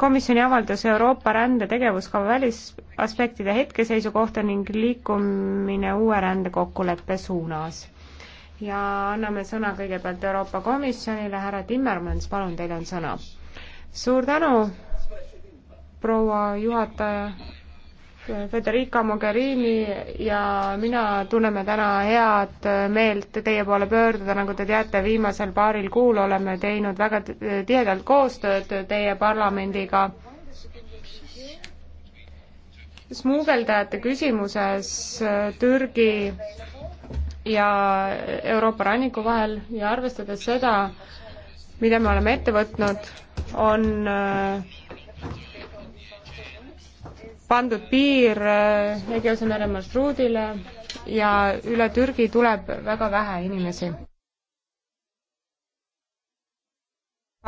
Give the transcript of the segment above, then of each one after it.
komisjoni avaldus Euroopa rände tegevuskava välisaspektide hetkeseisu kohta ning liikumine uue rändekokkuleppe suunas. ja anname sõna kõigepealt Euroopa Komisjonile, härra Timmermans, palun, teil on sõna. suur tänu, proua juhataja Federica Mogherini ja mina tunneme täna head meelt teie poole pöörduda, nagu te teate, viimasel paaril kuul oleme teinud väga tihedalt koostööd teie parlamendiga. smuugeldajate küsimuses Türgi ja Euroopa ranniku vahel ja arvestades seda, mida me oleme ette võtnud, on äh, pandud piir äh, Egeuse mere marsruudile ja üle Türgi tuleb väga vähe inimesi.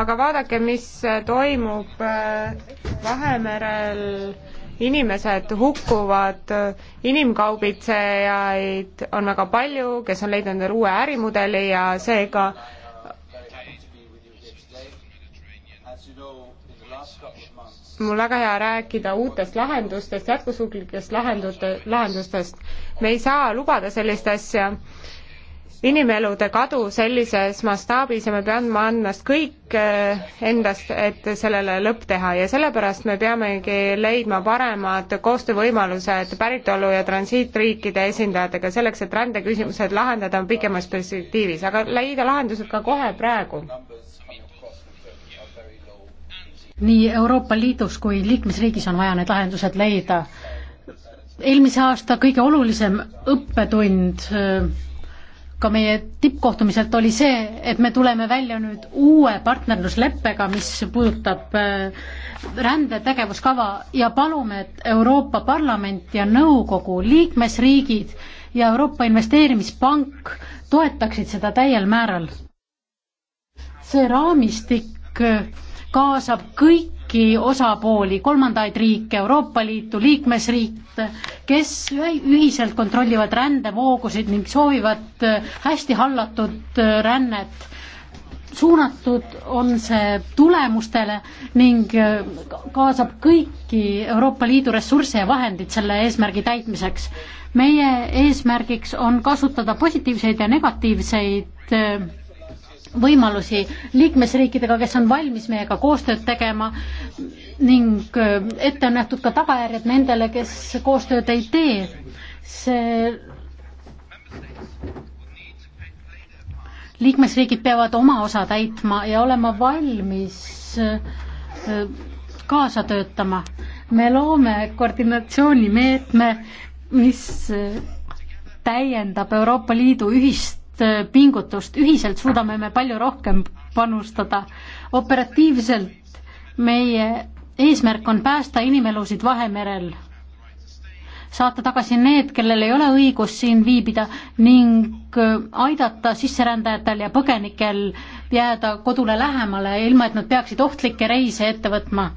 aga vaadake, mis äh, toimub äh, Vahemerel, inimesed hukkuvad, inimkaubitsejaid on väga palju, kes on leidnud endale uue ärimudeli ja seega mul väga hea rääkida uutest lahendustest, jätkusuutlikest lahendute, lahendustest. me ei saa lubada sellist asja, inimelude kadu sellises mastaabis ja me peame andma annast kõik eh, endast, et sellele lõpp teha ja sellepärast me peamegi leidma paremad koostöövõimalused päritolu- ja transiitriikide esindajatega selleks, et rändeküsimused lahendada pikemas perspektiivis, aga leida lahendused ka kohe praegu nii Euroopa Liidus kui liikmesriigis on vaja need lahendused leida. eelmise aasta kõige olulisem õppetund äh, ka meie tippkohtumiselt oli see, et me tuleme välja nüüd uue partnerlusleppega, mis puudutab äh, rände tegevuskava ja palume, et Euroopa Parlament ja Nõukogu liikmesriigid ja Euroopa Investeerimispank toetaksid seda täiel määral. see raamistik äh, kaasab kõiki osapooli, kolmandaid riike, Euroopa Liitu, liikmesriike, kes ühiselt kontrollivad rändevoogusid ning soovivad äh, hästi hallatud äh, rännet suunatud on see tulemustele ning äh, kaasab kõiki Euroopa Liidu ressursse ja vahendid selle eesmärgi täitmiseks. meie eesmärgiks on kasutada positiivseid ja negatiivseid võimalusi liikmesriikidega, kes on valmis meiega koostööd tegema ning äh, ette on nähtud ka tagajärjed nendele, kes koostööd ei tee. see liikmesriigid peavad oma osa täitma ja olema valmis äh, kaasa töötama. me loome koordinatsioonimeetme, mis äh, täiendab Euroopa Liidu ühist Äh, pingutust, ühiselt suudame me palju rohkem panustada. operatiivselt meie eesmärk on päästa inimelusid Vahemerel, saata tagasi need, kellel ei ole õigust siin viibida ning äh, aidata sisserändajatel ja põgenikel jääda kodule lähemale, ilma et nad peaksid ohtlikke reise ette võtma.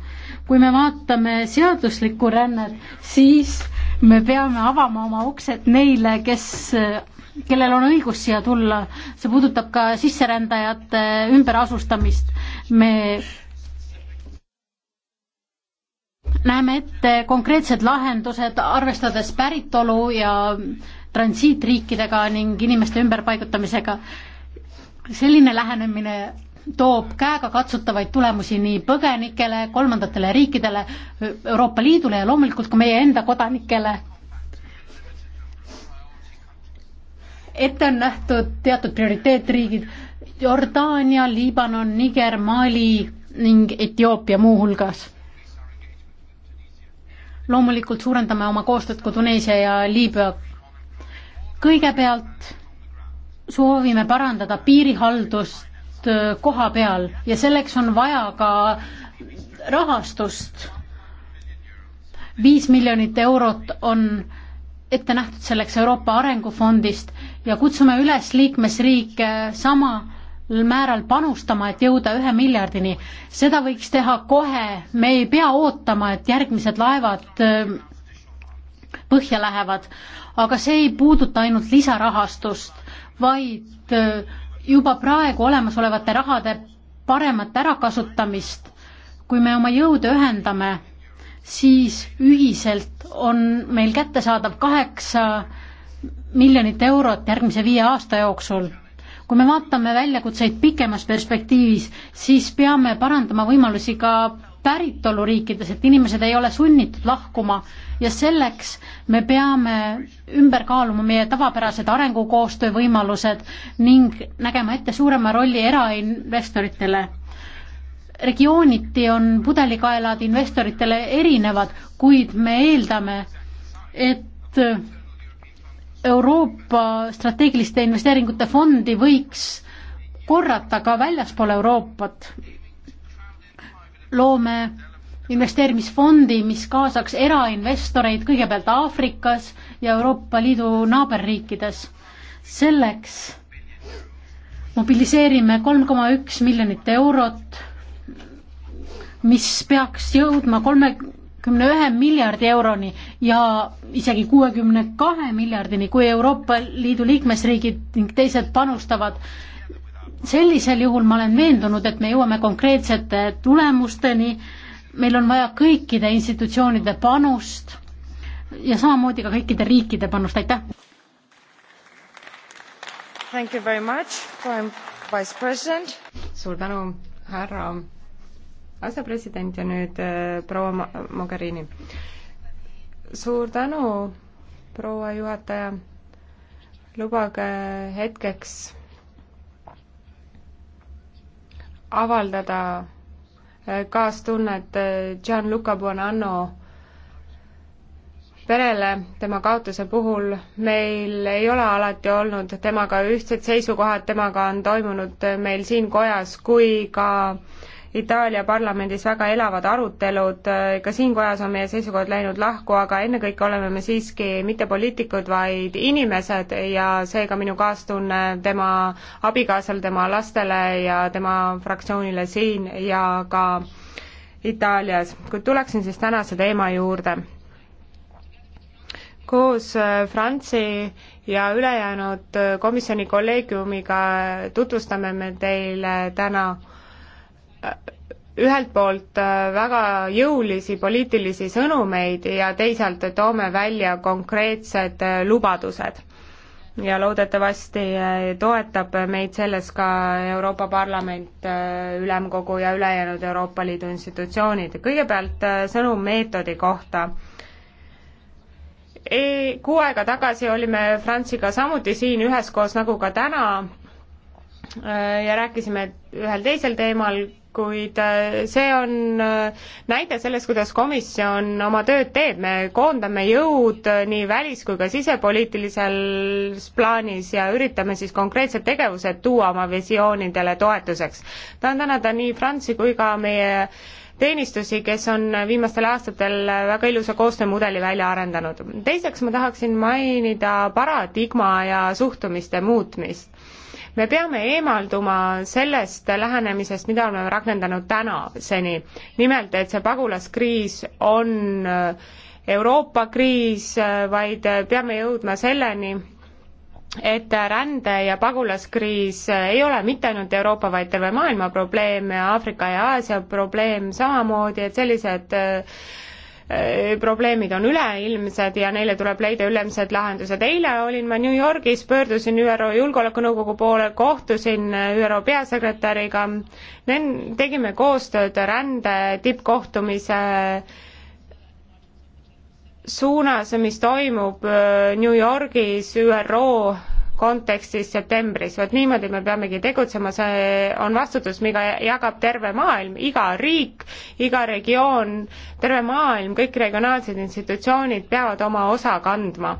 kui me vaatame seaduslikku rännet, siis me peame avama oma uksed neile, kes äh, kellel on õigus siia tulla, see puudutab ka sisserändajate ümberasustamist. me näeme ette konkreetsed lahendused, arvestades päritolu ja transiitriikidega ning inimeste ümberpaigutamisega. selline lähenemine toob käegakatsutavaid tulemusi nii põgenikele, kolmandatele riikidele, Euroopa Liidule ja loomulikult ka meie enda kodanikele ette on nähtud teatud prioriteetriigid Jordaania, Liibanon, Niger, Mali ning Etioopia muuhulgas. loomulikult suurendame oma koostööd ka Tuneesia ja Liibüa. kõigepealt soovime parandada piirihaldust äh, koha peal ja selleks on vaja ka rahastust. viis miljonit eurot on ette nähtud selleks Euroopa Arengufondist ja kutsume üles liikmesriike sama määral panustama, et jõuda ühe miljardini. seda võiks teha kohe, me ei pea ootama, et järgmised laevad äh, põhja lähevad, aga see ei puuduta ainult lisarahastust, vaid äh, juba praegu olemasolevate rahade paremat ärakasutamist. kui me oma jõude ühendame, siis ühiselt on meil kättesaadav kaheksa 8 miljonit eurot järgmise viie aasta jooksul. kui me vaatame väljakutseid pikemas perspektiivis, siis peame parandama võimalusi ka päritoluriikides, et inimesed ei ole sunnitud lahkuma ja selleks me peame ümber kaaluma meie tavapärased arengukoostöö võimalused ning nägema ette suurema rolli erainvestoritele. regiooniti on pudelikaelad investoritele erinevad, kuid me eeldame, et Euroopa strateegiliste investeeringute fondi võiks korrata ka väljaspool Euroopat. loome investeerimisfondi, mis kaasaks erainvestoreid kõigepealt Aafrikas ja Euroopa Liidu naaberriikides. selleks mobiliseerime kolm koma üks miljonit eurot, mis peaks jõudma kolme neljakümne ühe miljardi euroni ja isegi kuuekümne kahe miljardini, kui Euroopa Liidu liikmesriigid ning teised panustavad sellisel juhul ma olen veendunud, et me jõuame konkreetsete tulemusteni, meil on vaja kõikide institutsioonide panust ja samamoodi ka kõikide riikide panust, aitäh! suur tänu, härra asepresident ja nüüd äh, proua Mogherini. suur tänu, proua juhataja, lubage hetkeks avaldada äh, kaastunnet äh, Gianluca Buonanno perele tema kaotuse puhul. meil ei ole alati olnud temaga ühtsed seisukohad, temaga on toimunud meil siin kojas kui ka äh, Itaalia parlamendis väga elavad arutelud, äh, ka siin kojas on meie seisukohad läinud lahku, aga ennekõike oleme me siiski mitte poliitikud, vaid inimesed ja seega minu kaastunne tema abikaasal, tema lastele ja tema fraktsioonile siin ja ka Itaalias, kuid tuleksin siis tänase teema juurde koos äh, Franzi ja ülejäänud äh, komisjoni kolleegiumiga tutvustame me teile täna ühelt poolt äh, väga jõulisi poliitilisi sõnumeid ja teisalt toome välja konkreetsed äh, lubadused. ja loodetavasti äh, toetab meid selles ka Euroopa Parlament, Ülemkogu ja ülejäänud Euroopa Liidu institutsioonid. kõigepealt sõnum meetodi kohta e. Kuu aega tagasi olime Franziga samuti siin üheskoos, nagu ka täna, ja rääkisime ühel teisel teemal, kuid see on äh, näide sellest, kuidas komisjon oma tööd teeb, me koondame jõud äh, nii välis- kui ka sisepoliitilises plaanis ja üritame siis konkreetsed tegevused tuua oma visioonidele toetuseks. tahan tänada nii Franzi kui ka meie teenistusi, kes on viimastel aastatel väga ilusa koostöömudeli välja arendanud. teiseks ma tahaksin mainida paradigma ja suhtumiste muutmist me peame eemalduma sellest lähenemisest, mida oleme rakendanud tänaseni. nimelt, et see pagulaskriis on äh, Euroopa kriis, äh, vaid äh, peame jõudma selleni, et rände- ja pagulaskriis ei ole mitte ainult Euroopa, vaid terve maailma probleem ja Aafrika ja Aasia probleem samamoodi, et sellised Äh, probleemid on üleilmsed ja neile tuleb leida ülemised lahendused. eile olin ma New Yorgis, pöördusin ÜRO Julgeolekunõukogu poole, kohtusin äh, ÜRO peasekretäriga, tegime koostööd rände tippkohtumise äh, suunas, mis toimub New Yorgis ÜRO kontekstis septembris, vot niimoodi me peamegi tegutsema, see on vastutus, mida jagab terve maailm, iga riik, iga regioon, terve maailm, kõik regionaalsed institutsioonid peavad oma osa kandma.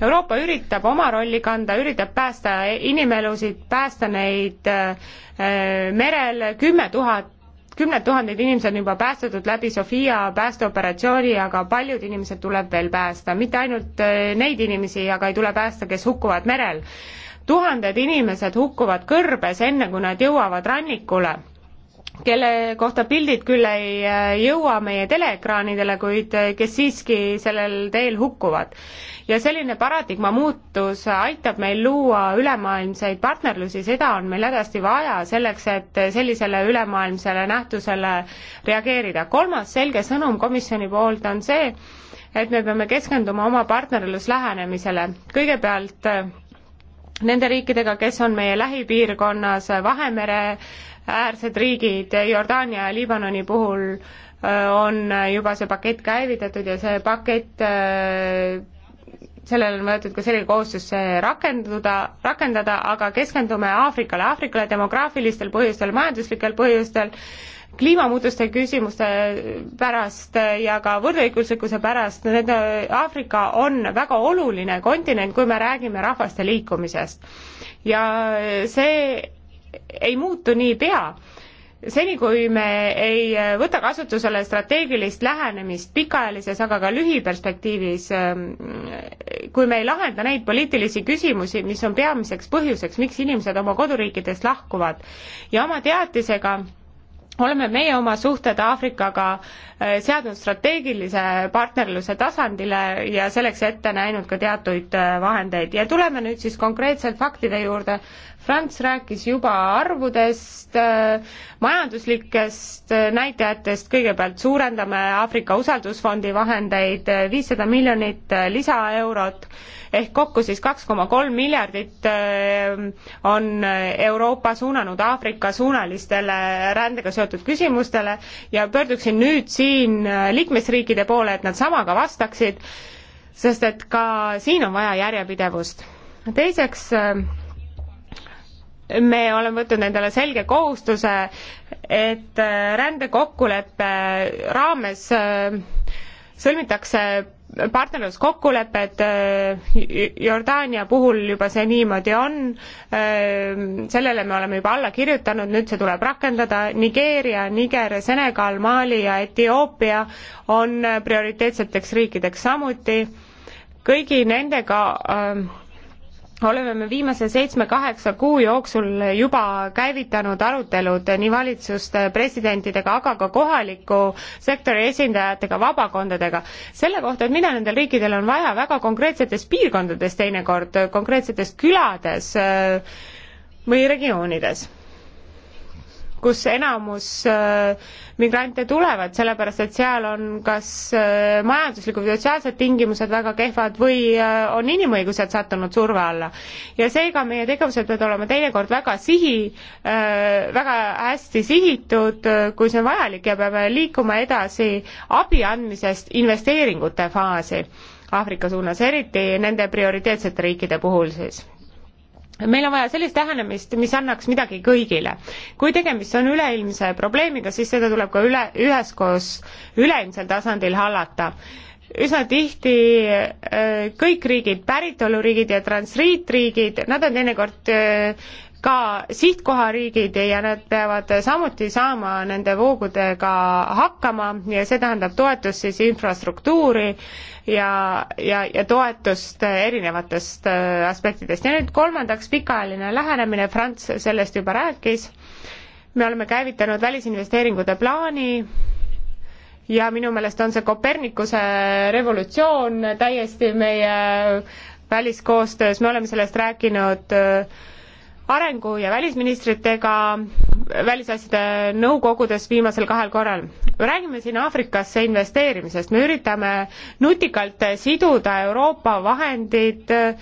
Euroopa üritab oma rolli kanda, üritab päästa inimelusid, päästa neid äh, äh, merel, kümme tuhat kümned tuhanded inimesed on juba päästetud läbi Sofia päästeoperatsiooni, aga paljud inimesed tuleb veel päästa, mitte ainult äh, neid inimesi aga ei tule päästa, kes hukkuvad merel. tuhanded inimesed hukkuvad kõrbes, enne kui nad jõuavad rannikule kelle kohta pildid küll ei äh, jõua meie teleekraanidele, kuid äh, kes siiski sellel teel hukkuvad. ja selline paradigma muutus aitab meil luua ülemaailmseid partnerlusi, seda on meil hädasti vaja selleks, et sellisele ülemaailmsele nähtusele reageerida. kolmas selge sõnum komisjoni poolt on see, et me peame keskenduma oma partnerluslähenemisele. kõigepealt äh, nende riikidega, kes on meie lähipiirkonnas Vahemere äärsed riigid Jordaania ja Liibanoni puhul äh, on juba see pakett käivitatud ja see pakett, äh, sellel on võetud ka selge kohustus see rakenduda, rakendada, aga keskendume Aafrikale, Aafrikale demograafilistel põhjustel, majanduslikel põhjustel, kliimamuutuste küsimuste pärast ja ka võrdõiguslikkuse pärast, need, äh, Aafrika on väga oluline kontinent, kui me räägime rahvaste liikumisest. ja see ei muutu niipea seni, kui me ei äh, võta kasutusele strateegilist lähenemist pikaajalises, aga ka lühiperspektiivis, ähm, kui me ei lahenda neid poliitilisi küsimusi, mis on peamiseks põhjuseks, miks inimesed oma koduriikidest lahkuvad ja oma teatisega oleme meie oma suhted Aafrikaga äh, seadnud strateegilise partnerluse tasandile ja selleks ette näinud ka teatuid äh, vahendeid ja tuleme nüüd siis konkreetselt faktide juurde, Franz rääkis juba arvudest, majanduslikest näitajatest, kõigepealt suurendame Aafrika usaldusfondi vahendeid viissada miljonit lisaeurot, ehk kokku siis kaks koma kolm miljardit eh, on Euroopa suunanud Aafrika suunalistele rändega seotud küsimustele ja pöörduksin nüüd siin liikmesriikide poole, et nad samaga vastaksid, sest et ka siin on vaja järjepidevust. teiseks eh, me oleme võtnud endale selge kohustuse, et äh, rändekokkuleppe raames äh, sõlmitakse partnerluskokkulepped, äh, Jordaania puhul juba see niimoodi on, sellele me oleme juba alla kirjutanud, nüüd see tuleb rakendada, Nigeeria, Niger, Senegal, Mali ja Etioopia on prioriteetseteks riikideks samuti, kõigi nendega äh, oleme me viimase seitsme-kaheksa kuu jooksul juba käivitanud arutelud nii valitsuste presidentidega, aga ka kohaliku sektori esindajatega, vabakondadega, selle kohta, et mida nendel riikidel on vaja väga konkreetsetes piirkondades teinekord, konkreetsetes külades äh, või regioonides kus enamus äh, migrante tulevad, sellepärast et seal on kas äh, majanduslikud või sotsiaalsed tingimused väga kehvad või äh, on inimõigused sattunud surve alla. ja seega meie tegevused peavad olema teinekord väga sihi, väga hästi sihitud, kui see on vajalik ja peame liikuma edasi abi andmisest investeeringute faasi Aafrika suunas, eriti nende prioriteetsete riikide puhul siis meil on vaja sellist lähenemist, mis annaks midagi kõigile. kui tegemist on üleilmse probleemiga, siis seda tuleb ka üle, üheskoos üleilmsel tasandil hallata. üsna tihti äh, kõik riigid, päritoluriigid ja transriitriigid, nad on teinekord äh, ka sihtkohariigid ja nad peavad samuti saama nende voogudega hakkama ja see tähendab toetust siis infrastruktuuri ja, ja, ja toetust erinevatest äh, aspektidest. ja nüüd kolmandaks, pikaajaline lähenemine, Franz sellest juba rääkis, me oleme käivitanud välisinvesteeringute plaani, ja minu meelest on see Kopernikuse revolutsioon täiesti meie väliskoostöös, me oleme sellest rääkinud äh, arengu- ja välisministritega välisasjade nõukogudes viimasel kahel korral. räägime siin Aafrikasse investeerimisest, me üritame nutikalt siduda Euroopa vahendid äh,,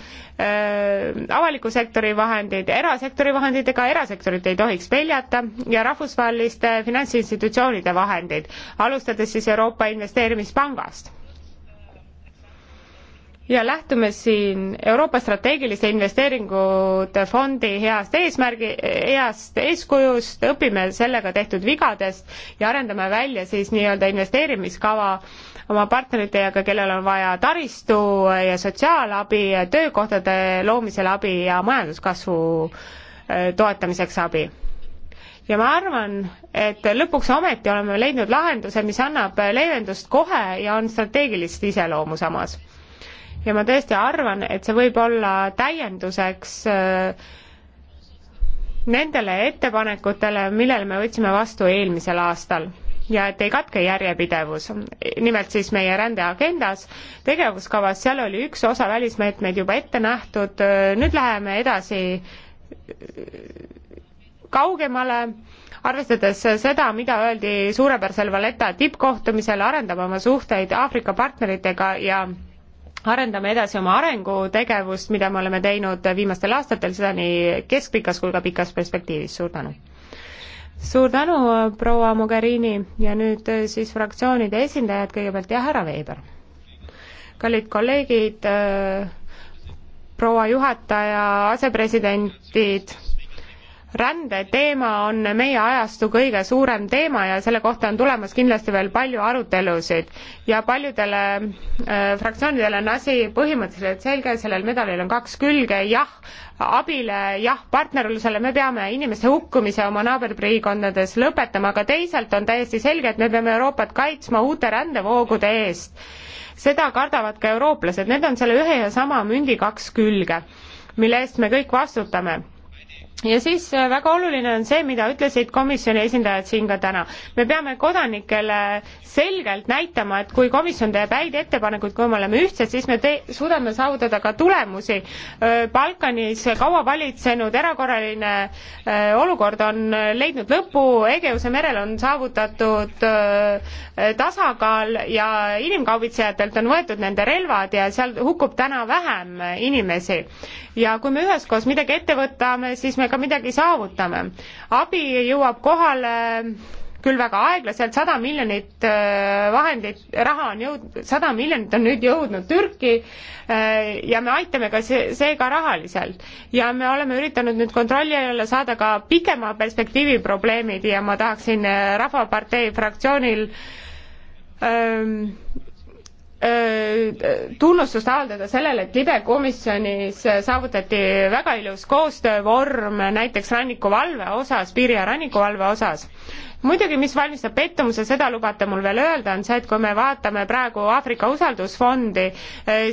avaliku sektori vahendid, erasektori vahendid, ega erasektorit ei tohiks peljata, ja rahvusvaheliste finantsinstitutsioonide vahendid, alustades siis Euroopa Investeerimispangast ja lähtume siin Euroopa strateegiliste investeeringute fondi heast eesmärgi, heast eeskujust, õpime sellega tehtud vigadest ja arendame välja siis nii-öelda investeerimiskava oma partneritega, kellel on vaja taristu ja sotsiaalabi, töökohtade loomisel abi ja majanduskasvu äh, toetamiseks abi ja ma arvan, et lõpuks ometi oleme leidnud lahenduse, mis annab leevendust kohe ja on strateegilist iseloomu samas ja ma tõesti arvan, et see võib olla täienduseks äh, nendele ettepanekutele, millele me võtsime vastu eelmisel aastal ja et ei katke järjepidevus. nimelt siis meie rändeagendas, tegevuskavas, seal oli üks osa välismeetmeid juba ette nähtud, nüüd läheme edasi äh, kaugemale, arvestades seda, mida öeldi suurepärasel Valletta tippkohtumisel, arendame oma suhteid Aafrika partneritega ja arendame edasi oma arengutegevust, mida me oleme teinud viimastel aastatel, seda nii keskpikas kui ka pikas perspektiivis, suur tänu! suur tänu, proua Mogherini ja nüüd äh, siis fraktsioonide esindajad, kõigepealt jah, härra Veiber. kallid kolleegid, äh, proua juhataja, asepresidentid rändeteema on meie ajastu kõige suurem teema ja selle kohta on tulemas kindlasti veel palju arutelusid ja paljudele äh, fraktsioonidele on asi põhimõtteliselt selge, sellel medalil on kaks külge, jah abile, jah partnerlusele, me peame inimeste hukkumise oma naaberpiirkondades lõpetama, aga teisalt on täiesti selge, et me peame Euroopat kaitsma uute rändevoogude eest. seda kardavad ka eurooplased, need on selle ühe ja sama mündi kaks külge, mille eest me kõik vastutame ja siis äh, väga oluline on see, mida ütlesid komisjoni esindajad siin ka täna. me peame kodanikele selgelt näitama, et kui komisjon teeb häid ettepanekuid, kui me oleme ühtsed, siis me te-, suudame saavutada ka tulemusi. Äh, Balkanis kaua valitsenud erakorraline äh, olukord on leidnud lõpu, Egeuse merel on saavutatud tasakaal ja inimkaubitsejatelt on võetud nende relvad ja seal hukkub täna vähem inimesi. ja kui me üheskoos midagi ette võtame, siis me me ka midagi saavutame. abi jõuab kohale küll väga aeglaselt, sada miljonit äh, vahendit, raha on jõud-, sada miljonit on nüüd jõudnud Türki äh, ja me aitame ka see, seega rahaliselt. ja me oleme üritanud nüüd kontrolli alla saada ka pikema perspektiivi probleemid ja ma tahaksin äh, Rahvapartei fraktsioonil ähm, tunnustust avaldada sellele, et libe komisjonis saavutati väga ilus koostöövorm näiteks rannikuvalve osas, piiri- ja rannikuvalve osas. muidugi, mis valmistab pettumuse, seda lubate mul veel öelda, on see, et kui me vaatame praegu Aafrika usaldusfondi,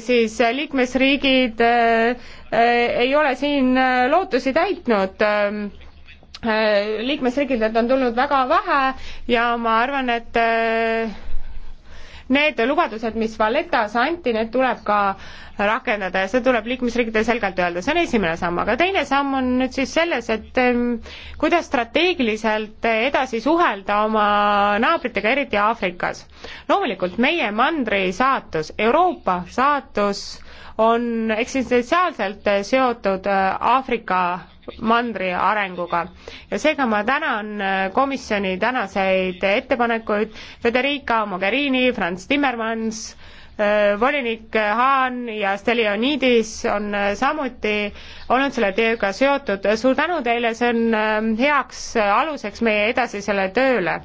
siis liikmesriigid ei ole siin lootusi täitnud liikmesriikidelt on tulnud väga vähe ja ma arvan, et need lubadused, mis Valletas anti, need tuleb ka rakendada ja see tuleb liikmesriikidele selgelt öelda, see on esimene samm, aga teine samm on nüüd siis selles, et kuidas strateegiliselt edasi suhelda oma naabritega, eriti Aafrikas. loomulikult meie mandri saatus, Euroopa saatus on eksistentsiaalselt seotud äh, Aafrika mandri arenguga. ja seega ma tänan äh, komisjoni tänaseid ettepanekuid, Federica Mogherini, Franz Timmermans, äh, volinik Haan ja Stelionidis on äh, samuti olnud selle tööga seotud. suur tänu teile, see on heaks aluseks meie edasisele tööle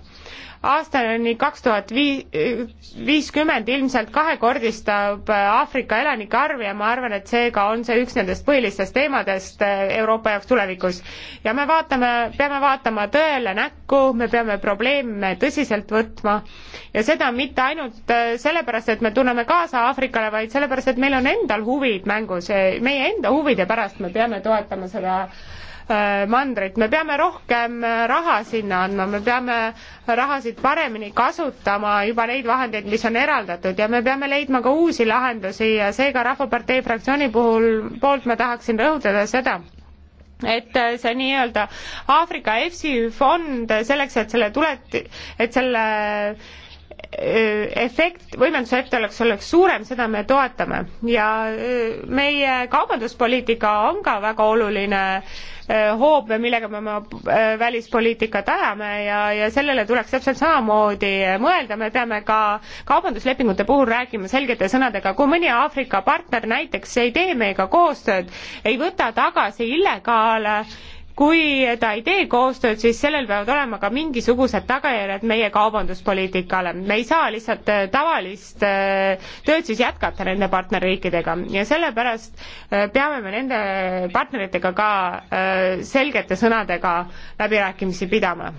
aastani kaks tuhat viiskümmend ilmselt kahekordistab Aafrika elanike arv ja ma arvan, et seega on see üks nendest põhilistest teemadest Euroopa jaoks tulevikus. ja me vaatame, peame vaatama tõele näkku, me peame probleeme tõsiselt võtma ja seda mitte ainult sellepärast, et me tunneme kaasa Aafrikale, vaid sellepärast, et meil on endal huvid mängus, meie enda huvide pärast me peame toetama seda Äh, mandrit, me peame rohkem äh, raha sinna andma, me peame rahasid paremini kasutama, juba neid vahendeid, mis on eraldatud ja me peame leidma ka uusi lahendusi ja seega Rahvapartei fraktsiooni puhul, poolt ma tahaksin rõhutada seda, et äh, see nii-öelda Aafrika EFSI fond selleks, et selle tulet-, et selle Äh, efekt, võimenduse efekt oleks, oleks suurem, seda me toetame. ja äh, meie kaubanduspoliitika on ka väga oluline äh, hoob, millega me oma välispoliitikat ajame ja, ja sellele tuleks täpselt samamoodi mõelda, me peame ka kaubanduslepingute puhul rääkima selgete sõnadega, kui mõni Aafrika partner näiteks ei tee meiega koostööd, ei võta tagasi illegaale kui ta ei tee koostööd, siis sellel peavad olema ka mingisugused tagajärjed meie kaubanduspoliitikale. me ei saa lihtsalt äh, tavalist äh, tööd siis jätkata nende partnerriikidega ja sellepärast äh, peame me nende partneritega ka selgete sõnadega läbirääkimisi pidama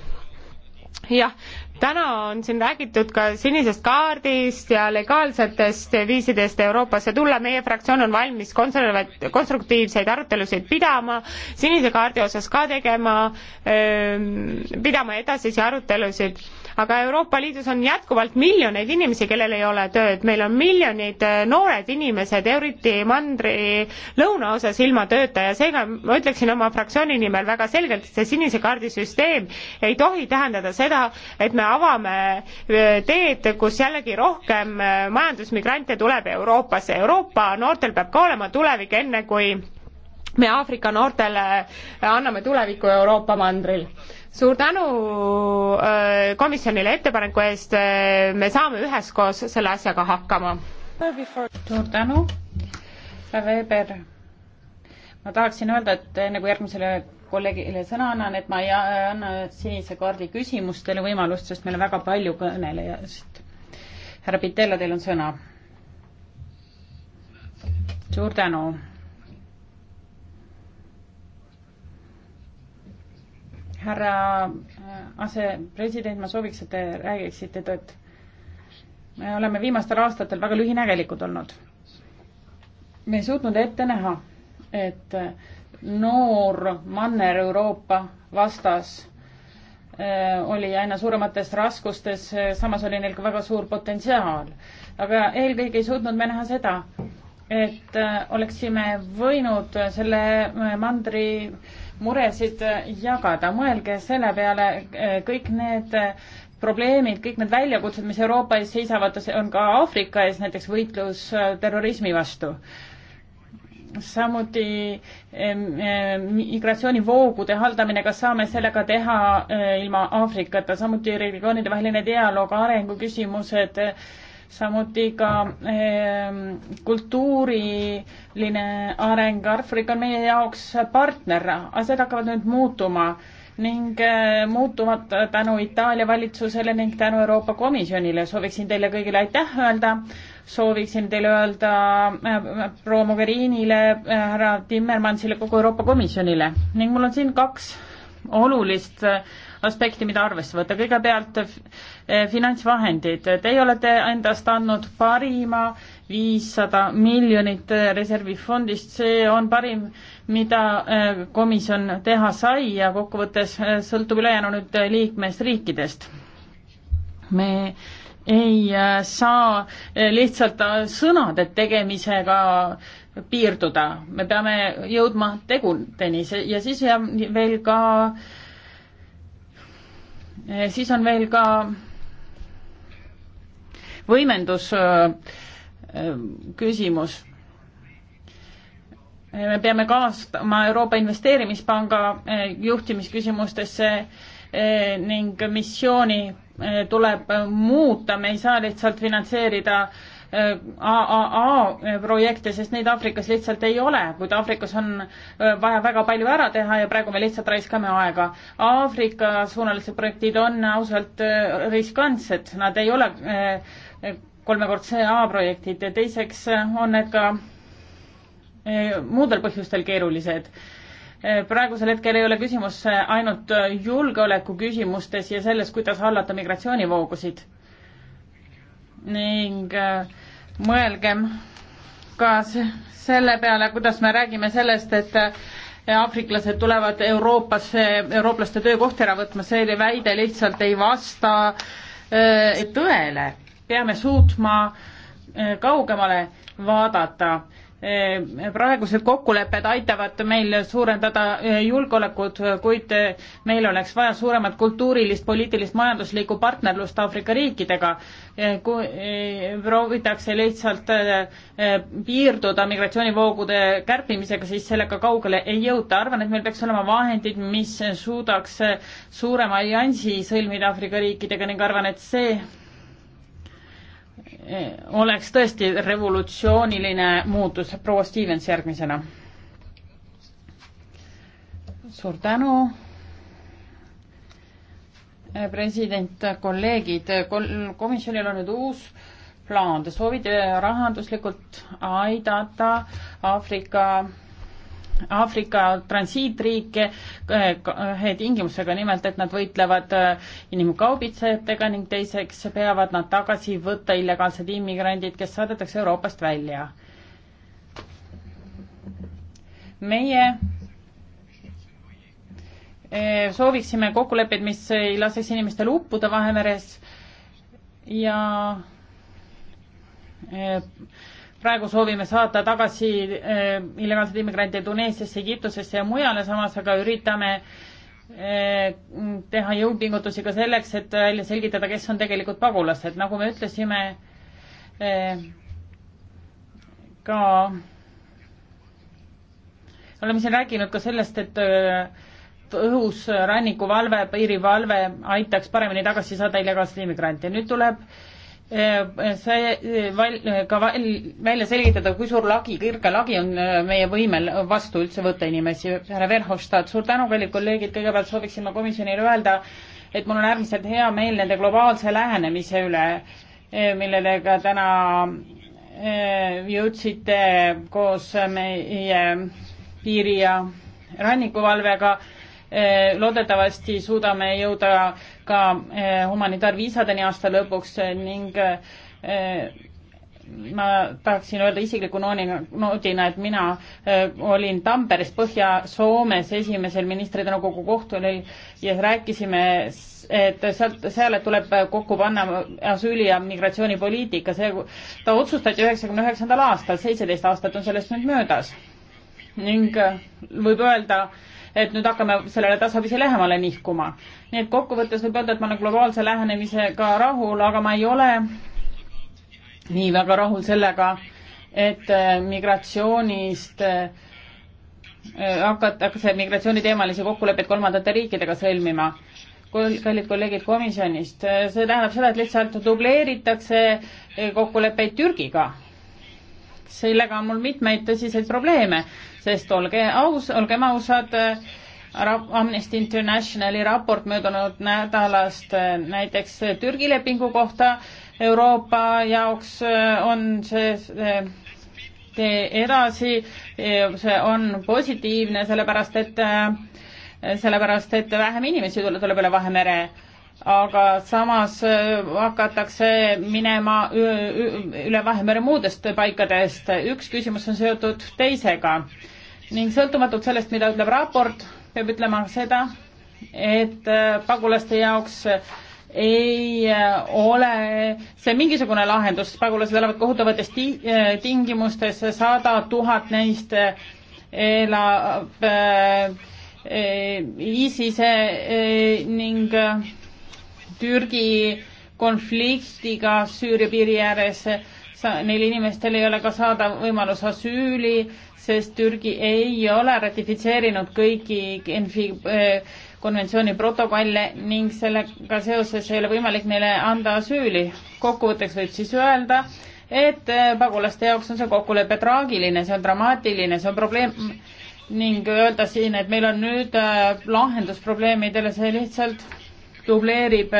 jah, täna on siin räägitud ka sinisest kaardist ja legaalsetest viisidest Euroopasse tulla, meie fraktsioon on valmis konservat-, konstruktiivseid arutelusid pidama, sinise kaardi osas ka tegema, pidama edasisi arutelusid aga Euroopa Liidus on jätkuvalt miljoneid inimesi, kellel ei ole tööd, meil on miljonid äh, noored inimesed, eriti mandri lõunaosas ilma tööta ja seega ma ütleksin oma fraktsiooni nimel väga selgelt, et see sinise kaardi süsteem ei tohi tähendada seda, et me avame äh, teed, kus jällegi rohkem äh, majandusmigrante tuleb Euroopasse. Euroopa noortel peab ka olema tulevik, enne kui me Aafrika noortele anname tuleviku Euroopa mandril. suur tänu äh, komisjonile ettepaneku eest, äh, me saame üheskoos selle asjaga hakkama. suur tänu, Weber. ma tahaksin öelda, et enne kui järgmisele kolleegile sõna annan, et ma ei anna sinise kaardi küsimustele võimalust, sest meil on väga palju kõnelejaid. härra Pitella, teil on sõna. suur tänu härra äh, asepresident, ma sooviks, et te räägiksite tõtt. me oleme viimastel aastatel väga lühinägelikud olnud. me ei suutnud ette näha, et äh, noor manner Euroopa vastas äh, oli aina suuremates raskustes, samas oli neil ka väga suur potentsiaal. aga eelkõige ei suutnud me näha seda, et oleksime võinud selle mandri äh, muresid jagada, mõelge selle peale, eh, kõik need eh, probleemid, kõik need väljakutsed, mis Euroopa ees seisavad, on ka Aafrika ees, näiteks võitlus eh, terrorismi vastu. samuti migratsioonivoogude haldamine, kas saame sellega teha ilma Aafrikata, samuti regioonide vaheline dialoog, arenguküsimused samuti ka ehm, kultuuriline areng. Aafrika on meie jaoks partner, asjad hakkavad nüüd muutuma ning eh, muutuvad tänu Itaalia valitsusele ning tänu Euroopa Komisjonile. sooviksin teile kõigile aitäh öelda, sooviksin teile öelda eh, proua Mogherinile, eh, härra Timmermansile, kogu Euroopa Komisjonile ning mul on siin kaks olulist aspekti, mida arvesse võtta. kõigepealt eh, finantsvahendid. Teie olete endast andnud parima viissada miljonit reservifondist, see on parim, mida eh, komisjon teha sai ja kokkuvõttes eh, sõltub ülejäänu nüüd liikmesriikidest. me ei saa lihtsalt sõnade tegemisega piirduda, me peame jõudma tegudeni ja siis veel ka äh, Eh, siis on veel ka võimendus eh, eh, küsimus. me peame kaastama Euroopa Investeerimispanga juhtimisküsimustesse ning missiooni tuleb muuta, me ei saa lihtsalt finantseerida äh, AAA projekte, sest neid Aafrikas lihtsalt ei ole, kuid Aafrikas on vaja väga palju ära teha ja praegu me lihtsalt raiskame aega. Aafrika suunalised projektid on ausalt riskantsed, nad ei ole kolmekordse A-projektid ja teiseks on need ka muudel põhjustel keerulised praegusel hetkel ei ole küsimus ainult julgeoleku küsimustes ja selles, kuidas hallata migratsioonivoogusid. ning äh, mõelgem ka selle peale, kuidas me räägime sellest, et eh, aafriklased tulevad Euroopasse eurooplaste töökohti ära võtma, see väide lihtsalt ei vasta eh, tõele. peame suutma eh, kaugemale vaadata Eh, praegused kokkulepped aitavad meil suurendada eh, julgeolekut, kuid eh, meil oleks vaja suuremat kultuurilist, poliitilist, majanduslikku partnerlust Aafrika riikidega. kui proovitakse lihtsalt piirduda migratsioonivoogude kärpimisega, siis sellega kaugele ei jõuta. arvan, et meil peaks olema vahendid, mis suudaks suurema alliansi sõlmida Aafrika riikidega ning arvan, et see oleks tõesti revolutsiooniline muutus. proua Stevens järgmisena. suur tänu. president, kolleegid, komisjonil on nüüd uus plaan, te soovite rahanduslikult aidata Aafrika Aafrika transiitriike ühe eh, eh, tingimusega, nimelt et nad võitlevad eh, inimkaubitsejatega ning teiseks peavad nad tagasi võtta illegaalsed immigrandid, kes saadetakse Euroopast välja. meie sooviksime kokkuleppeid, mis ei laseks inimestel uppuda Vahemeres ja praegu soovime saata tagasi eh, illegaalseid immigrante Tuneesiasse, Egiptusesse ja mujale, samas aga üritame eh, teha jõupingutusi ka selleks, et välja selgitada, kes on tegelikult pagulased, nagu me ütlesime eh, ka oleme siin rääkinud ka sellest, et eh, õhus rannikuvalve, piirivalve aitaks paremini tagasi saada illegaalseid immigrante. nüüd tuleb äh, Äh, äh, see äh, val-, ka val, välja selgitada, kui suur lagi, kõrge lagi on meie võimel vastu üldse võtta inimesi. härra Verhofstadt, suur tänu, kallid kolleegid, kõigepealt sooviksin ma komisjonile öelda, et mul on äärmiselt hea meel nende globaalse lähenemise üle, millele ka täna jõudsite koos meie piiri- ja rannikuvalvega Eh, loodetavasti suudame jõuda ka eh, humanitaarviisadeni aasta lõpuks eh, ning ma tahaksin öelda isikliku noodina, et mina olin Tamperes Põhja-Soomes esimesel ministrite nõukogu kohtul ja rääkisime, et sealt, seal tuleb kokku panna asüüli- ja migratsioonipoliitika, see, ta otsustati üheksakümne üheksandal aastal, seitseteist aastat on sellest nüüd möödas. ning võib öelda, et nüüd hakkame sellele tasapisi lähemale nihkuma. nii et kokkuvõttes võib öelda, et ma olen globaalse lähenemisega rahul, aga ma ei ole nii väga rahul sellega, et äh, migratsioonist äh, hakatakse migratsiooniteemalisi kokkuleppeid kolmandate riikidega sõlmima kallid kolleegid komisjonist, äh, see tähendab seda, et lihtsalt dubleeritakse kokkuleppeid Türgiga. sellega on mul mitmeid tõsiseid probleeme, sest olge aus, olgem ausad, äh, Amnesty Internationali raport möödunud nädalast äh, näiteks äh, Türgi lepingu kohta Euroopa jaoks on see tee edasi, see on positiivne, sellepärast et, sellepärast et vähem inimesi tuleb üle Vahemere aga samas hakatakse minema üle Vahemere muudest paikadest. üks küsimus on seotud teisega ning sõltumatult sellest, mida ütleb raport, peab ütlema seda, et äh, pagulaste jaoks äh, ei äh, ole see mingisugune lahendus, pagulased elavad kohutavates ti-, tingimustes, sada tuhat neist elab ISISe ning Türgi konfliktiga Süüria piiri ääres, neil inimestel ei ole ka saada võimalus asüüli, sest Türgi ei ole ratifitseerinud kõiki Genfi eh, konventsiooni protokolle ning sellega seoses ei ole võimalik neile anda asüüli. kokkuvõtteks võib siis öelda, et eh, pagulaste jaoks on see kokkulepe traagiline, see on dramaatiline, see on probleem ning öelda siin, et meil on nüüd eh, lahendus probleemidele, see lihtsalt dubleerib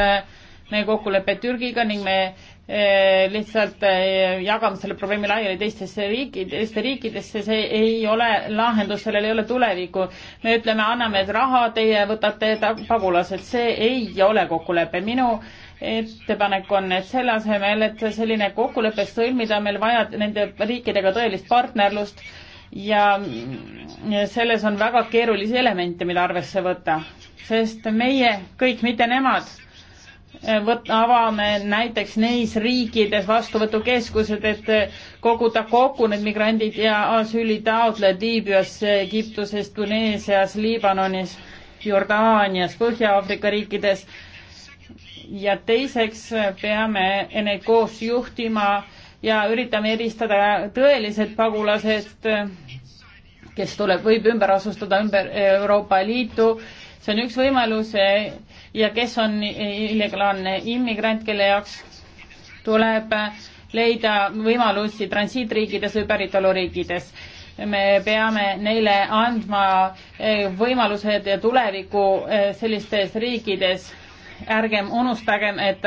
meie kokkulepet Türgiga ning me Äh, lihtsalt äh, jagame selle probleemi laiali teistesse riikid, teiste riikidesse, see ei ole lahendus, sellel ei ole tulevikku. me ütleme, anname raha, teie võtate pagulased, see ei ole kokkulepe. minu ettepanek on, et selle asemel, et selline kokkulepe sõlmida, meil vaja nende riikidega tõelist partnerlust ja selles on väga keerulisi elemente, mida arvesse võtta, sest meie kõik, mitte nemad võt-, avame näiteks neis riikides vastuvõtukeskused, et koguda kokku need migrandid ja asüülitaotlejad Liibüas, Egiptuses, Tuneesias, Liibanonis, Jordaanias, Põhja-Aafrika riikides. ja teiseks peame neid koos juhtima ja üritame eristada tõelised pagulased, kes tuleb, võib ümber asustada ümber Euroopa Liitu. see on üks võimalus ja kes on illegaalne immigrant, kelle jaoks tuleb leida võimalusi transiitriikides või päritoluriikides. me peame neile andma e, võimalused ja tuleviku e, sellistes riikides. ärgem unustagem, et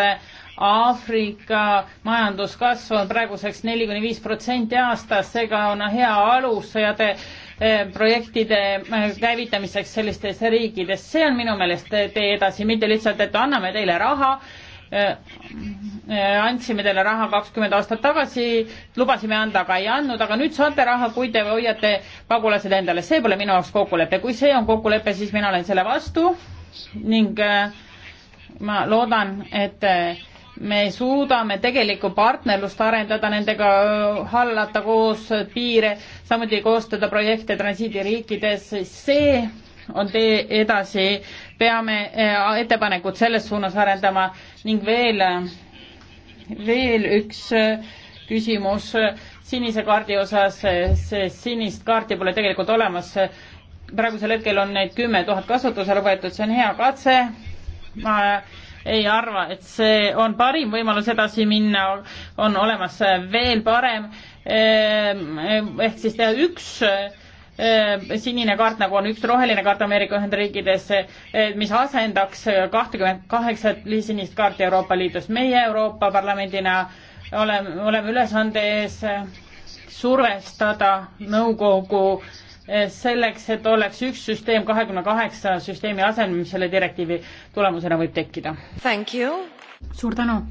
Aafrika majanduskasv on praeguseks neli kuni viis protsenti aastas, seega on hea alus sõjade Eh, projektide eh, käivitamiseks sellistes riikides, see on minu meelest tee edasi, mitte lihtsalt, et anname teile raha, eh, andsime teile raha kakskümmend aastat tagasi, lubasime anda, aga ei andnud, aga nüüd saate raha, kui te hoiate pagulased endale, see pole minu jaoks kokkulepe, kui see on kokkulepe, siis mina olen selle vastu ning ma loodan, et me suudame tegelikku partnerlust arendada, nendega hallata koos piire, samuti koostada projekte transiidiriikides, see on tee edasi, peame ettepanekud selles suunas arendama ning veel, veel üks küsimus sinise kaardi osas, see sinist kaarti pole tegelikult olemas, praegusel hetkel on neid kümme tuhat kasutusele võetud, see on hea katse, ma ei arva, et see on parim võimalus edasi minna, on olemas veel parem, ehm, ehk siis teha üks ehm, sinine kaart, nagu on üks roheline kaart Ameerika Ühendriikides, eh, mis asendaks kahtekümmet kaheksat sinist kaarti Euroopa Liidus. meie Euroopa Parlamendina oleme, oleme ülesande ees survestada nõukogu äh, selleks, et oleks üks süsteem kahekümne kaheksa süsteemi asemel, mis selle direktiivi tulemusena võib tekkida. suur tänu.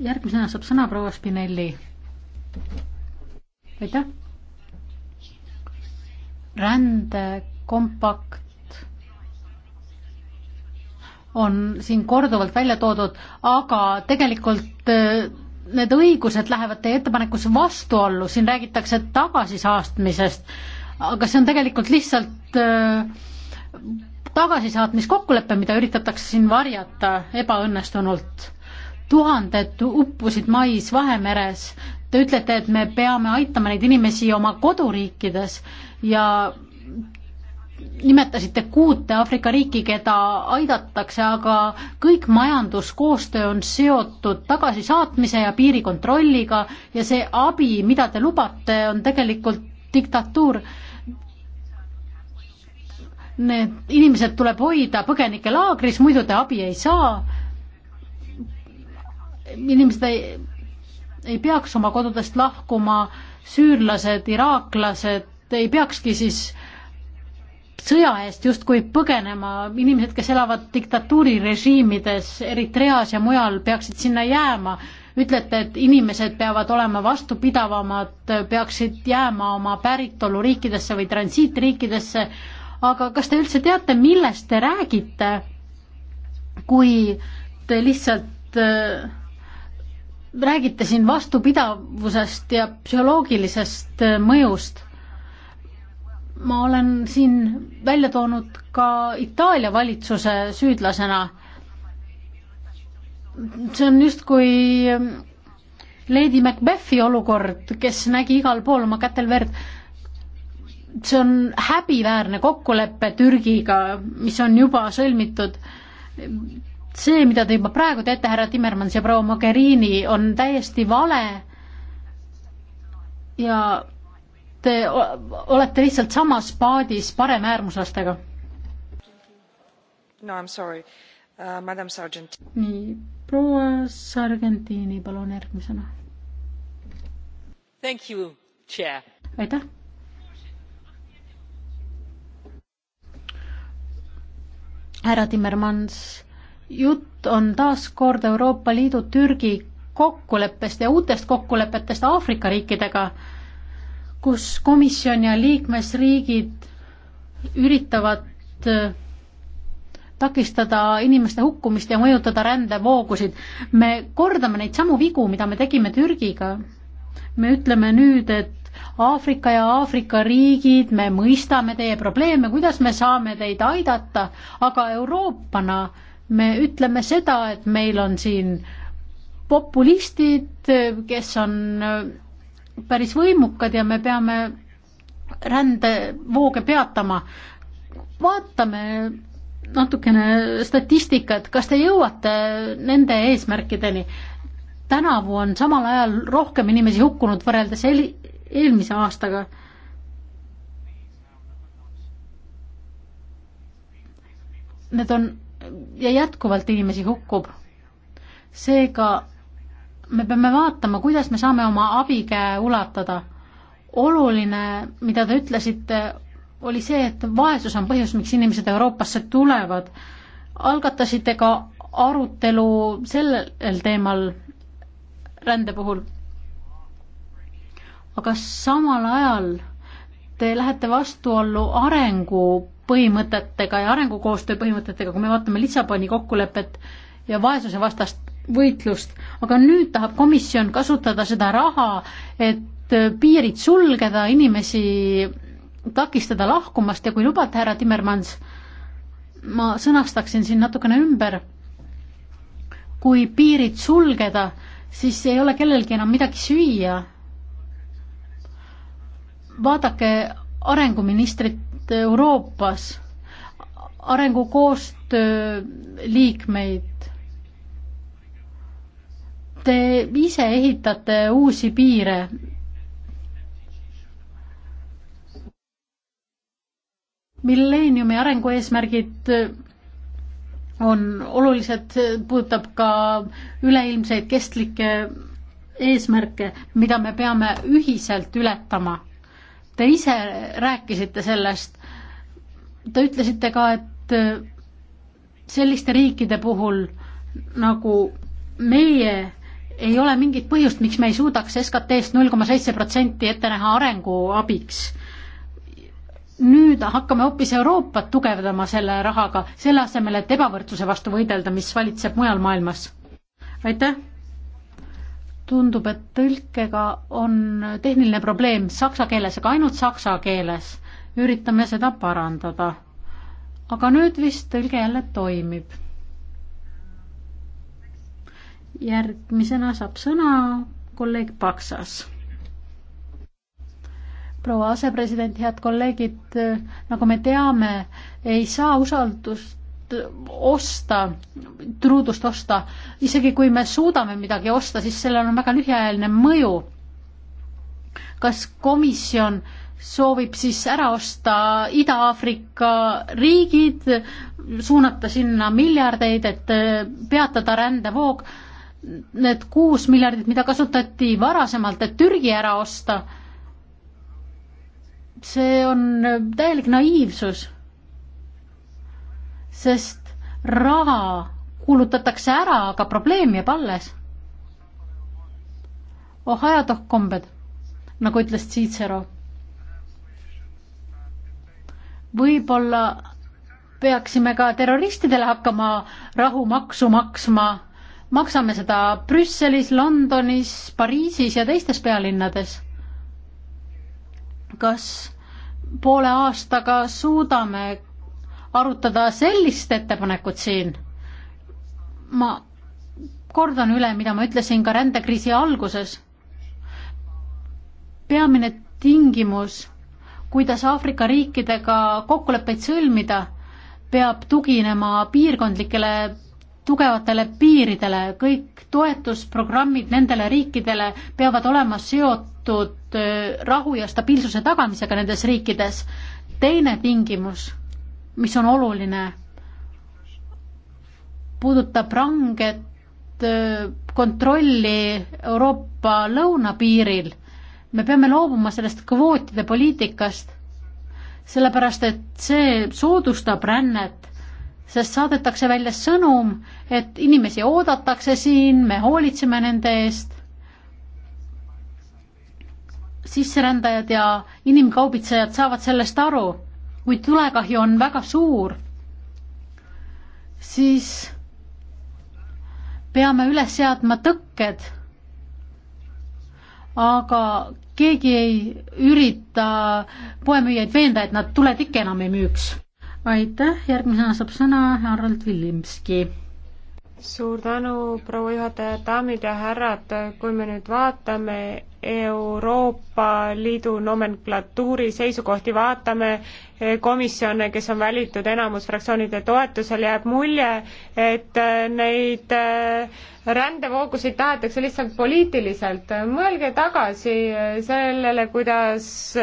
järgmisena saab sõna proua Spinelli. aitäh. rändekompakt on siin korduvalt välja toodud, aga tegelikult äh, need õigused lähevad teie ettepanekus vastuollu, siin räägitakse tagasisaastmisest aga see on tegelikult lihtsalt äh, tagasisaatmiskokkulepe, mida üritatakse siin varjata ebaõnnestunult. tuhanded uppusid mais Vahemeres, te ütlete, et me peame aitama neid inimesi oma koduriikides ja nimetasite kuute Aafrika riiki, keda aidatakse, aga kõik majanduskoostöö on seotud tagasisaatmise ja piirikontrolliga ja see abi, mida te lubate, on tegelikult diktatuur need inimesed tuleb hoida põgenikelaagris, muidu te abi ei saa. inimesed ei, ei peaks oma kodudest lahkuma, süürlased, iraaklased ei peakski siis sõja eest justkui põgenema, inimesed, kes elavad diktatuurirežiimides Eritreas ja mujal, peaksid sinna jääma. ütlete, et inimesed peavad olema vastupidavamad, peaksid jääma oma päritoluriikidesse või transiitriikidesse aga kas te üldse teate, millest te räägite, kui te lihtsalt äh, räägite siin vastupidavusest ja psühholoogilisest äh, mõjust. ma olen siin välja toonud ka Itaalia valitsuse süüdlasena. see on justkui äh, Lady Macbethi olukord, kes nägi igal pool oma kätel verd see on häbiväärne kokkulepe Türgiga, mis on juba sõlmitud. see, mida te juba praegu teete, härra Timmermans ja proua Mogherini, on täiesti vale ja te olete lihtsalt samas paadis paremäärmuslastega. no I m sorry uh,, madam sergeant. nii, proua Sargentini, palun järgmisena. Thank you, chair. aitäh härra Timmermans, jutt on taas kord Euroopa Liidu Türgi kokkuleppest ja uutest kokkulepetest Aafrika riikidega, kus komisjon ja liikmesriigid üritavad äh, takistada inimeste hukkumist ja mõjutada rändevoogusid. me kordame neid samu vigu, mida me tegime Türgiga. me ütleme nüüd, et Aafrika ja Aafrika riigid, me mõistame teie probleeme, kuidas me saame teid aidata, aga Euroopana me ütleme seda, et meil on siin populistid, kes on äh, päris võimukad ja me peame rändevooge peatama. vaatame natukene statistikat, kas te jõuate nende eesmärkideni? tänavu on samal ajal rohkem inimesi hukkunud võrreldes eelmise aastaga. Need on ja jätkuvalt inimesi hukkub. seega me peame vaatama, kuidas me saame oma abikäe ulatada. oluline, mida te ütlesite, oli see, et vaesus on põhjus, miks inimesed Euroopasse tulevad. algatasite ka arutelu sellel teemal rände puhul aga samal ajal te lähete vastuollu arengu põhimõtetega ja arengukoostöö põhimõtetega, kui me vaatame Lissaboni kokkulepet ja vaesusevastast võitlust, aga nüüd tahab komisjon kasutada seda raha, et piirid sulgeda, inimesi takistada lahkumast ja kui lubate, härra Timmermans, ma sõnastaksin siin natukene ümber. kui piirid sulgeda, siis ei ole kellelgi enam midagi süüa vaadake arenguministrit Euroopas, arengukoostöö liikmeid. Te ise ehitate uusi piire. milleeniumi arengueesmärgid on olulised, puudutab ka üleilmseid kestlikke eesmärke, mida me peame ühiselt ületama Te ise rääkisite sellest, te ütlesite ka, et äh, selliste riikide puhul nagu meie ei ole mingit põhjust, miks me ei suudaks SKT-st null koma seitse protsenti ette näha arenguabiks. nüüd hakkame hoopis Euroopat tugevdama selle rahaga, selle asemel, et ebavõrdsuse vastu võidelda, mis valitseb mujal maailmas. aitäh! tundub, et tõlkega on tehniline probleem saksa keeles, aga ainult saksa keeles. üritame seda parandada. aga nüüd vist tõlge jälle toimib. järgmisena saab sõna kolleeg Paksas. proua asepresident, head kolleegid, nagu me teame, ei saa usaldust osta, truudust osta, isegi kui me suudame midagi osta, siis sellel on väga lühiajaline mõju. kas komisjon soovib siis ära osta Ida-Aafrika riigid, suunata sinna miljardeid, et peatada rändevoog, need kuus miljardit, mida kasutati varasemalt, et Türgi ära osta, see on täielik naiivsus sest raha kuulutatakse ära, aga probleem jääb alles. oh ajatoh kombed, nagu ütles Cicero. võib-olla peaksime ka terroristidele hakkama rahumaksu maksma, maksame seda Brüsselis, Londonis, Pariisis ja teistes pealinnades. kas poole aastaga suudame arutada sellist ettepanekut siin. ma kordan üle, mida ma ütlesin ka rändekriisi alguses. peamine tingimus, kuidas Aafrika riikidega kokkuleppeid sõlmida, peab tuginema piirkondlikele tugevatele piiridele, kõik toetusprogrammid nendele riikidele peavad olema seotud äh, rahu ja stabiilsuse tagamisega nendes riikides. teine tingimus mis on oluline, puudutab ranget kontrolli Euroopa lõunapiiril. me peame loobuma sellest kvootide poliitikast, sellepärast et see soodustab rännet, sest saadetakse välja sõnum, et inimesi oodatakse siin, me hoolitseme nende eest. sisserändajad ja inimkaubitsejad saavad sellest aru kui tulekahju on väga suur, siis peame üles seadma tõkked, aga keegi ei ürita poemüüjaid veenda, et nad tuletikke enam ei müüks. aitäh, järgmisena saab sõna Harald Villimski suur tänu, proua juhataja, daamid ja härrad, kui me nüüd vaatame Euroopa Liidu nomenklatuuri seisukohti, vaatame eh, komisjone, kes on valitud enamusfraktsioonide toetusel, jääb mulje, et eh, neid eh, rändevoogusid tahetakse lihtsalt poliitiliselt. mõelge tagasi sellele, kuidas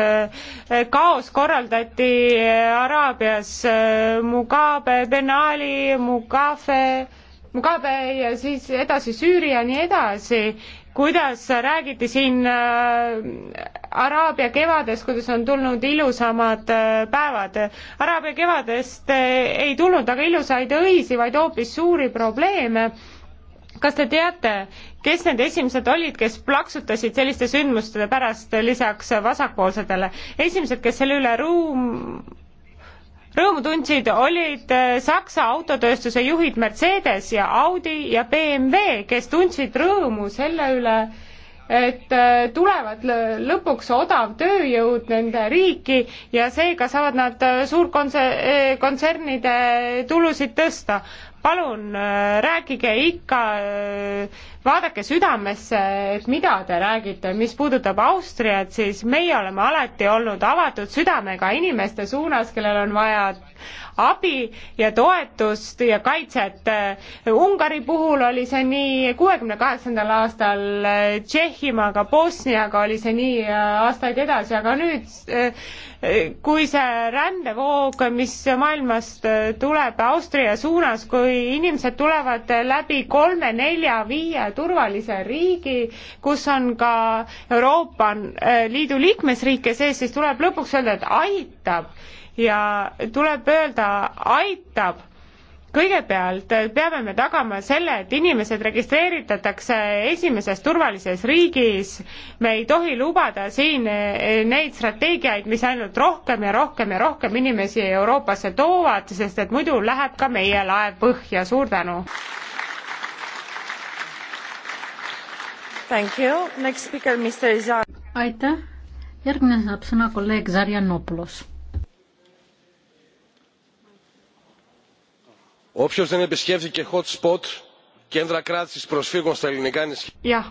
kaos korraldati Araabias Mugabe, Ben Ali, Mugabe Mugabe ja siis edasi Süüria ja nii edasi, kuidas räägiti siin äh, Araabia kevadest, kuidas on tulnud ilusamad äh, päevad. Araabia kevadest äh, ei tulnud aga ilusaid õisi, vaid hoopis suuri probleeme kas te teate, kes need esimesed olid, kes plaksutasid selliste sündmuste pärast lisaks vasakpoolsetele? esimesed, kes selle üle ruum rõõmu tundsid, olid äh, Saksa autotööstuse juhid Mercedes ja Audi ja BMW, kes tundsid rõõmu selle üle, et äh, tulevad lõpuks odav tööjõud nende riiki ja seega saavad nad äh, suurkontsernide tulusid tõsta. palun rääkige ikka vaadake südamesse, et mida te räägite, mis puudutab Austriat, siis meie oleme alati olnud avatud südamega inimeste suunas, kellel on vaja abi ja toetust ja kaitset. Ungari puhul oli see nii kuuekümne kaheksandal aastal, Tšehhimaaga, Bosniaga oli see nii aastaid edasi, aga nüüd kui see rändevoog, mis maailmast tuleb Austria suunas, kui inimesed tulevad läbi kolme, nelja, viie turvalise riigi, kus on ka Euroopa äh, Liidu liikmesriike sees, siis tuleb lõpuks öelda, et aitab ja tuleb öelda aitab kõigepealt äh, peame me tagama selle, et inimesed registreeritatakse esimeses turvalises riigis, me ei tohi lubada siin äh, neid strateegiaid, mis ainult rohkem ja rohkem ja rohkem inimesi Euroopasse toovad, sest et muidu läheb ka meie laev põhja, suur tänu! aitäh, järgmine saab sõna kolleeg Zarjanopoulos. jah,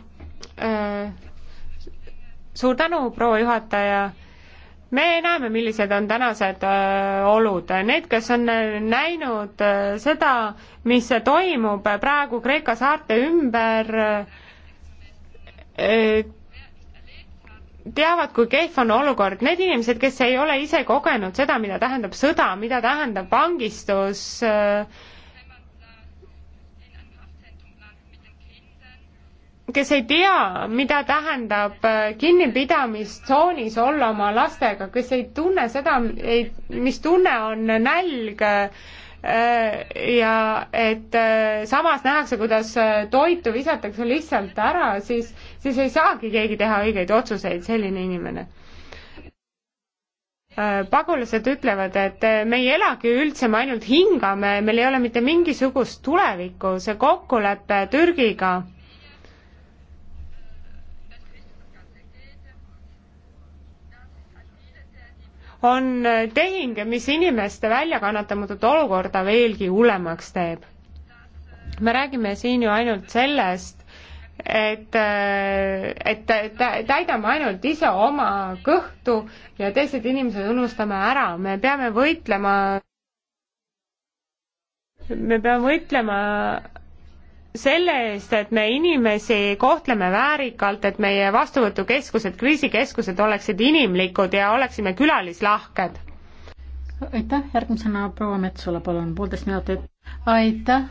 suur tänu, proua juhataja me näeme, millised on tänased äh, olud. Need, kes on näinud äh, seda, mis toimub praegu Kreeka saarte ümber, Äh, teavad, kui kehv on olukord. Need inimesed, kes ei ole ise kogenud seda, mida tähendab sõda, mida tähendab vangistus, äh, kes ei tea, mida tähendab äh, kinnipidamistsoonis olla oma lastega, kes ei tunne seda, ei, mis tunne on nälg, Äh, ja et äh, samas nähakse, kuidas äh, toitu visatakse lihtsalt ära, siis, siis ei saagi keegi teha õigeid otsuseid, selline inimene pagulased ütlevad, et me ei elagi üldse, me ainult hingame, meil ei ole mitte mingisugust tulevikku, see kokkulepe Türgiga on tehing, mis inimeste väljakannatamatut olukorda veelgi hullemaks teeb. me räägime siin ju ainult sellest, et, et täidame ainult ise oma kõhtu ja teised inimesed unustame ära, me peame võitlema, me peame võitlema selle eest, et me inimesi kohtleme väärikalt, et meie vastuvõtukeskused, kriisikeskused oleksid inimlikud ja oleksime külalislahked. aitäh, järgmisena proua Metsula, palun, poolteist minutit. aitäh,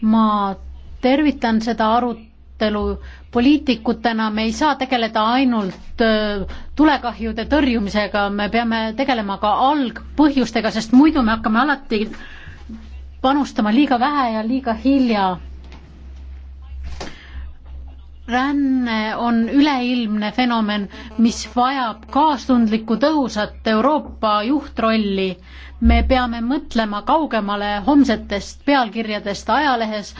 ma tervitan seda arutelu, poliitikutena me ei saa tegeleda ainult äh, tulekahjude tõrjumisega, me peame tegelema ka algpõhjustega, sest muidu me hakkame alati panustama liiga vähe ja liiga hilja ränne on üleilmne fenomen, mis vajab kaastundlikku tõhusat Euroopa juhtrolli. me peame mõtlema kaugemale homsetest pealkirjadest ajalehes.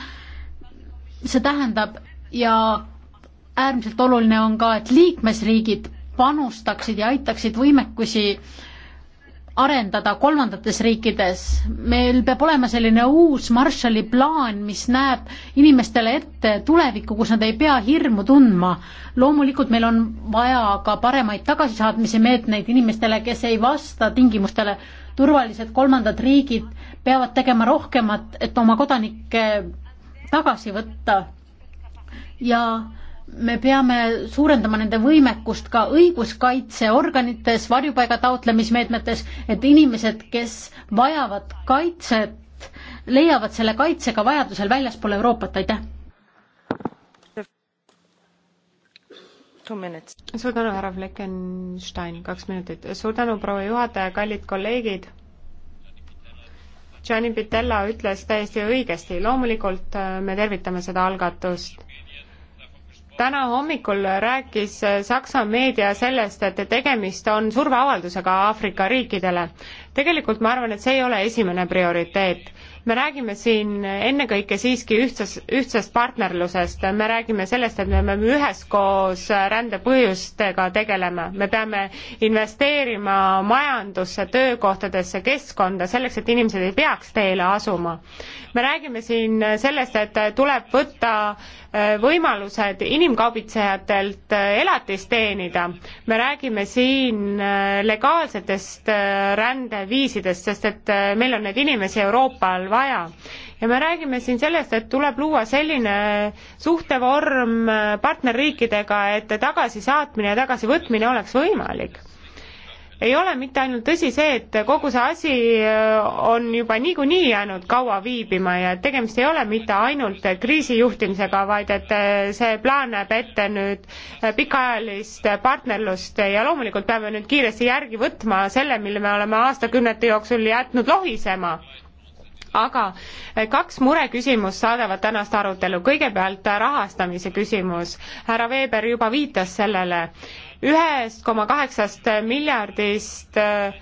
see tähendab ja äärmiselt oluline on ka, et liikmesriigid panustaksid ja aitaksid võimekusi arendada kolmandates riikides. meil peab olema selline uus Marshalli plaan, mis näeb inimestele ette tulevikku, kus nad ei pea hirmu tundma. loomulikult meil on vaja ka paremaid tagasisaatmise meetmeid inimestele, kes ei vasta tingimustele. turvalised kolmandad riigid peavad tegema rohkemat, et oma kodanikke tagasi võtta ja me peame suurendama nende võimekust ka õiguskaitseorganites, varjupaiga taotlemismeetmetes, et inimesed, kes vajavad kaitset, leiavad selle kaitse ka vajadusel väljaspool Euroopat, aitäh! suur tänu, härra Fleckenstein, kaks minutit. suur tänu, proua juhataja, kallid kolleegid Gianni Pitella ütles täiesti õigesti, loomulikult äh, me tervitame seda algatust täna hommikul rääkis Saksa meedia sellest, et tegemist on surveavaldusega Aafrika riikidele. tegelikult ma arvan, et see ei ole esimene prioriteet me räägime siin ennekõike siiski ühtsas, ühtsest partnerlusest, me räägime sellest, et me peame üheskoos rände põhjustega tegelema, me peame investeerima majandusse, töökohtadesse, keskkonda, selleks et inimesed ei peaks teele asuma. me räägime siin sellest, et tuleb võtta äh, võimalused inimkaubitsejatelt äh, elatist teenida, me räägime siin äh, legaalsetest rändeviisidest, sest et meil on neid inimesi Euroopal vaja, vaja. ja me räägime siin sellest, et tuleb luua selline suhtevorm äh, partnerriikidega, et tagasisaatmine ja tagasivõtmine oleks võimalik ei ole mitte ainult tõsi see, et kogu see asi äh, on juba niikuinii jäänud kaua viibima ja tegemist ei ole mitte ainult kriisijuhtimisega, vaid et äh, see plaan näeb ette nüüd pikaajalist partnerlust ja loomulikult peame nüüd kiiresti järgi võtma selle, mille me oleme aastakümnete jooksul jätnud lohisema aga eh, kaks mureküsimust saadavad tänast arutelu, kõigepealt eh, rahastamise küsimus, härra Weber juba viitas sellele, ühest koma kaheksast miljardist äh,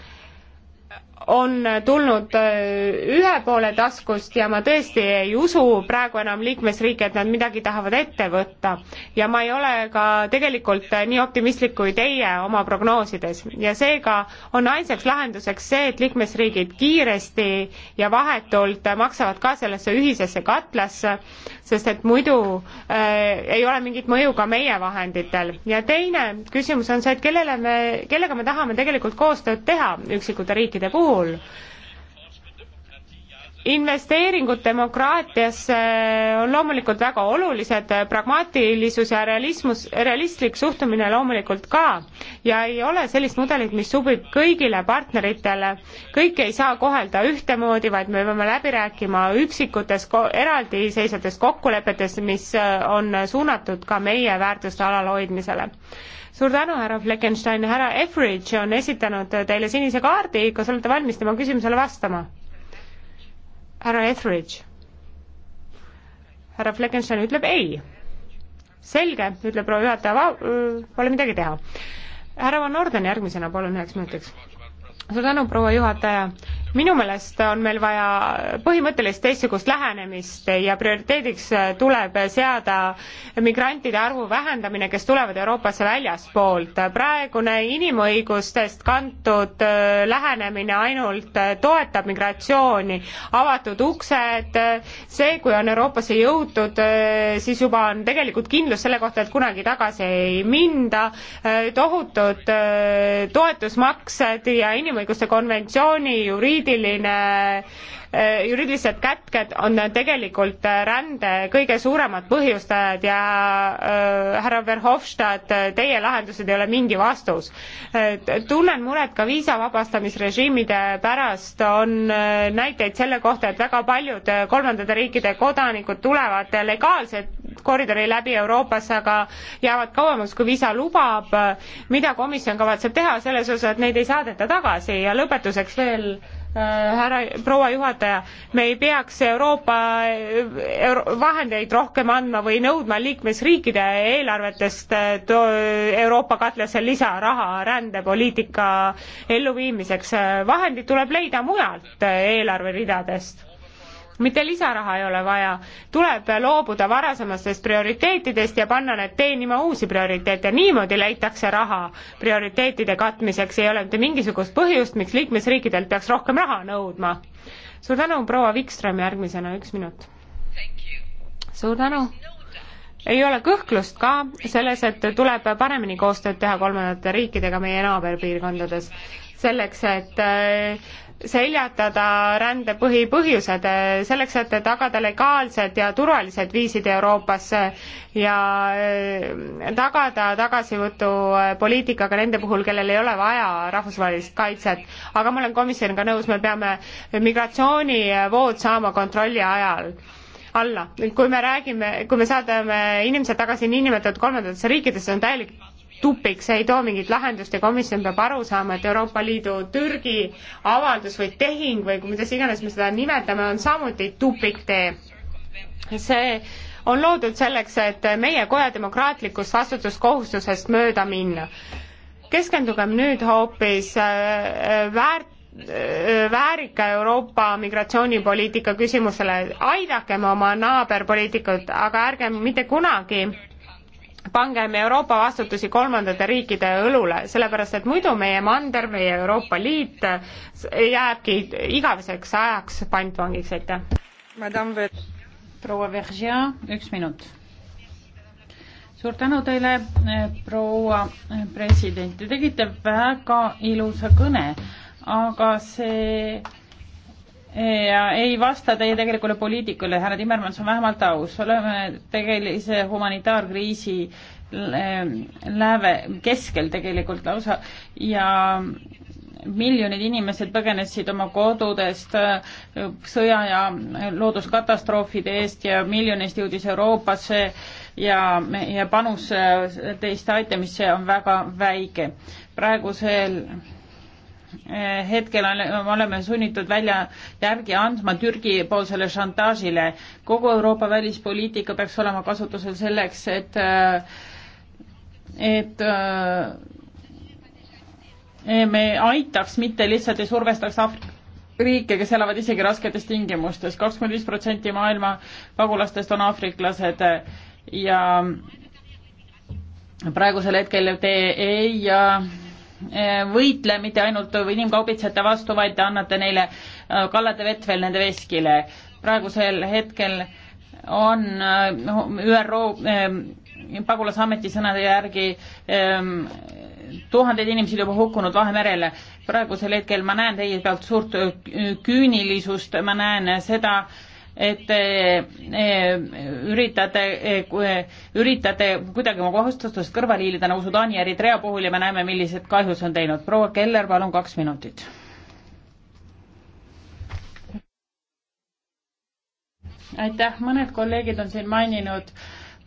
on tulnud äh, ühe poole taskust ja ma tõesti ei usu praegu enam liikmesriike, et nad midagi tahavad ette võtta. ja ma ei ole ka tegelikult äh, nii optimistlik kui teie oma prognoosides ja seega on ainsaks lahenduseks see, et liikmesriigid kiiresti ja vahetult maksavad ka sellesse ühisesse katlasse, sest et muidu äh, ei ole mingit mõju ka meie vahenditel. ja teine küsimus on see, et kellele me, kellega me tahame tegelikult koostööd teha üksikute riikide puhul, puhul investeeringud demokraatiasse on loomulikult väga olulised, pragmaatilisus ja realismus, realistlik suhtumine loomulikult ka. ja ei ole sellist mudelit, mis sobib kõigile partneritele, kõike ei saa kohelda ühtemoodi, vaid me peame läbi rääkima üksikutes eraldiseisvates kokkulepetes, mis äh, on suunatud ka meie väärtuste alalhoidmisele suur tänu, härra Fleckenstein, härra Efridge on esitanud teile sinise kaardi, kas olete valmis tema küsimusele vastama? härra Efridge. härra Fleckenstein ütleb ei. selge, ütleb proua juhataja, äh, pole midagi teha. härra Van Orden järgmisena, palun üheks minutiks. suur tänu, proua juhataja minu meelest on meil vaja põhimõtteliselt teistsugust lähenemist ja prioriteediks tuleb seada migrantide arvu vähendamine, kes tulevad Euroopasse väljaspoolt. praegune inimõigustest kantud äh, lähenemine ainult äh, toetab migratsiooni, avatud uksed, see, kui on Euroopasse jõutud, äh, siis juba on tegelikult kindlus selle kohta, et kunagi tagasi ei minda, tohutud toetusmaksed ja inimõiguste konventsiooni juriid-, juriidiline eh, juriidilised kätked on tegelikult eh, rände kõige suuremad põhjustajad ja äh, härra Verhofstadt, teie lahendused ei ole mingi vastus. tunnen muret ka viisavabastamisrežiimide pärast, on näiteid selle kohta, et väga paljud kolmandate riikide kodanikud tulevad legaalselt koridori läbi Euroopas, aga jäävad kauemaks, kui viisa lubab. mida komisjon kavatseb teha selles osas, et neid ei saadeta tagasi ja lõpetuseks veel äh, härra proua juhataja, me ei peaks Euroopa äh, euro, vahendeid rohkem andma või nõudma liikmesriikide eelarvetest äh, to, Euroopa katlasse lisaraha rändepoliitika elluviimiseks. vahendid tuleb leida mujalt eelarveridadest mitte lisaraha ei ole vaja, tuleb loobuda varasemastest prioriteetidest ja panna need teenima uusi prioriteete, niimoodi leitakse raha prioriteetide katmiseks, ei ole mitte mingisugust põhjust, miks liikmesriikidelt peaks rohkem raha nõudma. suur tänu, proua Vikström, järgmisena üks minut. suur tänu ei ole kõhklust ka selles, et tuleb paremini koostööd teha kolmandate riikidega meie naaberpiirkondades, selleks et äh, seljatada rände põhipõhjused, selleks, et tagada legaalsed ja turvalised viisid Euroopasse ja äh, tagada tagasivõtupoliitika äh, ka nende puhul, kellel ei ole vaja rahvusvahelist kaitset. aga ma olen komisjoniga nõus, me peame migratsioonivood saama kontrolli ajal alla, kui me räägime, kui me saadame inimesed tagasi niinimetatud kolmandatesse riikidesse, on täielik tupik, see ei too mingit lahendust ja komisjon peab aru saama, et Euroopa Liidu Türgi avaldus või tehing või kuidas iganes me seda nimetame, on samuti tupiktee. see on loodud selleks, et meie koja demokraatlikust vastutuskohustusest mööda minna. keskendugem nüüd hoopis äh, äh, väärt-, äh, väärika Euroopa migratsioonipoliitika küsimusele, aidakem oma naaberpoliitikut, aga ärgem mitte kunagi pangem Euroopa vastutusi kolmandate riikide õlule, sellepärast et muidu meie mander, meie Euroopa Liit jääbki igaveseks ajaks pantvangiks, aitäh. proua Vergia, üks minut. suur tänu teile, proua president, te tegite väga ilusa kõne, aga see ja ei vasta teie tegelikule poliitikule, härra Timmermans on vähemalt aus, oleme tegelise humanitaarkriisi läve keskel tegelikult lausa ja miljonid inimesed põgenesid oma kodudest sõja ja looduskatastroofide eest ja miljonist jõudis Euroopasse ja meie panus teiste aitamisse on väga väike. praegusel hetkel oleme sunnitud välja järgi andma Türgi poolsele šantaažile. kogu Euroopa välispoliitika peaks olema kasutusel selleks, et, et me aitaks, mitte lihtsalt ei survestaks Aafrika riike, kes elavad isegi rasketes tingimustes. kakskümmend viis protsenti maailma pagulastest on aafriklased ja praegusel hetkel te ei äh, Eh, võitle mitte ainult inimkaubitsejate vastu, vaid te annate neile, eh, kallate vett veel nende veskile. praegusel hetkel on eh, ÜRO pagulasameti sõnade järgi tuhanded inimesed juba hukkunud Vahemerele. praegusel hetkel ma näen teie pealt suurt küünilisust, ma näen seda, et e, üritate, e, e, üritate kuidagi oma kohustustest kõrvale hiilida, nagu Sudaani ja Eritrea puhul ja me näeme, millised kahjud see on teinud. proua Keller, palun kaks minutit. aitäh, mõned kolleegid on siin maininud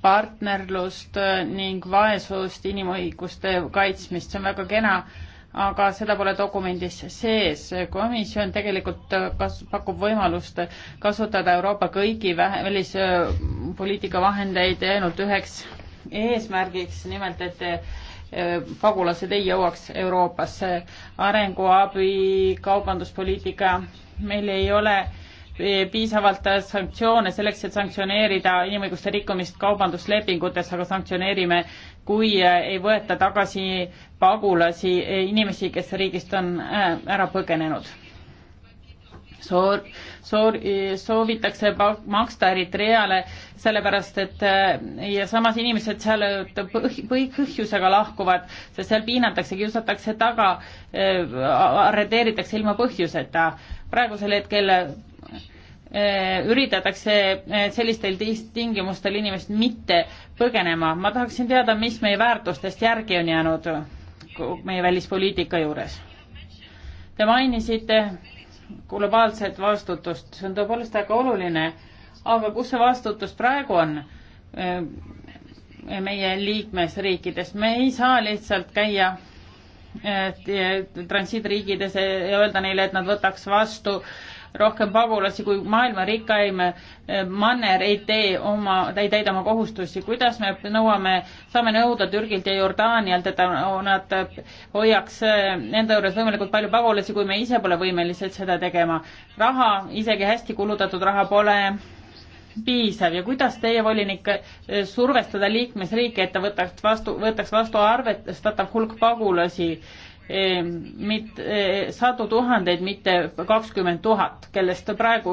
partnerlust ning vaesust, inimõiguste kaitsmist, see on väga kena aga seda pole dokumendis sees. komisjon tegelikult äh, kas-, pakub võimalust kasutada Euroopa kõigi vähe, välispoliitika vahendeid ainult üheks eesmärgiks, nimelt et äh, pagulased ei jõuaks Euroopasse. arenguabi, kaubanduspoliitika, meil ei ole äh, piisavalt äh, sanktsioone selleks, et sanktsioneerida inimõiguste rikkumist kaubanduslepingutes, aga sanktsioneerime, kui äh, ei võeta tagasi pagulasi, äh, inimesi, kes riigist on ära põgenenud. Soor-, soor-, soovitakse maksta Eritreale sellepärast, et ja samas inimesed seal põh-, põhjusega lahkuvad, sest seal piinatakse, kiusatakse taga, arreteeritakse ilma põhjuseta. praegusel hetkel Äh, üritatakse äh, sellistel tingimustel inimest mitte põgenema. ma tahaksin teada, mis meie väärtustest järgi on jäänud meie välispoliitika juures. Te mainisite globaalset vastutust, see on tõepoolest väga oluline, aga kus see vastutus praegu on äh, meie liikmesriikides, me ei saa lihtsalt käia transiitriikides ja öelda neile, et nad võtaks vastu äh, rohkem pagulasi, kui maailma rikkaim eh, manner ei tee oma, ta ei täida oma kohustusi. kuidas me nõuame, saame nõuda Türgilt ja Jordaanialt, et nad hoiaks eh, enda juures võimalikult palju pagulasi, kui me ise pole võimelised seda tegema. raha, isegi hästi kulutatud raha pole piisav ja kuidas teie volinik eh, survestada liikmesriike, et ta võtaks vastu, võtaks vastu arvestatav hulk pagulasi Ehm, mit-, eh, sadu tuhandeid, mitte kakskümmend tuhat, kellest praegu,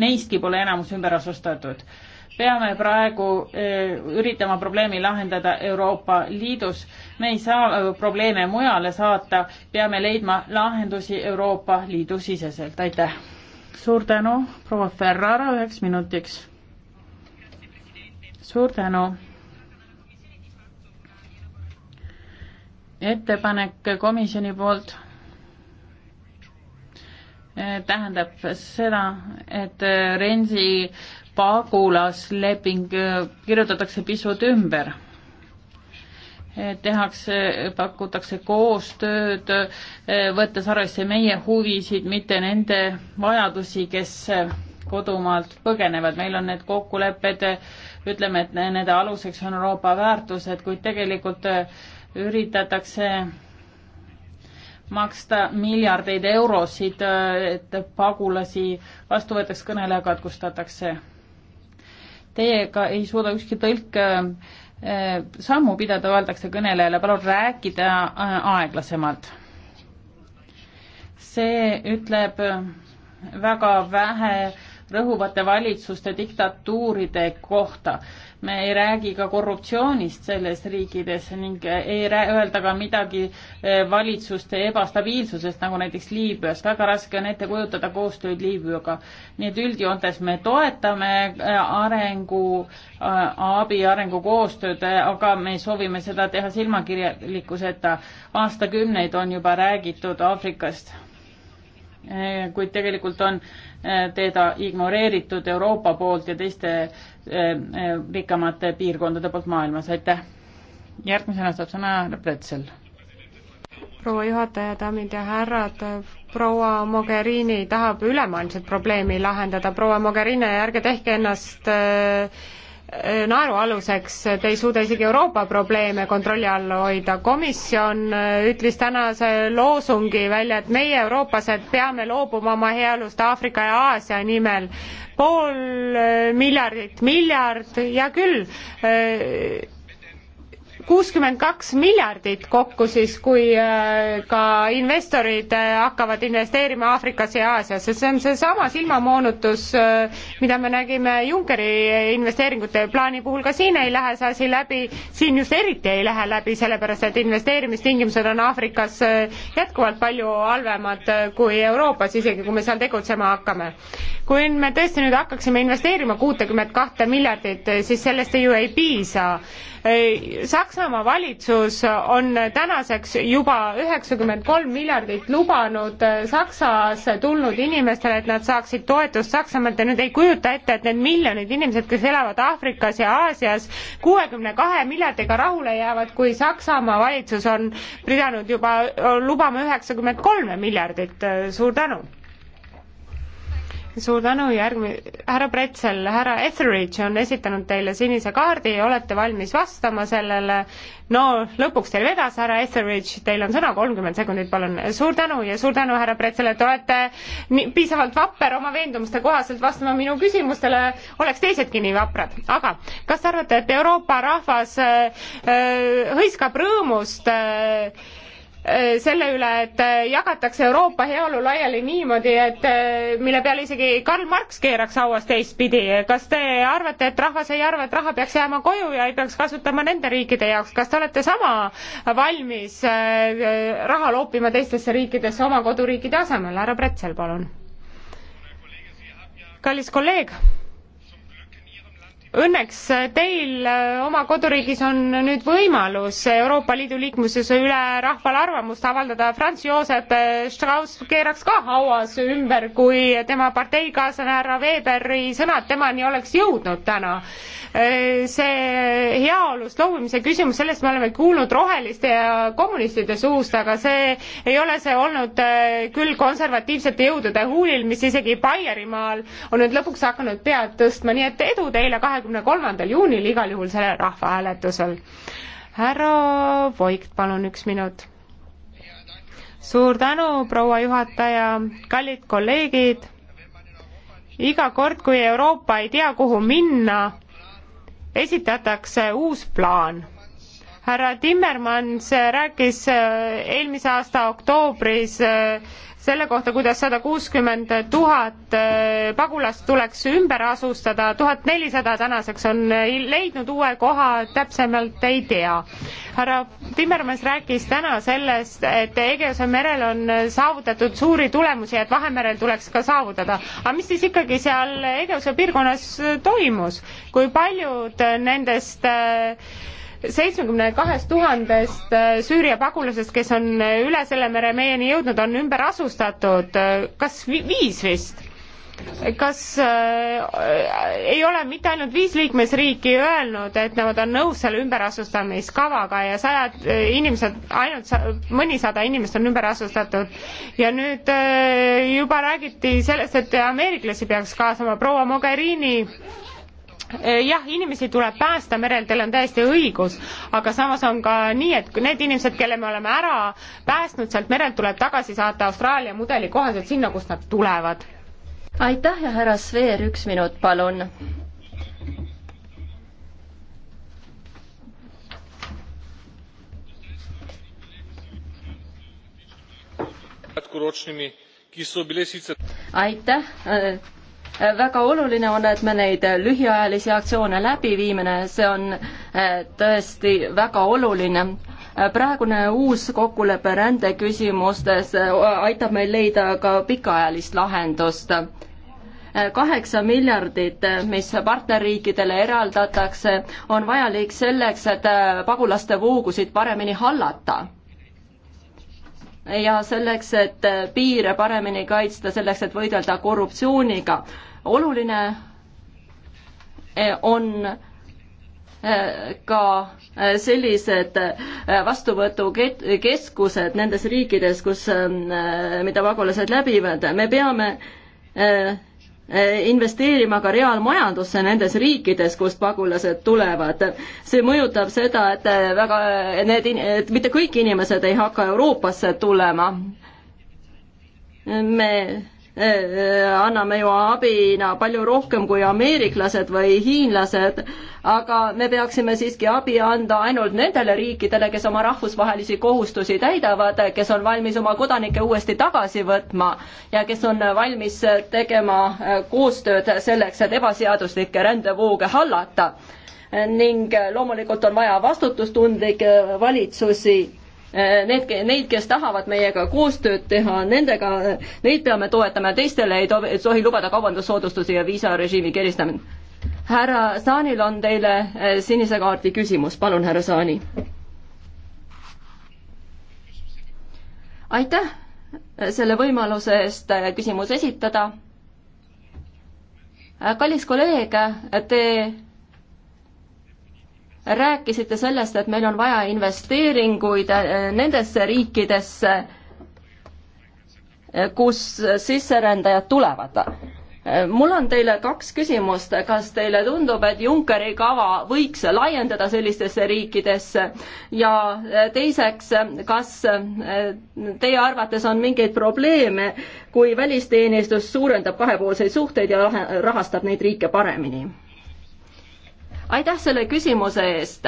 neistki pole enamus ümber asustatud. peame praegu eh, üritama probleemi lahendada Euroopa Liidus, me ei saa eh, probleeme mujale saata, peame leidma lahendusi Euroopa Liidu siseselt, aitäh! suur tänu, proua Ferrara üheks minutiks. suur tänu ettepanek komisjoni poolt tähendab seda, et Rensi pagulasleping kirjutatakse pisut ümber. tehakse, pakutakse koostööd, võttes arvesse meie huvisid, mitte nende vajadusi, kes kodumaalt põgenevad, meil on need kokkulepped, ütleme, et nende aluseks on Euroopa väärtused, kuid tegelikult äh, üritatakse maksta miljardeid eurosid, et pagulasi vastu võetaks, kõneleja katkustatakse. Teiega ei suuda ükski tõlk eh, sammu pidada, öeldakse kõnelejale, palun rääkida äh, aeglasemalt. see ütleb väga vähe rõhuvate valitsuste diktatuuride kohta me ei räägi ka korruptsioonist selles riikides ning ei öelda ka midagi eh, valitsuste ebastabiilsusest, nagu näiteks Liibüas. väga raske on ette kujutada koostööd Liibüaga. nii et üldjoontes me toetame eh, arengu, eh, abi arengukoostööd, aga me soovime seda teha silmakirjalikkuseta. aastakümneid on juba räägitud Aafrikast Eh, kuid tegelikult on eh, teda ignoreeritud Euroopa poolt ja teiste eh, rikkamate piirkondade poolt maailmas, aitäh. järgmisena saab sõna Pretzel. proua juhataja, daamid ja härrad, proua Mogherini tahab ülemaailmset probleemi lahendada, proua Mogherini, ärge tehke ennast äh, Äh, naerualuseks, te ei suuda isegi Euroopa probleeme kontrolli all hoida. komisjon äh, ütles tänase loosungi välja, et meie, eurooplased, peame loobuma oma heaolust Aafrika ja Aasia nimel. pool äh, miljardit, miljard, hea küll kuuskümmend kaks miljardit kokku siis, kui äh, ka investorid äh, hakkavad investeerima Aafrikasse ja Aasiasse, see on seesama silmamoonutus, äh, mida me nägime Junckeri investeeringute plaani puhul, ka siin ei lähe see asi läbi, siin just eriti ei lähe läbi, sellepärast et investeerimistingimused on Aafrikas jätkuvalt palju halvemad kui Euroopas, isegi kui me seal tegutsema hakkame. kui me tõesti nüüd hakkaksime investeerima kuutekümmet kahte miljardit, siis sellest ju ei piisa Saksamaa valitsus on tänaseks juba üheksakümmend kolm miljardit lubanud Saksasse tulnud inimestele, et nad saaksid toetust Saksamaalt ja nüüd ei kujuta ette, et need miljonid inimesed, kes elavad Aafrikas ja Aasias, kuuekümne kahe miljardiga rahule jäävad, kui Saksamaa valitsus on pidanud juba lubama üheksakümmend kolme miljardit. suur tänu! suur tänu, järgmine, härra Pretzel, härra Etheridge on esitanud teile sinise kaardi, olete valmis vastama sellele? no lõpuks teil vedas, härra Etheridge, teil on sõna kolmkümmend sekundit, palun. suur tänu ja suur tänu, härra Pretzel, et olete nii piisavalt vapper oma veendumuste kohaselt vastama minu küsimustele, oleks teisedki nii vaprad. aga kas te arvate, et Euroopa rahvas äh, äh hõiskab rõõmust äh, Äh, selle üle, et äh, jagatakse Euroopa heaolu laiali niimoodi, et äh, mille peale isegi Karl Marx keeraks hauas teistpidi. kas te arvate, et rahvas ei arva, et raha peaks jääma koju ja ei peaks kasutama nende riikide jaoks, kas te olete sama valmis raha loopima teistesse riikidesse oma koduriikide asemel? härra Pretzel, palun. kallis kolleeg õnneks teil äh, oma koduriigis on nüüd võimalus Euroopa Liidu liikmesuse üle rahvale arvamust avaldada. Franz Josef äh, Strauss keeraks ka hauas ümber, kui tema parteikaaslane härra Weberi sõnad temani oleks jõudnud täna Äh, see heaolust loobumise küsimus, sellest me oleme kuulnud roheliste ja kommunistide suust, aga see ei ole see olnud äh, küll konservatiivsete jõudude huulil, mis isegi Baierimaal on nüüd lõpuks hakanud pead tõstma, nii et edu teile kahekümne kolmandal juunil igal juhul sellel rahvahääletusel. härra Voigt, palun üks minut. suur tänu, proua juhataja, kallid kolleegid, iga kord, kui Euroopa ei tea, kuhu minna, esitatakse uus plaan. härra Timmermans rääkis äh, eelmise aasta oktoobris äh, selle kohta, kuidas sada kuuskümmend tuhat äh, pagulast tuleks ümber asustada, tuhat nelisada tänaseks on äh, leidnud uue koha, täpsemalt ei tea. härra Timmermans rääkis täna sellest, et Egeuse merel on äh, saavutatud suuri tulemusi, et Vahemerel tuleks ka saavutada. aga mis siis ikkagi seal Egeuse piirkonnas toimus, kui paljud nendest äh, seitsmekümne kahest tuhandest äh, Süüria pagulasest, kes on äh, üle selle mere meieni jõudnud, on ümber asustatud, kas viis vist? kas äh, ei ole mitte ainult viis liikmesriiki öelnud, et nemad on nõus selle ümberasustamiskavaga ja sajad äh, inimesed, ainult sa, mõnisada inimest on ümber asustatud. ja nüüd äh, juba räägiti sellest, et ameeriklasi peaks kaasama, proua Mogherini äh, Eh, jah, inimesi tuleb päästa merel, teil on täiesti õigus, aga samas on ka nii, et need inimesed, kelle me oleme ära päästnud sealt merelt, tuleb tagasi saata Austraalia mudeli kohaselt sinna, kust nad tulevad. aitäh ja härra Sveer, üks minut, palun. aitäh eh, väga oluline on, et me neid lühiajalisi aktsioone läbi viime, see on eh, tõesti väga oluline. Eh, praegune uus kokkulepe rändeküsimustes eh, aitab meil leida ka pikaajalist lahendust kaheksa miljardit, mis partnerriikidele eraldatakse, on vajalik selleks, et pagulaste voogusid paremini hallata. ja selleks, et piire paremini kaitsta, selleks, et võidelda korruptsiooniga oluline eh, on eh, ka eh, sellised vastuvõtukeskused nendes riikides, kus, mida pagulased läbivad, me peame investeerima ka reaalmajandusse nendes riikides, kust pagulased tulevad. see mõjutab seda, et väga need, et mitte kõik inimesed ei hakka Euroopasse tulema. me Äh, äh, anname ju abina palju rohkem kui ameeriklased või hiinlased, aga me peaksime siiski abi anda ainult nendele riikidele, kes oma rahvusvahelisi kohustusi täidavad, kes on valmis oma kodanikke uuesti tagasi võtma ja kes on valmis tegema äh, koostööd selleks, et ebaseaduslikke rändevooge hallata. ning loomulikult on vaja vastutustundlikke valitsusi Eh, need, neid, kes tahavad meiega koostööd teha, nendega, neid peame toetama ja teistele ei tohi, ei tohi lubada kaubandussoodustusi ja viisarežiimi keristamine. härra Saanil on teile eh, sinise kaardi küsimus, palun, härra Saani. aitäh eh, selle võimaluse eest küsimus esitada. kallis kolleeg, te rääkisite sellest, et meil on vaja investeeringuid äh, nendesse riikidesse, äh, kus sisserändajad tulevad. Äh, mul on teile kaks küsimust, kas teile tundub, et Junckeri kava võiks laiendada sellistesse riikidesse ja teiseks, kas teie arvates on mingeid probleeme, kui välisteenistus suurendab kahepoolseid suhteid ja rahastab neid riike paremini? aitäh selle küsimuse eest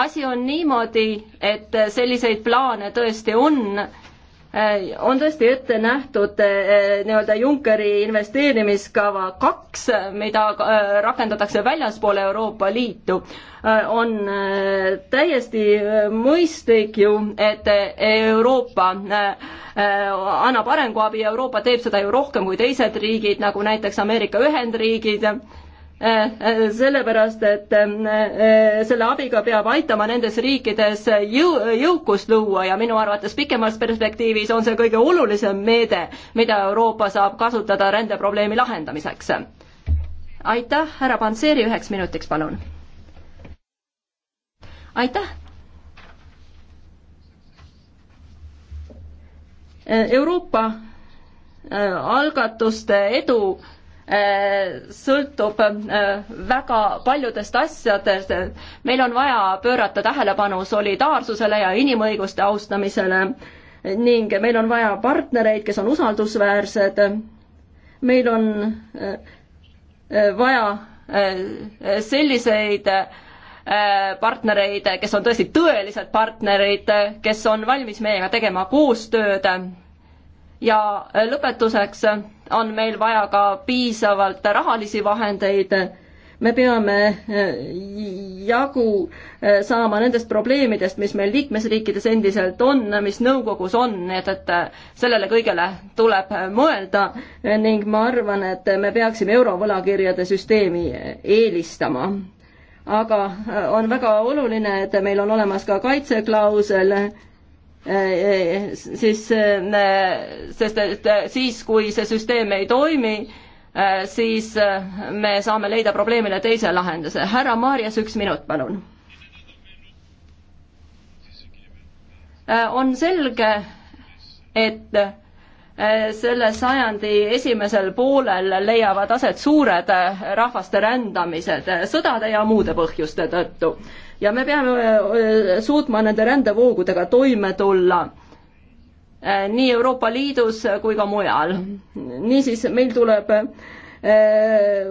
asi on niimoodi, et selliseid plaane tõesti on Äh, on tõesti ette nähtud äh, nii-öelda Junckeri investeerimiskava kaks, mida äh, rakendatakse väljaspool Euroopa Liitu. on täiesti mõistlik ju, et Euroopa annab arenguabi, Euroopa teeb seda ju rohkem kui teised riigid, nagu näiteks Ameerika Ühendriigid sellepärast, et eh, selle abiga peab aitama nendes riikides jõu, jõukust luua ja minu arvates pikemas perspektiivis on see kõige olulisem meede, mida Euroopa saab kasutada rändeprobleemi lahendamiseks. aitäh, härra Panseri, üheks minutiks palun. aitäh. Euroopa eh, algatuste edu Äh, sõltub äh, väga paljudest asjadest. meil on vaja pöörata tähelepanu solidaarsusele ja inimõiguste austamisele ning meil on vaja partnereid, kes on usaldusväärsed. meil on äh, vaja selliseid partnereid, kes on tõesti tõelised partnerid, kes on valmis meiega tegema koostööd. ja lõpetuseks on meil vaja ka piisavalt rahalisi vahendeid. me peame eh, jagu eh, saama nendest probleemidest, mis meil liikmesriikides endiselt on, mis nõukogus on, nii et, et eh, sellele kõigele tuleb mõelda ning ma arvan, et me peaksime eurovõlakirjade süsteemi eelistama aga on väga oluline, et meil on olemas ka kaitseklausel siis, sest et siis, kui see süsteem ei toimi, siis me saame leida probleemile teise lahenduse. härra Maarjas, üks minut, palun. on selge, et selle sajandi esimesel poolel leiavad aset suured rahvaste rändamised sõdade ja muude põhjuste tõttu ja me peame suutma nende rändevoogudega toime tulla nii Euroopa Liidus kui ka mujal. niisiis, meil tuleb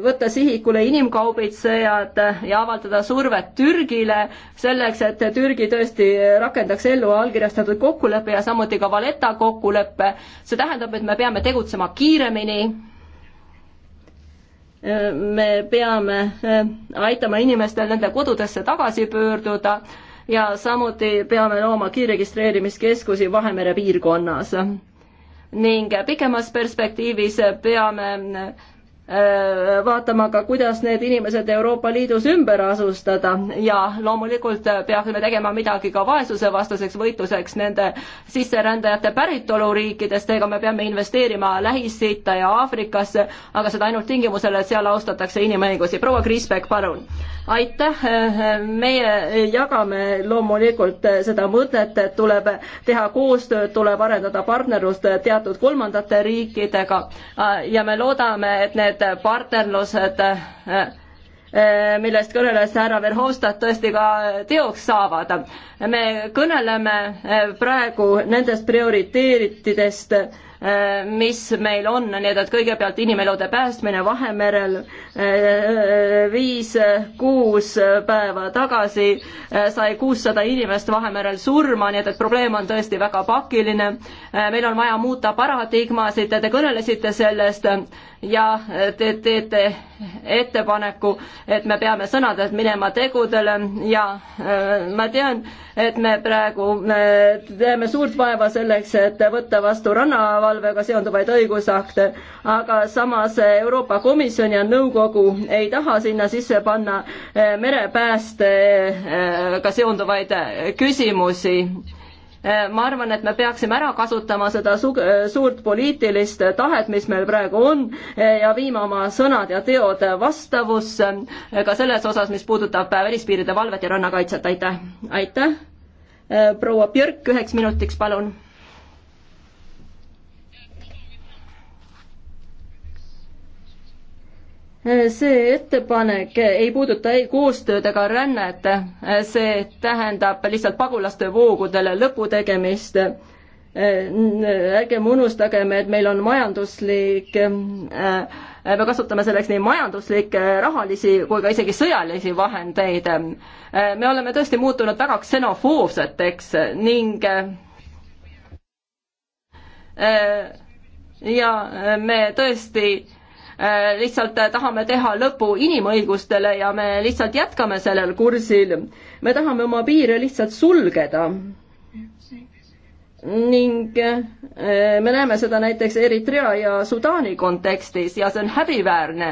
võtta sihikule inimkaubitsejad ja avaldada survet Türgile selleks, et Türgi tõesti rakendaks ellu allkirjastatud kokkuleppe ja samuti ka Valeta kokkuleppe. see tähendab, et me peame tegutsema kiiremini me peame e, aitama inimestel nende kodudesse tagasi pöörduda ja samuti peame looma kiirregistreerimiskeskusi Vahemere piirkonnas. ning pikemas perspektiivis peame Äh, vaatama ka, kuidas need inimesed Euroopa Liidus ümber asustada ja loomulikult peaksime tegema midagi ka vaesusevastaseks võitluseks nende sisserändajate päritoluriikidest, ega me peame investeerima Lähis-Ita ja Aafrikasse, aga seda ainult tingimusel, et seal austatakse inimõigusi. proua Kriisbeck, palun. aitäh, meie jagame loomulikult seda mõtet, et tuleb teha koostööd, tuleb arendada partnerlust teatud kolmandate riikidega ja me loodame, et need need partnerlused, eh, millest kõneles härra Verhofstadt, tõesti ka teoks saavad. me kõneleme eh, praegu nendest prioriteetidest, eh, mis meil on, nii et, et kõigepealt inimelude päästmine Vahemerel viis, kuus päeva tagasi sai kuussada inimest Vahemerel surma, nii et, et probleem on tõesti väga pakiline. meil on vaja muuta paradigmasid, te kõnelesite sellest ja te teete ettepaneku, et me peame sõnadelt minema tegudele ja äh, ma tean, et me praegu äh, teeme suurt vaeva selleks, et võtta vastu rannavalvega seonduvaid õigusakte, aga samas Euroopa Komisjon ja nõukogu ei taha sinna sisse panna äh, merepäästega seonduvaid küsimusi Äh, ma arvan, et me peaksime ära kasutama seda su äh, suurt poliitilist tahet, mis meil praegu on äh, ja viima oma sõnad ja teod vastavusse ka selles osas, mis puudutab välispiiride valvet ja rannakaitset, aitäh. aitäh. proua Björk, üheks minutiks, palun see ettepanek ei puuduta ei koostööd ega rännet, see tähendab lihtsalt pagulaste voogudele lõpu tegemist. ärgem unustagem, et meil on majanduslik, me kasutame selleks nii majanduslikke, rahalisi kui ka isegi sõjalisi vahendeid. me oleme tõesti muutunud väga ksenofoobseteks ning ja me tõesti Äh, lihtsalt äh, tahame teha lõpu inimõigustele ja me lihtsalt jätkame sellel kursil. me tahame oma piire lihtsalt sulgeda. ning äh, me näeme seda näiteks Eritrea ja Sudaani kontekstis ja see on häbiväärne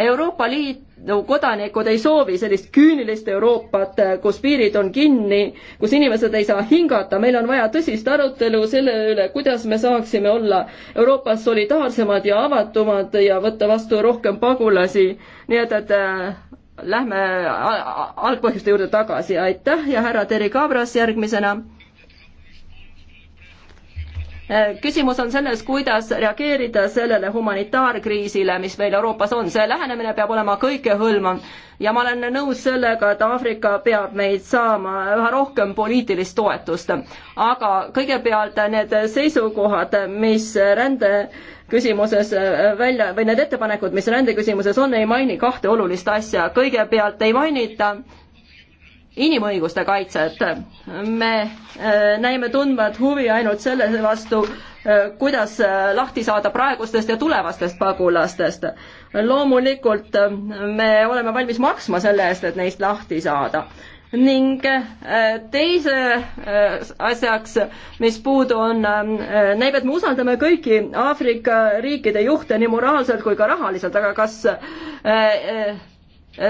Euroopa Liidu kodanikud ei soovi sellist küünilist Euroopat, äh, kus piirid on kinni, kus inimesed ei saa hingata, meil on vaja tõsist arutelu selle üle, kuidas me saaksime olla Euroopas solidaarsemad ja avatumad ja võtta vastu rohkem pagulasi, nii et, et äh, lähme äh, algpõhjuste juurde tagasi, aitäh ja härra Terri Kabras järgmisena küsimus on selles, kuidas reageerida sellele humanitaarkriisile, mis meil Euroopas on, see lähenemine peab olema kõikehõlmav ja ma olen nõus sellega, et Aafrika peab meid saama üha rohkem poliitilist toetust. aga kõigepealt need seisukohad, mis rände küsimuses välja või need ettepanekud, mis rändeküsimuses on, ei maini kahte olulist asja, kõigepealt ei mainita inimõiguste kaitset. me äh, näime tundvat huvi ainult selle vastu, äh, kuidas äh, lahti saada praegustest ja tulevastest pagulastest. loomulikult me oleme valmis maksma selle eest, et neist lahti saada ning teise asjaks, mis puudu on, näib, et me usaldame kõiki Aafrika riikide juhte nii moraalselt kui ka rahaliselt, aga kas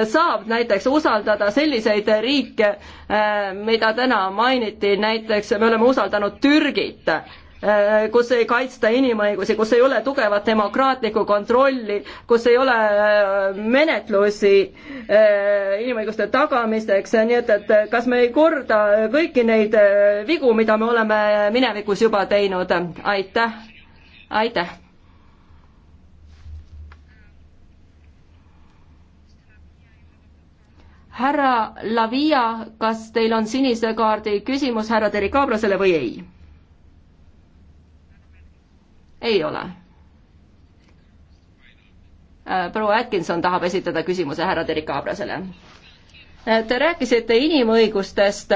saab näiteks usaldada selliseid riike, äh, mida täna mainiti, näiteks me oleme usaldanud Türgit, äh, kus ei kaitsta inimõigusi, kus ei ole tugevat demokraatlikku kontrolli, kus ei ole äh, menetlusi inimõiguste tagamiseks, nii et, et kas me ei korda kõiki neid vigu, mida me oleme minevikus juba teinud, aitäh, aitäh! härra Lavia, kas teil on sinise kaardi küsimus härra Terikabrasele või ei? ei ole. Äh, proua Atkinson tahab esitada küsimuse härra Terikabrasele. Äh, te rääkisite inimõigustest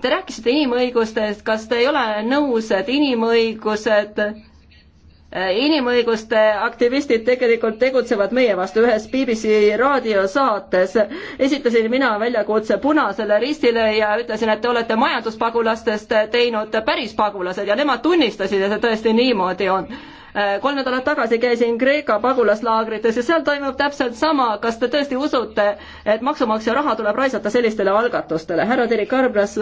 Te rääkisite inimõigustest, kas te ei ole nõus, et inimõigused Äh, inimõiguste aktivistid tegelikult tegutsevad meie vastu. ühes BBC raadiosaates esitasin mina väljakutse Punasele Ristile ja ütlesin, et te olete majanduspagulastest teinud päris pagulased ja nemad tunnistasid, et see tõesti niimoodi on äh, kolm nädalat tagasi käisin Kreeka pagulaslaagrites ja seal toimub täpselt sama, kas te tõesti usute, et maksumaksja raha tuleb raisata sellistele algatustele, härra Terri Karbras?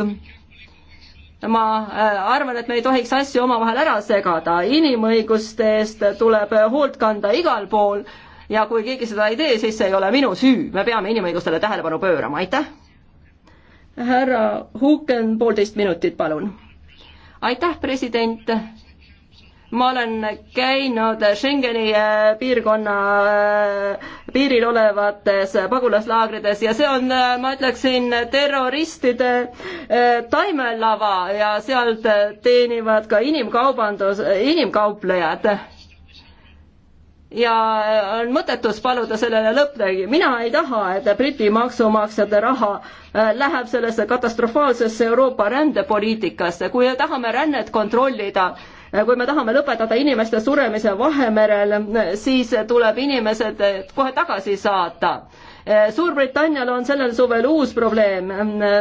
ma äh, arvan, et me ei tohiks asju omavahel ära segada, inimõiguste eest tuleb äh, hoolt kanda igal pool ja kui keegi seda ei tee, siis see ei ole minu süü, me peame inimõigustele tähelepanu pöörama, aitäh! härra Huken, poolteist minutit, palun. aitäh, president ma olen käinud Schengeni äh, piirkonna äh, piiril olevates pagulaslaagrides ja see on, äh, ma ütleksin, terroristide taimelava ja sealt teenivad ka inimkaubandus, inimkauplejad. ja on mõttetus paluda sellele lõppegi, mina ei taha, et Briti maksumaksjate raha läheb sellesse katastrofaalsesse Euroopa rändepoliitikasse, kui tahame rännet kontrollida Äh, kui me tahame lõpetada inimeste suremise Vahemerel, siis tuleb inimesed äh, kohe tagasi saata. Äh, Suurbritannial on sellel suvel uus probleem.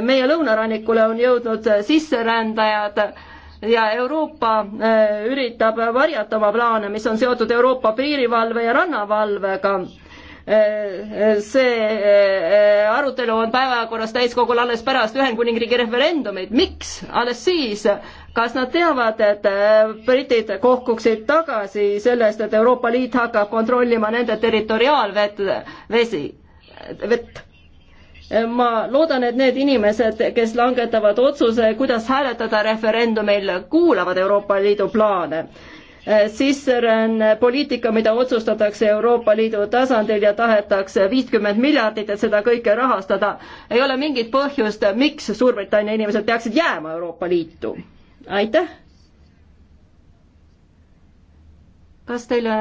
meie lõunarannikule on jõudnud sisserändajad ja Euroopa üritab varjata oma plaane, mis on seotud Euroopa piirivalve ja rannavalvega see eh, arutelu on päevakorras täiskogul alles pärast Ühendkuningriigi referendumit, miks alles siis? kas nad teavad, et eh, britid kohkuksid tagasi sellest, et Euroopa Liit hakkab kontrollima nende territoriaalvett, vesi, vett? ma loodan, et need inimesed, kes langetavad otsuse, kuidas hääletada referendumil, kuulavad Euroopa Liidu plaane Äh, sisseränne, poliitika, mida otsustatakse Euroopa Liidu tasandil ja tahetakse viitkümmend miljardit, et seda kõike rahastada. ei ole mingit põhjust, miks Suurbritannia inimesed peaksid jääma Euroopa Liitu. aitäh. kas teile,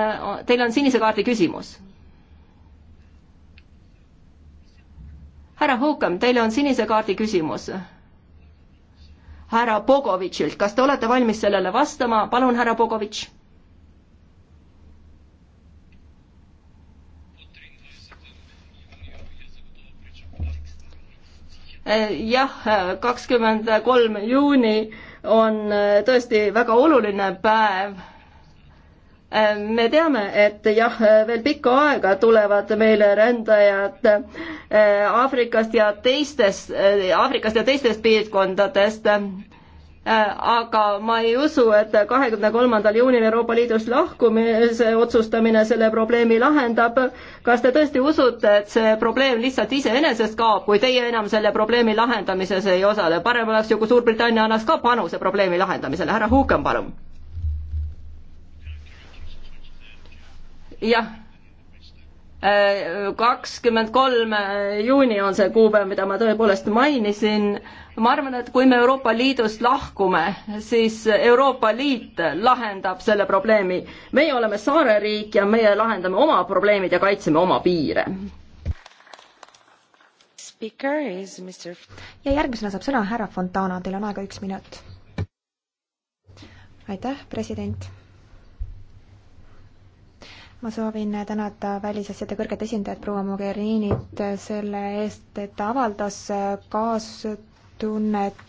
teil on sinise kaardi küsimus? härra Hukam, teile on sinise kaardi küsimus härra Bogovitšilt, kas te olete valmis sellele vastama, palun, härra Bogovitš Eh, jah, kakskümmend kolm juuni on eh, tõesti väga oluline päev eh, me teame, et jah, veel pikka aega tulevad meile rändajad Aafrikast ja teistest, Aafrikast ja teistest piirkondadest Äh, aga ma ei usu, et kahekümne kolmandal juunil Euroopa Liidust lahkumise otsustamine selle probleemi lahendab. kas te tõesti usute, et see probleem lihtsalt iseenesest kaob, kui teie enam selle probleemi lahendamises ei osale? parem oleks ju, kui Suurbritannia annaks ka panuse probleemi lahendamisele. härra Huukan, palun. jah kakskümmend kolm juuni on see kuupäev, mida ma tõepoolest mainisin. ma arvan, et kui me Euroopa Liidust lahkume, siis Euroopa Liit lahendab selle probleemi. meie oleme saareriik ja meie lahendame oma probleemid ja kaitseme oma piire. ja järgmisena saab sõna härra Fontana, teil on aega üks minut. aitäh, president ma soovin tänada välisasjade kõrget esindajat proua Mogherinit selle eest, et ta avaldas kaastunnet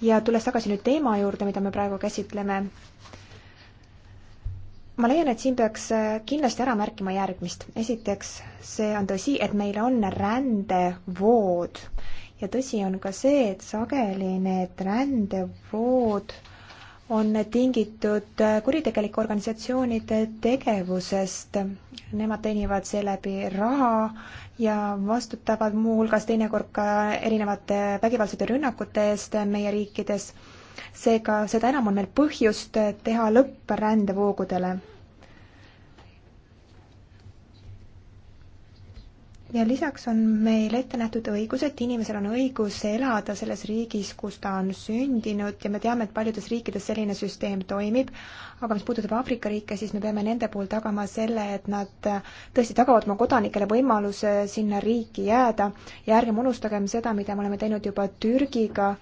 ja tulles tagasi nüüd teema juurde, mida me praegu käsitleme, ma leian, et siin peaks kindlasti ära märkima järgmist. esiteks, see on tõsi, et meil on rändevood ja tõsi on ka see, et sageli need rändevood on tingitud kuritegelike organisatsioonide tegevusest. Nemad teenivad seeläbi raha ja vastutavad muuhulgas teinekord ka erinevate vägivaldsete rünnakute eest meie riikides. seega seda enam on meil põhjust teha lõpp rändevoogudele ja lisaks on meil ette nähtud õigus, et inimesel on õigus elada selles riigis, kus ta on sündinud ja me teame, et paljudes riikides selline süsteem toimib, aga mis puudutab Aafrika riike, siis me peame nende puhul tagama selle, et nad tõesti tagavad oma kodanikele võimaluse sinna riiki jääda ja ärgem unustagem seda, mida me oleme teinud juba Türgiga,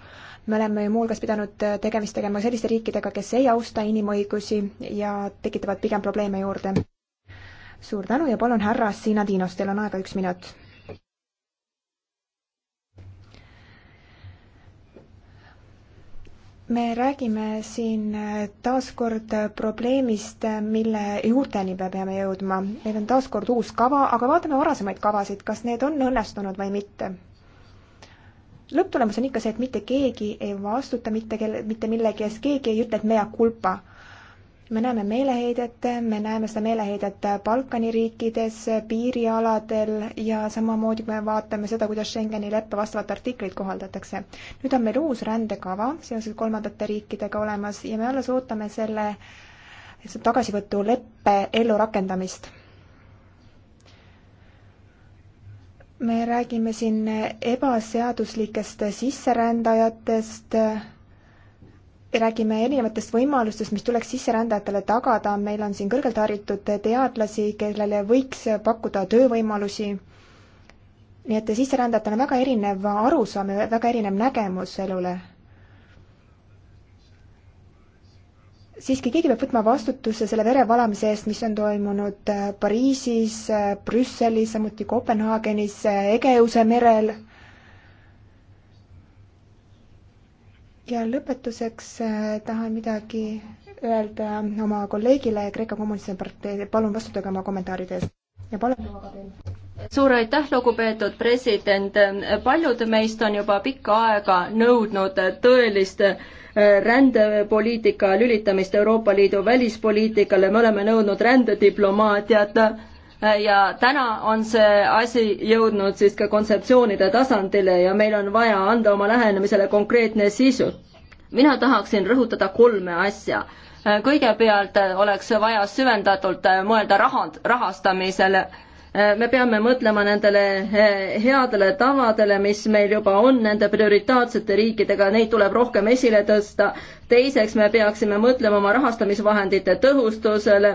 me oleme ju muuhulgas pidanud tegemist tegema selliste riikidega, kes ei austa inimõigusi ja tekitavad pigem probleeme juurde suur tänu ja palun, härra Sinadinos, teil on aega üks minut. me räägime siin taaskord probleemist, mille juurteni me peame jõudma. meil on taaskord uus kava, aga vaatame varasemaid kavasid, kas need on õnnestunud või mitte. lõpptulemus on ikka see, et mitte keegi ei vastuta mitte kelle, mitte millegi ees, keegi ei ütle, et mea culpa me näeme meeleheidet, me näeme seda meeleheidet Balkani riikides, piirialadel ja samamoodi, kui me vaatame seda, kuidas Schengeni leppe vastavat artiklit kohaldatakse. nüüd on meil uus rändekava seoses kolmandate riikidega olemas ja me alles ootame selle, selle tagasivõtuleppe ellurakendamist me räägime siin ebaseaduslikest sisserändajatest räägime erinevatest võimalustest, mis tuleks sisserändajatele tagada, meil on siin kõrgelt haritud teadlasi, kellele võiks pakkuda töövõimalusi, nii et sisserändajatel on väga erinev arusaam ja väga erinev nägemus elule. siiski keegi peab võtma vastutuse selle verevalamise eest, mis on toimunud Pariisis, Brüsselis, samuti Kopenhaagenis, Egeuse merel ja lõpetuseks äh, tahan midagi öelda oma kolleegile Kreeka Kommunistide partei, palun vastutage oma kommentaaride eest ja palun lubage teil suur aitäh, lugupeetud president, paljud meist on juba pikka aega nõudnud tõelist äh, rändepoliitika lülitamist Euroopa Liidu välispoliitikale, me oleme nõudnud rändediplomaatiat ja täna on see asi jõudnud siis ka kontseptsioonide tasandile ja meil on vaja anda oma lähenemisele konkreetne sisu. mina tahaksin rõhutada kolme asja. kõigepealt oleks vaja süvendatult mõelda rahand-, rahastamisele me peame mõtlema nendele eh, headele tavadele, mis meil juba on nende prioritaatsete riikidega, neid tuleb rohkem esile tõsta teiseks me peaksime mõtlema oma rahastamisvahendite tõhustusele,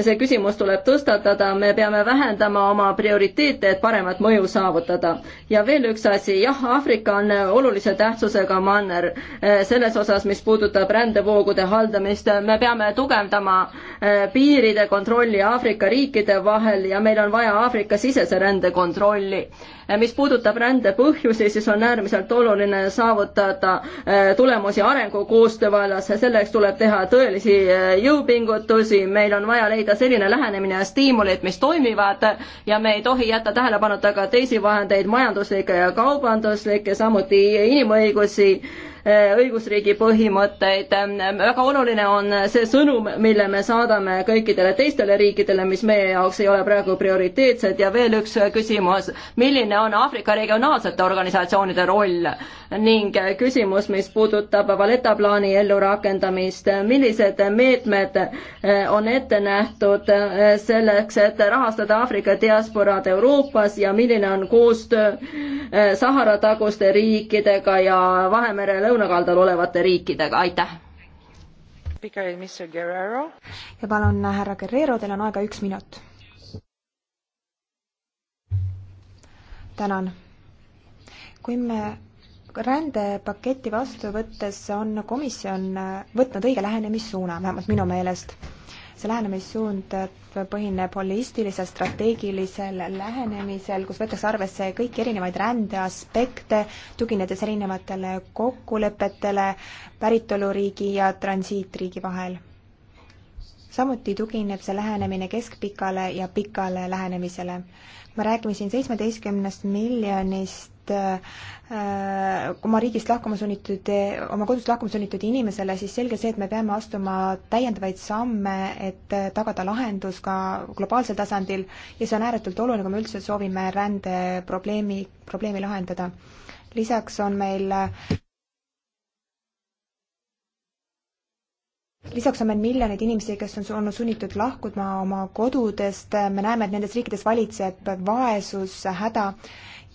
see küsimus tuleb tõstatada, me peame vähendama oma prioriteete, et paremat mõju saavutada. ja veel üks asi, jah, Aafrika on olulise tähtsusega manner eh, selles osas, mis puudutab rändevoogude haldamist, me peame tugevdama eh, piiride kontrolli Aafrika riikide vahel ja meil on vaja Aafrika-sisese rände kontrolli Eh, mis puudutab rände põhjusi, siis on äärmiselt oluline saavutada eh, tulemusi arengukoostöö vallas, selleks tuleb teha tõelisi eh, jõupingutusi, meil on vaja leida selline lähenemine ja stiimulid, mis toimivad ja me ei tohi jätta tähelepanuta ka teisi vahendeid, majanduslikke ja kaubanduslikke, samuti inimõigusi Eh, õigusriigi põhimõtteid. Ehm, väga oluline on see sõnum, mille me saadame kõikidele teistele riikidele, mis meie jaoks ei ole praegu prioriteetsed ja veel üks küsimus, milline on Aafrika regionaalsete organisatsioonide roll ning küsimus, mis puudutab Valeta plaani ellurakendamist, millised meetmed eh, on ette nähtud eh, selleks, et rahastada Aafrika diasporaad Euroopas ja milline on koostöö Sahara taguste riikidega ja Vahemere lõunapiirkonnaga, lõunakaldal olevate riikidega, aitäh! ja palun, härra Guerrero, teil on aega üks minut. tänan. kui me rändepaketti vastu võttes on komisjon võtnud õige lähenemissuuna, vähemalt minu meelest see lähenemissuund põhineb holistilisel strateegilisel lähenemisel, kus võetakse arvesse kõiki erinevaid rändeaspekte, tuginedes erinevatele kokkulepetele päritoluriigi ja transiitriigi vahel. samuti tugineb see lähenemine keskpikale ja pikale lähenemisele. me räägime siin seitsmeteistkümnest miljonist Äh, oma riigist lahkuma sunnitud, oma kodust lahkuma sunnitud inimesele, siis selge see, et me peame astuma täiendavaid samme, et äh, tagada lahendus ka globaalsel tasandil ja see on ääretult oluline, kui me üldse soovime rändeprobleemi, probleemi lahendada. lisaks on meil lisaks on meil miljoneid inimesi, kes on olnud sunnitud lahkuma oma kodudest, me näeme, et nendes riikides valitseb vaesus, häda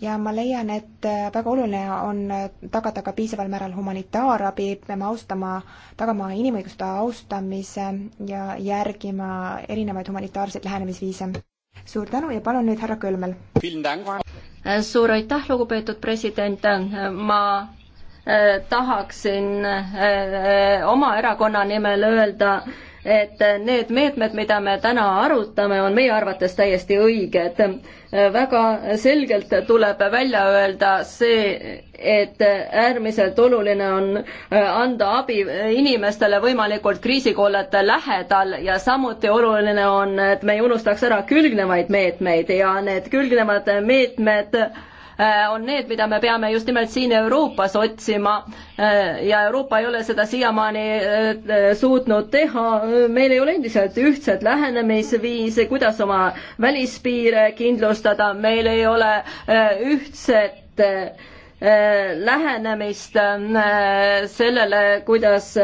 ja ma leian, et äh, väga oluline on äh, tagada ka piisaval määral humanitaarabi, peame austama, tagama inimõiguste austamise ja järgima erinevaid humanitaarseid lähenemisviise. suur tänu ja palun nüüd härra Kölmel. Äh, suur aitäh, lugupeetud president, ma tahaksin oma erakonna nimel öelda, et need meetmed, mida me täna arutame, on meie arvates täiesti õiged. väga selgelt tuleb välja öelda see, et äärmiselt oluline on äh, anda abi inimestele võimalikult kriisikollete lähedal ja samuti oluline on, et me ei unustaks ära külgnevaid meetmeid ja need külgnevad meetmed Äh, on need, mida me peame just nimelt siin Euroopas otsima äh, ja Euroopa ei ole seda siiamaani äh, suutnud teha, meil ei ole endiselt ühtset lähenemisviisi, kuidas oma välispiire kindlustada, meil ei ole ühtset lähenemist sellele, kuidas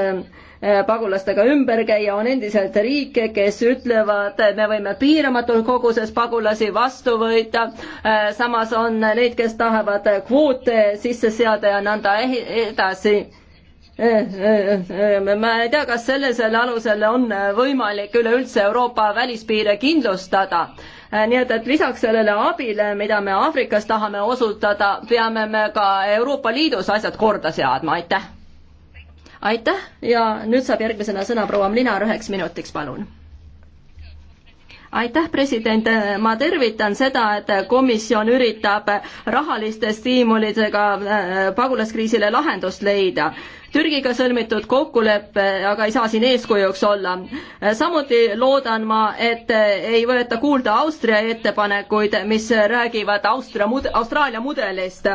Eh, pagulastega ümber käia, on endiselt riike, kes ütlevad, me võime piiramatul koguses pagulasi vastu võita, eh, samas on neid, kes tahavad kvoote sisse seada ja nõnda edasi. Eh, ma ei tea, kas sellisel alusel on võimalik üleüldse Euroopa välispiire kindlustada nii et, et lisaks sellele abile, mida me Aafrikas tahame osutada, peame me ka Euroopa Liidus asjad korda seadma, aitäh! aitäh ja nüüd saab järgmisena sõna proua Mlinar üheks minutiks, palun aitäh, president, ma tervitan seda, et komisjon üritab rahaliste stiimulitega äh, pagulaskriisile lahendust leida. Türgiga sõlmitud kokkulepe aga ei saa siin eeskujuks olla. samuti loodan ma, et ei võeta kuulda Austria ettepanekuid, mis räägivad Austria mud-, Austraalia mudelist.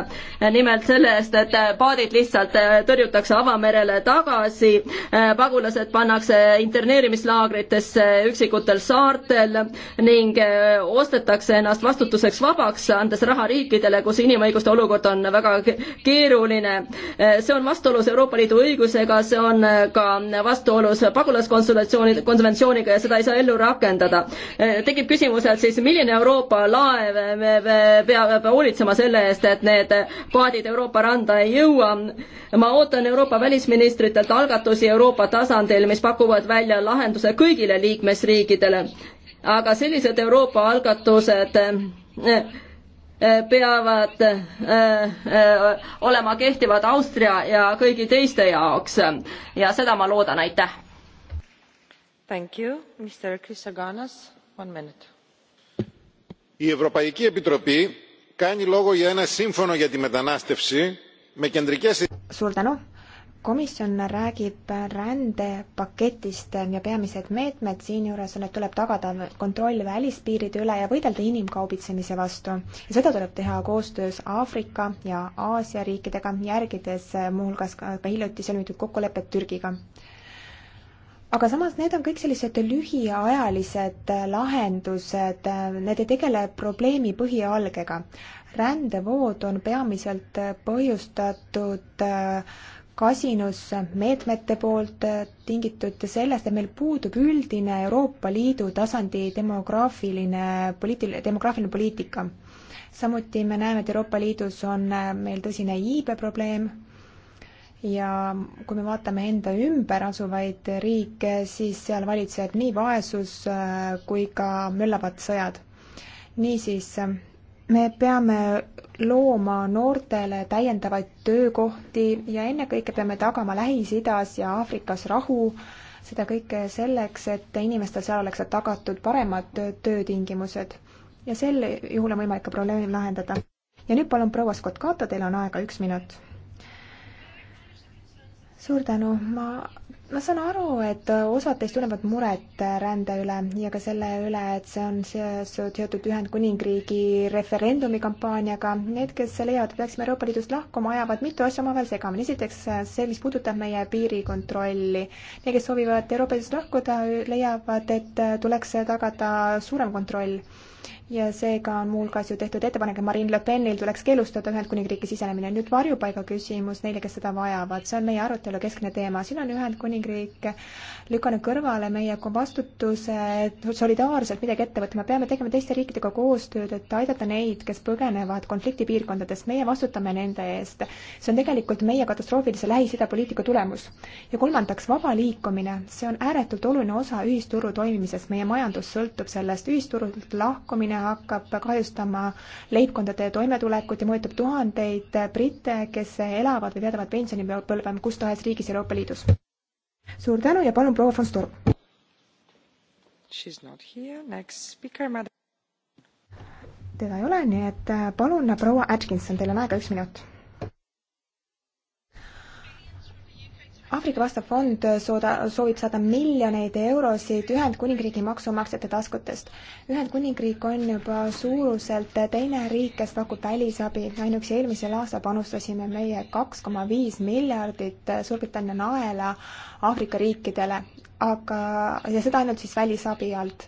nimelt selle eest, et paadid lihtsalt tõrjutakse avamerele tagasi, pagulased pannakse interneerimislaagritesse üksikutel saartel ning ostetakse ennast vastutuseks vabaks, andes raha riikidele, kus inimõiguste olukord on väga keeruline. see on vastuolus Euroopa Liidu Liidu õigusega, see on äh, ka vastuolus pagulaskonsultatsiooni, konventsiooniga ja seda ei saa ellu rakendada. Äh, tekib küsimus, et siis milline Euroopa laev äh, peab hoolitsema selle eest, et need paadid Euroopa randa ei jõua. ma ootan Euroopa välisministritelt algatusi Euroopa tasandil, mis pakuvad välja lahenduse kõigile liikmesriikidele. aga sellised Euroopa algatused Äh, peavad äh, äh, olema kehtivad Austria ja kõigi teiste jaoks ja seda ma loodan, aitäh. Thank you, Mr Chrisogonos, one minute. Η Ευρωπαϊκή Επιτροπή κάνει λόγο για ένα σύμφωνο για τη μετανάστευση με κεντρικές... Suur tänu komisjon räägib rändepaketist ja peamised meetmed siinjuures on, et tuleb tagada kontroll välispiiride üle ja võidelda inimkaubitsemise vastu. ja seda tuleb teha koostöös Aafrika ja Aasia riikidega, järgides muuhulgas ka, ka hiljuti sõlmitud kokkulepet Türgiga. aga samas need on kõik sellised lühiajalised lahendused, need ei tegele probleemi põhialgega. rändevood on peamiselt põhjustatud äh, kasinusmeetmete poolt äh, tingitud sellest, et meil puudub üldine Euroopa Liidu tasandi demograafiline poliitiline, demograafiline poliitika. samuti me näeme, et Euroopa Liidus on äh, meil tõsine iibeprobleem ja kui me vaatame enda ümber asuvaid riike, siis seal valitseb nii vaesus äh, kui ka möllavad sõjad. niisiis me peame looma noortele täiendavaid töökohti ja ennekõike peame tagama Lähis-Idas ja Aafrikas rahu, seda kõike selleks, et inimestel seal oleksid tagatud paremad töötingimused. ja sel juhul on võimalik ka probleem lahendada. ja nüüd palun proua Scott Cato, teil on aega üks minut suur tänu, ma, ma saan aru, et osad teist tunnevad muret rände üle ja ka selle üle, et see on seotud Ühendkuningriigi referendumi kampaaniaga. Need, kes leiavad, et peaksime Euroopa Liidust lahkuma, ajavad mitu asja omavahel segamini. esiteks see, mis puudutab meie piirikontrolli. Need, kes soovivad Euroopa Liidust lahkuda, leiavad, et tuleks tagada suurem kontroll ja seega on muuhulgas ju tehtud ettepanek, et Marine Le Penil tuleks keelustada Ühendkuningriigi sisenemine. nüüd varjupaiga küsimus neile, kes seda vajavad, see on meie arutelu keskne teema. siin on Ühendkuningriik lükanud kõrvale meie vastutuse solidaarselt midagi ette võtma. peame tegema teiste riikidega koostööd, et aidata neid, kes põgenevad konfliktipiirkondadest. meie vastutame nende eest. see on tegelikult meie katastroofilise Lähis-Ida poliitika tulemus. ja kolmandaks, vaba liikumine. see on ääretult oluline osa ühisturu toimimisest. meie majandus sõltub sellest. ühisturult lahkumine hakkab kahjustama leibkondade toimetulekut ja mõjutab tuhandeid britte, kes elavad või veedavad pensionipõlve kus tahes riigis Euroopa Liidus. suur tänu ja palun proua von Sturm. teda ei ole, nii et palun, proua Atkinson, teil on aega üks minut Aafrika vastav fond sooda, soovib saada miljoneid eurosid Ühendkuningriigi maksumaksjate taskutest. Ühendkuningriik on juba suuruselt teine riik, kes pakub välisabi, ainuüksi eelmisel aastal panustasime meie kaks koma viis miljardit Suurbritannia naela Aafrika riikidele, aga, ja seda ainult siis välisabi alt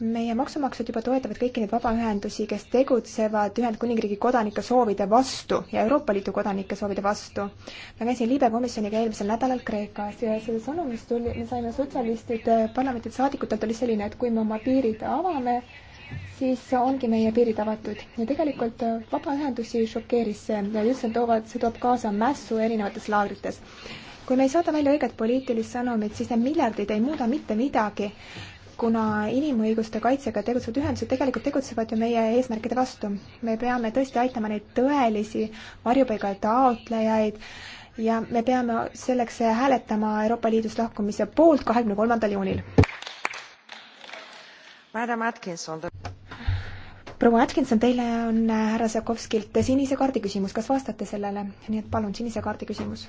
meie maksumaksjad juba toetavad kõiki neid vabaühendusi, kes tegutsevad Ühendkuningriigi kodanike soovide vastu ja Euroopa Liidu kodanike soovide vastu. ma käisin Liibe komisjoniga eelmisel nädalal Kreekas ja selle sõnum, mis tuli, me saime sotsialistide eh, parlamendi saadikutelt, oli selline, et kui me oma piirid avame, siis ongi meie piirid avatud ja tegelikult eh, vabaühendusi šokeeris see ja just see toovad, see toob kaasa mässu erinevates laagrites kui me ei saada välja õiget poliitilist sõnumit, siis need miljardid ei muuda mitte midagi kuna inimõiguste kaitsega tegutsevad ühendused tegelikult tegutsevad ju meie eesmärkide vastu. me peame tõesti aitama neid tõelisi varjupaiga taotlejaid ja me peame selleks hääletama Euroopa Liidust lahkumise poolt kahekümne kolmandal juunil. proua Atkinson, teile on härra Sakovskilt sinise kaardi küsimus, kas vastate sellele? nii et palun, sinise kaardi küsimus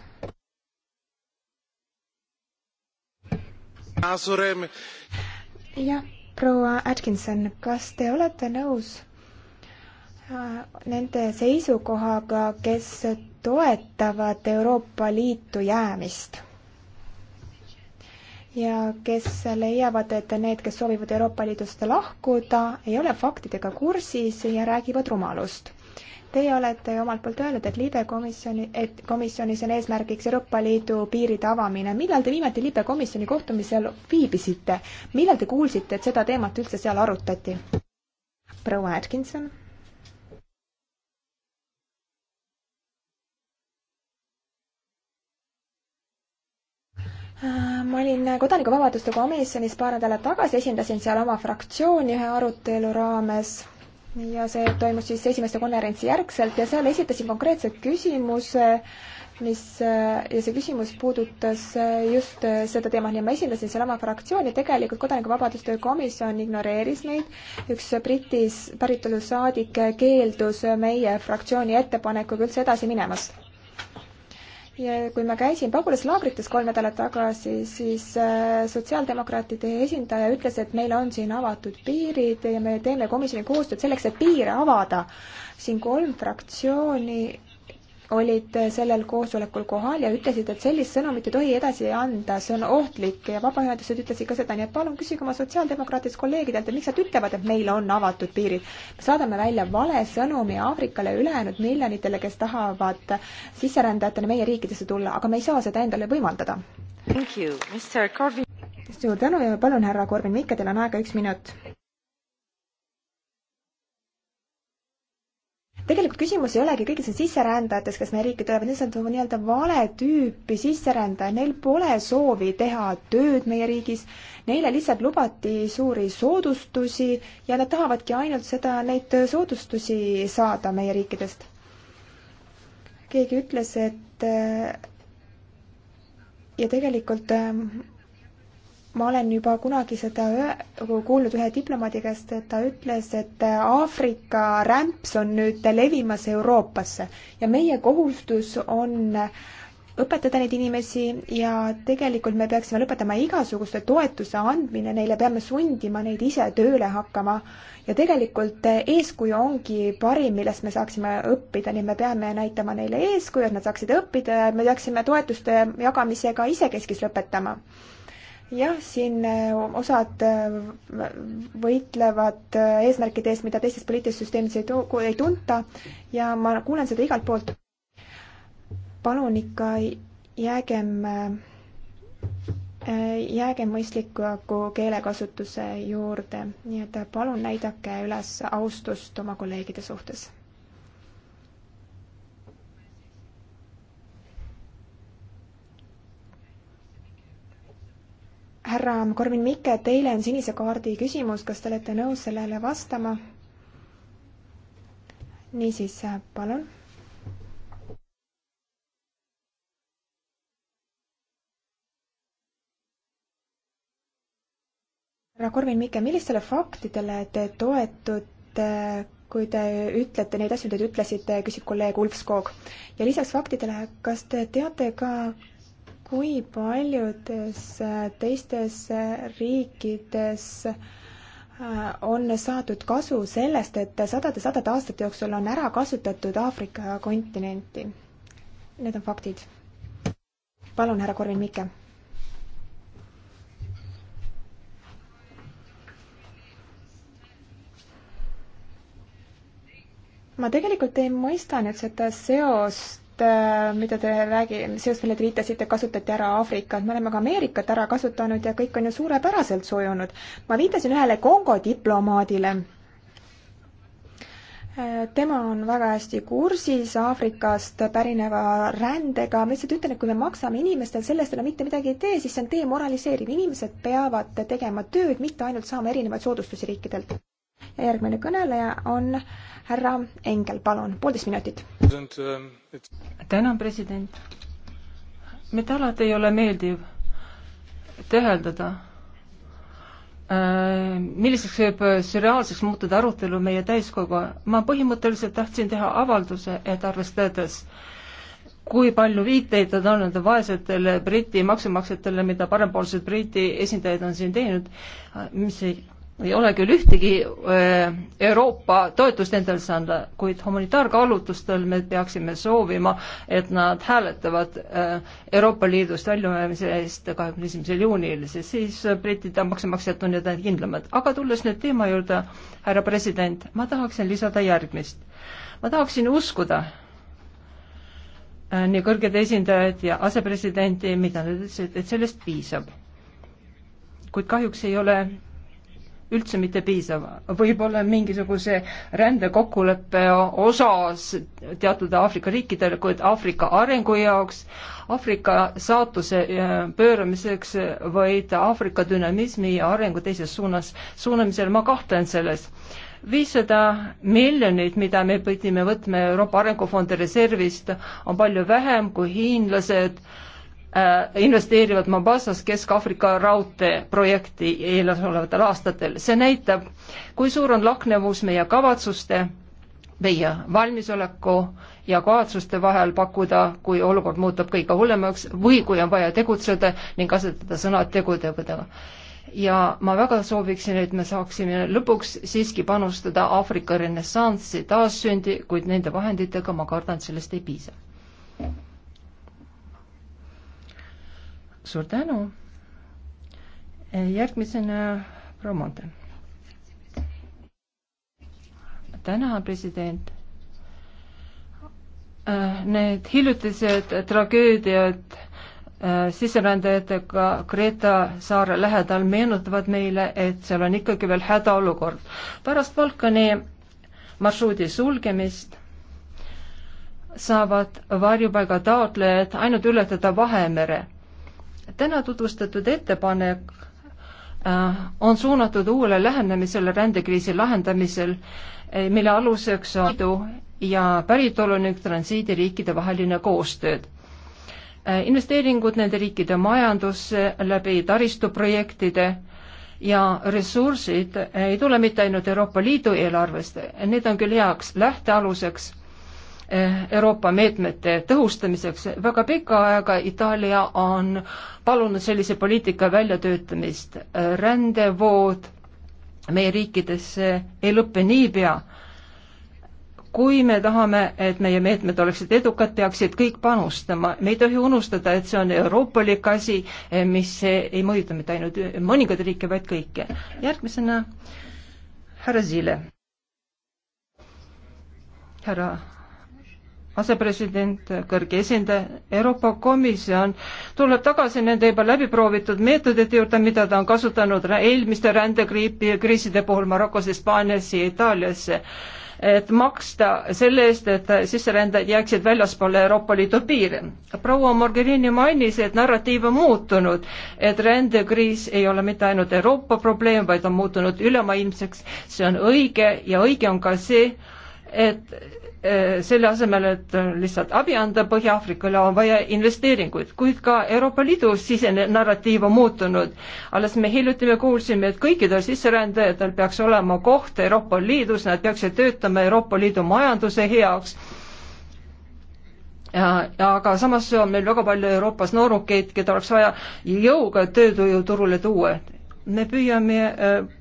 jah, proua Atkinson, kas te olete nõus äh, nende seisukohaga, kes toetavad Euroopa Liitu jäämist? ja kes leiavad, et need, kes soovivad Euroopa Liidust lahkuda, ei ole faktidega kursis ja räägivad rumalust Teie olete omalt poolt öelnud, et libe komisjoni, et komisjonis on eesmärgiks Euroopa Liidu piiride avamine. millal te viimati libe komisjoni kohtumisel viibisite? millal te kuulsite, et seda teemat üldse seal arutati? proua Atkinson. ma olin kodanikuvabaduste komisjonis paar nädalat tagasi, esindasin seal oma fraktsiooni ühe arutelu raames ja see toimus siis esimeste konverentsi järgselt ja seal esitasin konkreetse küsimuse, mis ja see küsimus puudutas just seda teemat ja ma esindasin seal oma fraktsiooni, tegelikult Kodanikuvabaduste komisjon ignoreeris meid. üks Britis päritolu saadik keeldus meie fraktsiooni ettepanekuga üldse edasi minemast kui ma käisin pagulaslaagrites kolm nädalat tagasi, siis äh, sotsiaaldemokraatide esindaja ütles, et meil on siin avatud piirid ja me teeme komisjoni koostööd selleks, et piire avada. siin kolm fraktsiooni olid sellel koosolekul kohal ja ütlesid, et sellist sõnumit ei tohi edasi anda, see on ohtlik ja vabaühendused ütlesid ka seda, nii et palun küsige oma sotsiaaldemokraatidest kolleegidelt, et miks nad ütlevad, et meil on avatud piirid. me saadame välja vale sõnumi Aafrikale ja ülejäänud miljonitele, kes tahavad sisserändajatena meie riikidesse tulla, aga me ei saa seda endale võimaldada. suur tänu ja palun, härra Korbin Mikke, teil on aega üks minut. tegelikult küsimus ei olegi kõigis neis sisserändajates, kes meie riiki tulevad, need on nii-öelda vale tüüpi sisserändajad, neil pole soovi teha tööd meie riigis, neile lihtsalt lubati suuri soodustusi ja nad tahavadki ainult seda, neid soodustusi saada meie riikidest. keegi ütles, et ja tegelikult ähm, ma olen juba kunagi seda kuulnud ühe diplomaadi käest, ta ütles, et Aafrika rämps on nüüd levimas Euroopasse ja meie kohustus on õpetada neid inimesi ja tegelikult me peaksime lõpetama igasuguste toetuse andmine neile, peame sundima neid ise tööle hakkama. ja tegelikult eeskuju ongi parim, millest me saaksime õppida, nii et me peame näitama neile eeskuju, et nad saaksid õppida ja me peaksime toetuste jagamisega isekeskis lõpetama jah, siin eh, osad eh, võitlevad eh, eesmärkide eest, mida teistes poliitilistes süsteemides ei too, ei tunta ja ma kuulen seda igalt poolt. palun ikka jäägem, jäägem mõistliku keelekasutuse juurde, nii et palun näidake üles austust oma kolleegide suhtes härra Korvin Mikke, teile on sinise kaardi küsimus, kas te olete nõus sellele vastama? niisiis, palun härra Korvin Mikke, millistele faktidele te toetute, kui te ütlete neid asju, mida te ütlesite, küsib kolleeg Ulf Skoog. ja lisaks faktidele, kas te teate ka, kui paljudes äh, teistes äh, riikides äh, on saadud kasu sellest, et sadade-sadade aastate jooksul on ära kasutatud Aafrika kontinenti. Need on faktid. palun, härra Korvin Mikke. ma tegelikult ei mõista nüüd seda seost Äh, mida te räägi-, seoses millele te viitasite, kasutati ära Aafrikat, me oleme ka Ameerikat ära kasutanud ja kõik on ju suurepäraselt sujunud. ma viitasin ühele Kongo diplomaadile, äh, tema on väga hästi kursis Aafrikast pärineva rändega, ma lihtsalt ütlen, et kui me maksame inimestel selle eest, et nad mitte midagi ei tee, siis see on demoraliseeriv, inimesed peavad tegema tööd, mitte ainult saama erinevaid soodustusi riikidelt järgmine kõneleja on härra Engel, palun, poolteist minutit. Ähm, tänan, president. mitte alati ei ole meeldiv täheldada, äh, milliseks võib sürreaalseks muutuda arutelu meie täiskogu. ma põhimõtteliselt tahtsin teha avalduse, et arvestades kui palju viiteid on olnud vaesetele Briti maksumaksjatele, mida parempoolsed Briti esindajad on siin teinud, mis ei ei ole küll ühtegi Euroopa toetust endale saanud, kuid humanitaarkaalutlustel me peaksime soovima, et nad hääletavad Euroopa Liidust väljumise eest kahekümne esimesel juunil, sest siis britid ja maksumaksjad on need kindlamad. aga tulles nüüd teema juurde, härra president, ma tahaksin lisada järgmist. ma tahaksin uskuda, nii kõrged esindajad ja asepresidenti, mida nad ütlesid, et sellest piisab. kuid kahjuks ei ole üldse mitte piisav. võib-olla mingisuguse rändekokkuleppe osas teatud Aafrika riikidele, kuid Aafrika arengu jaoks, Aafrika saatuse äh, pööramiseks, vaid Aafrika dünamismi ja arengu teises suunas suunamisel, ma kahtlen selles viissada miljonit, mida me pidime võtma Euroopa Arengufondi reservist, on palju vähem kui hiinlased äh, Äh, investeerivad Mombasas Kesk-Aafrika raudtee projekti eelolevatel aastatel. see näitab, kui suur on lahknevus meie kavatsuste, meie valmisoleku ja kavatsuste vahel pakkuda, kui olukord muutub kõige hullemaks või kui on vaja tegutseda ning asetada sõnad tegudega. ja ma väga sooviksin, et me saaksime lõpuks siiski panustada Aafrika renessansi taassündi, kuid nende vahenditega, ma kardan, sellest ei piisa suur tänu. järgmisena proua Monte. tänan, president äh, need hiljutised tragöödiad äh, sisserändajatega Kreeta saare lähedal meenutavad meile, et seal on ikkagi veel hädaolukord. pärast Balkani marsruudi sulgemist saavad varjupaiga taotlejad ainult ületada Vahemere täna tutvustatud ettepanek äh, on suunatud uuele lähenemisele rändekriisi lahendamisel, äh, mille aluseks on liidu ja päritolu ning transiidiriikide vaheline koostööd. Äh, investeeringud nende riikide majandusse läbi taristuprojektide ja ressursid ei tule mitte ainult Euroopa Liidu eelarvest, need on küll heaks lähtealuseks Euroopa meetmete tõhustamiseks. väga pikka aega Itaalia on palunud sellise poliitika väljatöötamist. rändevood meie riikidesse ei lõppe niipea kui me tahame, et meie meetmed oleksid edukad, peaksid kõik panustama. me ei tohi unustada, et see on euroopalik asi, mis ei mõjuta mitte ainult mõningaid riike, vaid kõike. järgmisena härra Zile. härra asepresident, kõrge esindaja, Euroopa Komisjon tuleb tagasi nende juba läbiproovitud meetodite juurde, mida ta on kasutanud eelmiste rändekriipi ja kriiside puhul Marokos, Hispaanias ja Itaalias, et maksta selle eest, et sisserändajad jääksid väljaspoole Euroopa Liidu piire. proua Morgherini mainis, et narratiiv on muutunud, et rändekriis ei ole mitte ainult Euroopa probleem, vaid on muutunud ülemaailmseks, see on õige ja õige on ka see, et Eh, selle asemel, et lihtsalt abi anda Põhja-Aafrikale, on vaja investeeringuid, kuid ka Euroopa Liidu sisene narratiiv on muutunud. alles me hiljuti me kuulsime, et kõikidel sisserändajatel peaks olema koht Euroopa Liidus, nad peaksid töötama Euroopa Liidu majanduse heaks. Ja, aga samas on meil väga palju Euroopas noorukeid, keda oleks vaja jõuga tööjõuturule tuua. me püüame äh,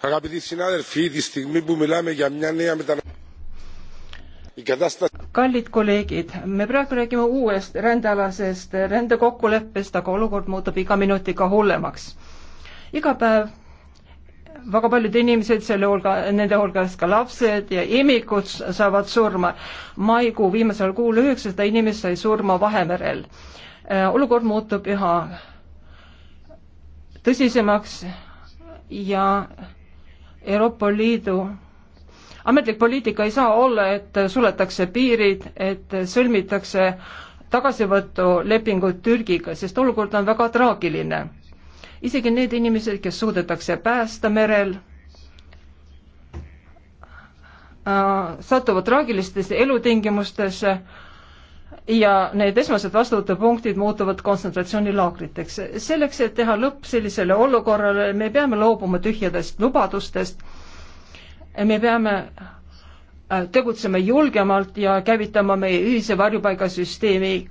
Αγαπητοί συνάδελφοι, τη στιγμή που μιλάμε για μια νέα μεταναστευτική kallid kolleegid, me praegu räägime uuest rändealasest rändekokkuleppest, aga olukord muutub iga minutiga hullemaks. iga päev väga paljud inimesed, selle hulga, nende hulgas ka lapsed ja imikud saavad surma. maikuu viimasel kuul üheksasada inimest sai surma Vahemerel. Äh, olukord muutub üha tõsisemaks ja Euroopa Liidu ametlik poliitika ei saa olla, et suletakse piirid, et sõlmitakse tagasivõtulepingud Türgiga, sest olukord on väga traagiline. isegi need inimesed, kes suudetakse päästa merel äh,, satuvad traagilistesse elutingimustesse äh,, ja need esmased vastuvõtupunktid muutuvad kontsentratsioonilaagriteks. selleks, et teha lõpp sellisele olukorrale, me peame loobuma tühjadest lubadustest, me peame äh, tegutsema julgemalt ja käivitama meie ühise varjupaigasüsteemi.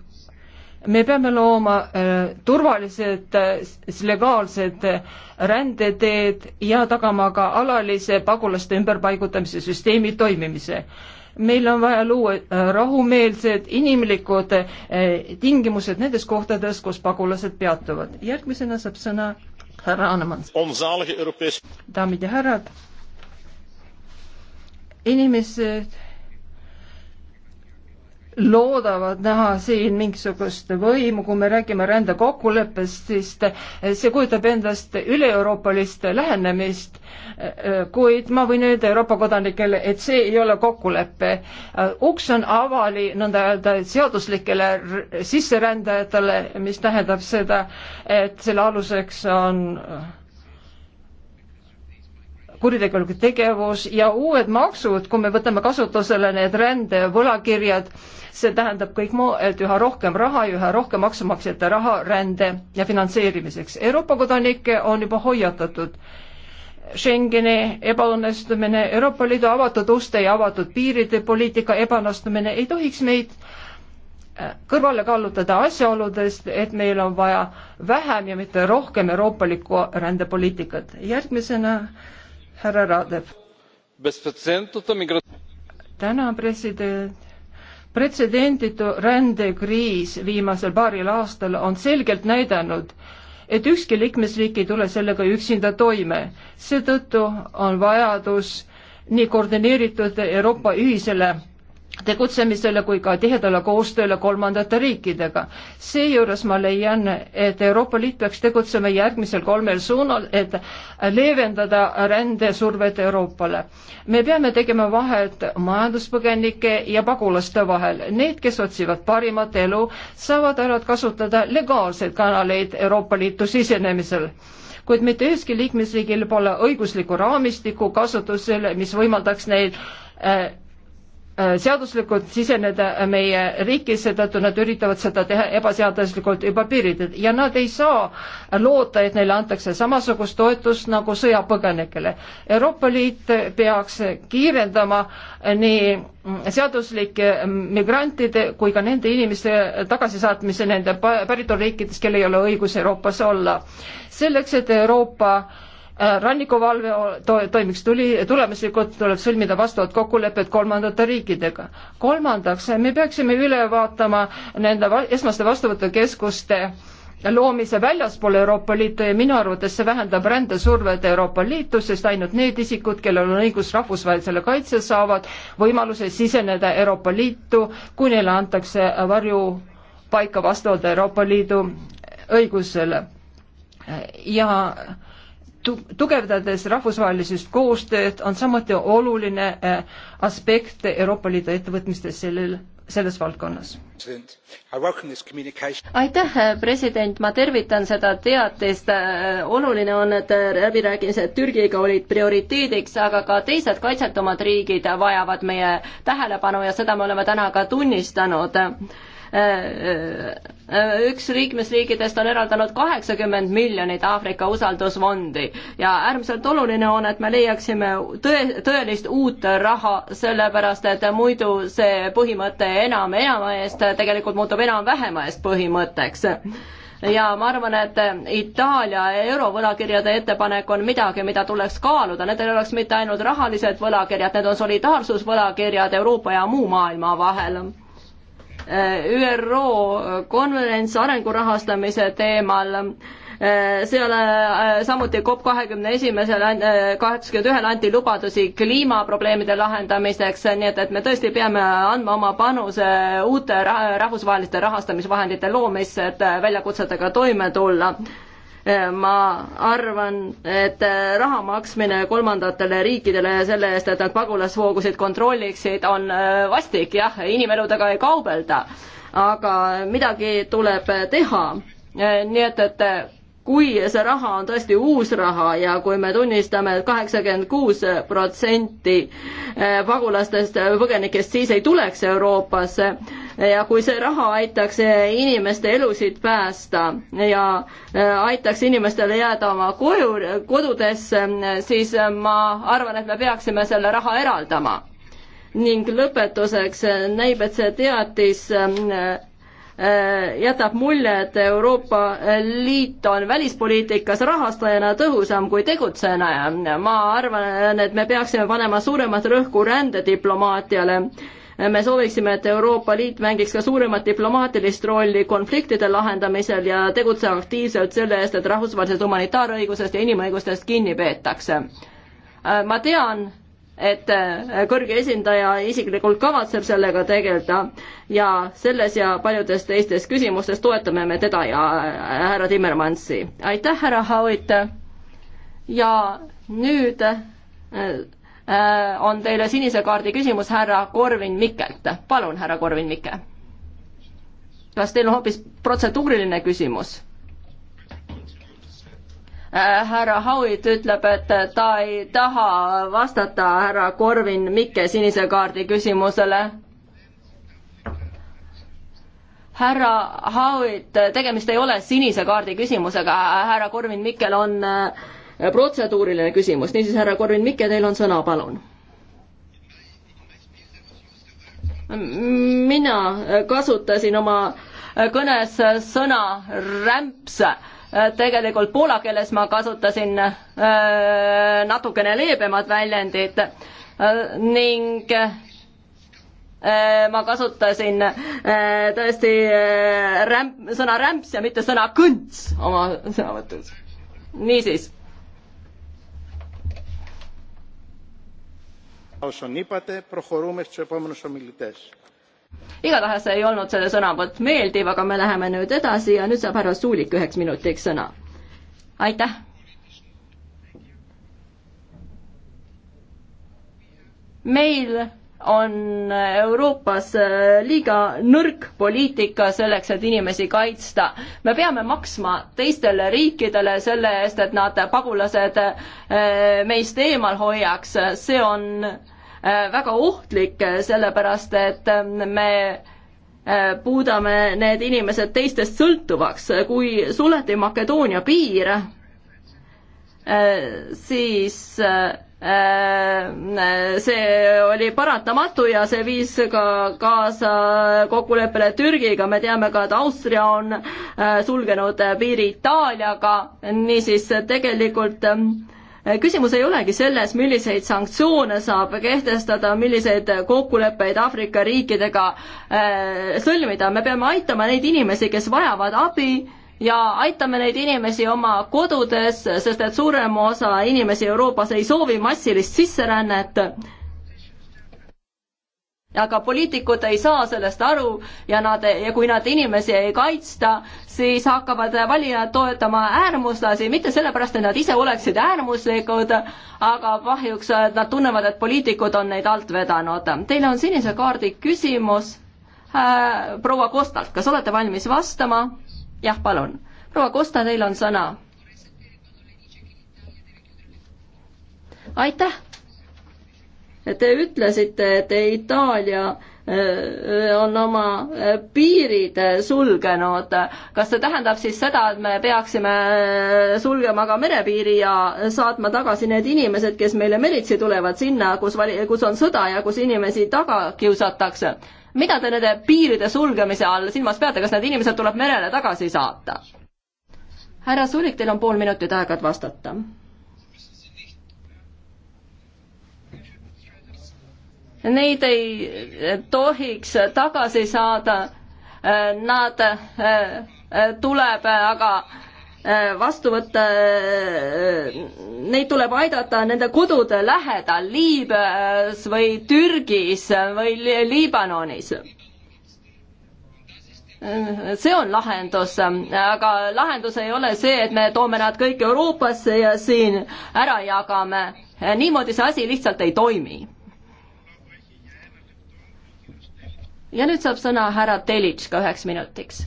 me peame looma äh, turvalised äh, legaalsed rändeteed ja tagama ka alalise pagulaste ümberpaigutamise süsteemi toimimise meil on vaja luua äh, rahumeelsed, inimlikud äh, tingimused nendes kohtades, kus pagulased peatuvad. järgmisena saab sõna härra Annemann. daamid ja härrad, inimesed loodavad näha siin mingisugust võimu, kui me räägime rändekokkuleppest, siis see kujutab endast üle-euroopalist lähenemist, kuid ma võin öelda Euroopa kodanikele, et see ei ole kokkulepe. uks on avali nõnda öelda seaduslikele sisserändajatele, mis tähendab seda, et selle aluseks on kuritegelik tegevus ja uued maksud, kui me võtame kasutusele need rändevõlakirjad, see tähendab kõik muu, et üha rohkem raha ja üha rohkem maksumaksjate raha rände ja finantseerimiseks. Euroopa kodanikke on juba hoiatatud. Schengeni ebaõnnestumine, Euroopa Liidu avatud uste ja avatud piiride poliitika ebaõnnestumine ei tohiks meid äh, kõrvale kallutada asjaoludest, et meil on vaja vähem ja mitte rohkem euroopalikku rändepoliitikat. järgmisena härra Radev. täna president pretsedenditu rändekriis viimasel paaril aastal on selgelt näidanud, et ükski liikmesriik ei tule sellega üksinda toime. seetõttu on vajadus nii koordineeritud Euroopa ühisele tegutsemisele kui ka tihedale koostööle kolmandate riikidega. seejuures ma leian, et Euroopa Liit peaks tegutsema järgmisel kolmel suunal, et leevendada rändesurvet Euroopale. me peame tegema vahet majanduspõgenike ja pagulaste vahel. Need, kes otsivad parimat elu, saavad ära kasutada legaalseid kanaleid Euroopa Liitu sisenemisel kuid mitte üheski liikmesriigil pole õiguslikku raamistikku kasutusele, mis võimaldaks neil äh, Äh, seaduslikult siseneda meie riiki, seetõttu nad üritavad seda teha ebaseaduslikult juba piiridel ja nad ei saa loota, et neile antakse samasugust toetust nagu sõjapõgenikele. Euroopa Liit peaks kiirendama nii seaduslike migrantide kui ka nende inimeste tagasisaatmise nende päritoluriikides, kellel ei ole õigus Euroopas olla. selleks, et Euroopa Äh, rannikuvalve to toimiks tuli, tulemuslikult tuleb sõlmida vastavad kokkulepped kolmandate riikidega. kolmandaks, me peaksime üle vaatama nende va esmaste vastuvõtukeskuste loomise väljaspool Euroopa Liitu ja minu arvates see vähendab rändesurvet Euroopa Liitu, sest ainult need isikud, kellel on õigus rahvusvahelisele kaitse, saavad võimaluse siseneda Euroopa Liitu, kui neile antakse varjupaika vastavalt Euroopa Liidu õigusele. ja äh, tugevdades rahvusvahelisest koostööd on samuti oluline äh, aspekt Euroopa Liidu ettevõtmistes sellel selles valdkonnas. aitäh, äh, president, ma tervitan seda teatist. Äh, oluline on, et läbirääkimised Türgiga olid prioriteediks, aga ka teised kaitsetumad riigid vajavad meie tähelepanu ja seda me oleme täna ka tunnistanud üks liikmesriikidest on eraldanud kaheksakümmend miljonit Aafrika usaldusfondi ja äärmiselt oluline on, et me leiaksime tõe, tõelist uut raha, sellepärast et muidu see põhimõte enam enama eest tegelikult muutub enam vähema eest põhimõtteks ja ma arvan, et Itaalia eurovõlakirjade ettepanek on midagi, mida tuleks kaaluda, need ei oleks mitte ainult rahalised võlakirjad, need on solidaarsusvõlakirjad Euroopa ja muu maailma vahel Äh, ÜRO konverents arengu rahastamise teemal äh, seal äh, samuti COP kahekümne esimesel, kaheksakümmend ühel anti lubadusi kliimaprobleemide lahendamiseks, nii et, et me tõesti peame andma oma panuse uute rahvusvaheliste rahastamisvahendite loomisse, et väljakutsetega toime tulla ma arvan, et äh, raha maksmine kolmandatele riikidele selle eest, et nad pagulasvoogusid kontrolliksid, on äh, vastik, jah, inimeludega ei kaubelda, aga midagi tuleb teha. Äh, nii et, et kui see raha on tõesti uus raha ja kui me tunnistame et, et kaheksakümmend kuus protsenti eh, pagulastest, eh, põgenikest siis ei tuleks Euroopasse eh, ja kui see raha aitaks inimeste elusid päästa ja aitaks inimestele jääda oma koju, kodudesse, siis ma arvan, et me peaksime selle raha eraldama. ning lõpetuseks näib, et see teatis Äh, jätab mulje, et Euroopa Liit on välispoliitikas rahastajana tõhusam kui tegutsejana. ma arvan, et me peaksime panema suuremat rõhku rändediplomaatiale. me sooviksime, et Euroopa Liit mängiks ka suuremat diplomaatilist rolli konfliktide lahendamisel ja tegutse aktiivselt selle eest, et rahvusvahelisest humanitaarõigusest ja inimõigustest kinni peetakse. Äh, ma tean, et äh, kõrge esindaja isiklikult kavatseb sellega tegeleda ja selles ja paljudes teistes küsimustes toetame me teda ja äh, härra Timmermansi. aitäh, härra Howitt. ja nüüd äh, on teile sinise kaardi küsimus härra Korvin Mikkelt. palun, härra Korvin Mikke. kas teil on hoopis protseduuriline küsimus? Äh, härra Howitt ütleb, et ta ei taha vastata härra Korvin Mikke sinise kaardi küsimusele. härra Howitt, tegemist ei ole sinise kaardi küsimusega, härra Korvin Mikkel on äh, protseduuriline küsimus, niisiis, härra Korvin Mikke, teil on sõna, palun mina kasutasin oma kõnes sõna rämps tegelikult poola keeles ma kasutasin äh, natukene leebemat väljendit äh, ning äh, ma kasutasin tõesti rämp, sõna rämps ja mitte sõna kõnts oma sõnavõtus. niisiis. όσων είπατε προχωρούμε στους επόμενους ομιλητές igatahes ei olnud selle sõnavõtt meeldiv, aga me läheme nüüd edasi ja nüüd saab härra Suulik üheks minutiks sõna. aitäh. meil on Euroopas äh, liiga nõrk poliitika selleks, et inimesi kaitsta. me peame maksma teistele riikidele selle eest, et nad pagulased äh, meist eemal hoiaks, see on Äh, väga ohtlik, äh, sellepärast et äh, me puudame need inimesed teistest sõltuvaks, kui suleti Makedoonia piir, siis see oli paratamatu ja see viis ka kaasa kokkuleppele Türgiga, me teame ka, et Austria on sulgenud piiri Itaaliaga, niisiis tegelikult äh, Äh, küsimus ei olegi selles, milliseid sanktsioone saab kehtestada, milliseid kokkuleppeid Aafrika riikidega äh, sõlmida, me peame aitama neid inimesi, kes vajavad abi ja aitame neid inimesi oma kodudes, sest et suurem osa inimesi Euroopas ei soovi massilist sisserännet aga poliitikud ei saa sellest aru ja nad, ja kui nad inimesi ei kaitsta, siis hakkavad valijad toetama äärmuslasi, mitte sellepärast, et nad ise oleksid äärmuslikud, aga kahjuks äh, nad tunnevad, et poliitikud on neid alt vedanud. Teil on sinise kaardi küsimus äh, proua Kostalt, kas olete valmis vastama? jah, palun. proua Kosta, teil on sõna. aitäh Te ütlesite, et Itaalia äh, on oma äh, piirid äh, sulgenud. kas see tähendab siis seda, et me peaksime sulgema ka merepiiri ja saatma tagasi need inimesed, kes meile meritsi tulevad, sinna, kus vali-, kus on sõda ja kus inimesi taga kiusatakse? mida te nende piiride sulgemise all silmas peate, kas need inimesed tuleb merele tagasi saata? härra Sulik, teil on pool minutit aega, et vastata neid ei tohiks tagasi saada. Nad äh, äh, tuleb aga äh, vastu võtta, neid tuleb aidata nende kodude lähedal Liibüas või Türgis või Liibanonis see on lahendus, aga lahendus ei ole see, et me toome nad kõik Euroopasse ja siin ära jagame. niimoodi see asi lihtsalt ei toimi ja nüüd saab sõna härra Telitška üheks minutiks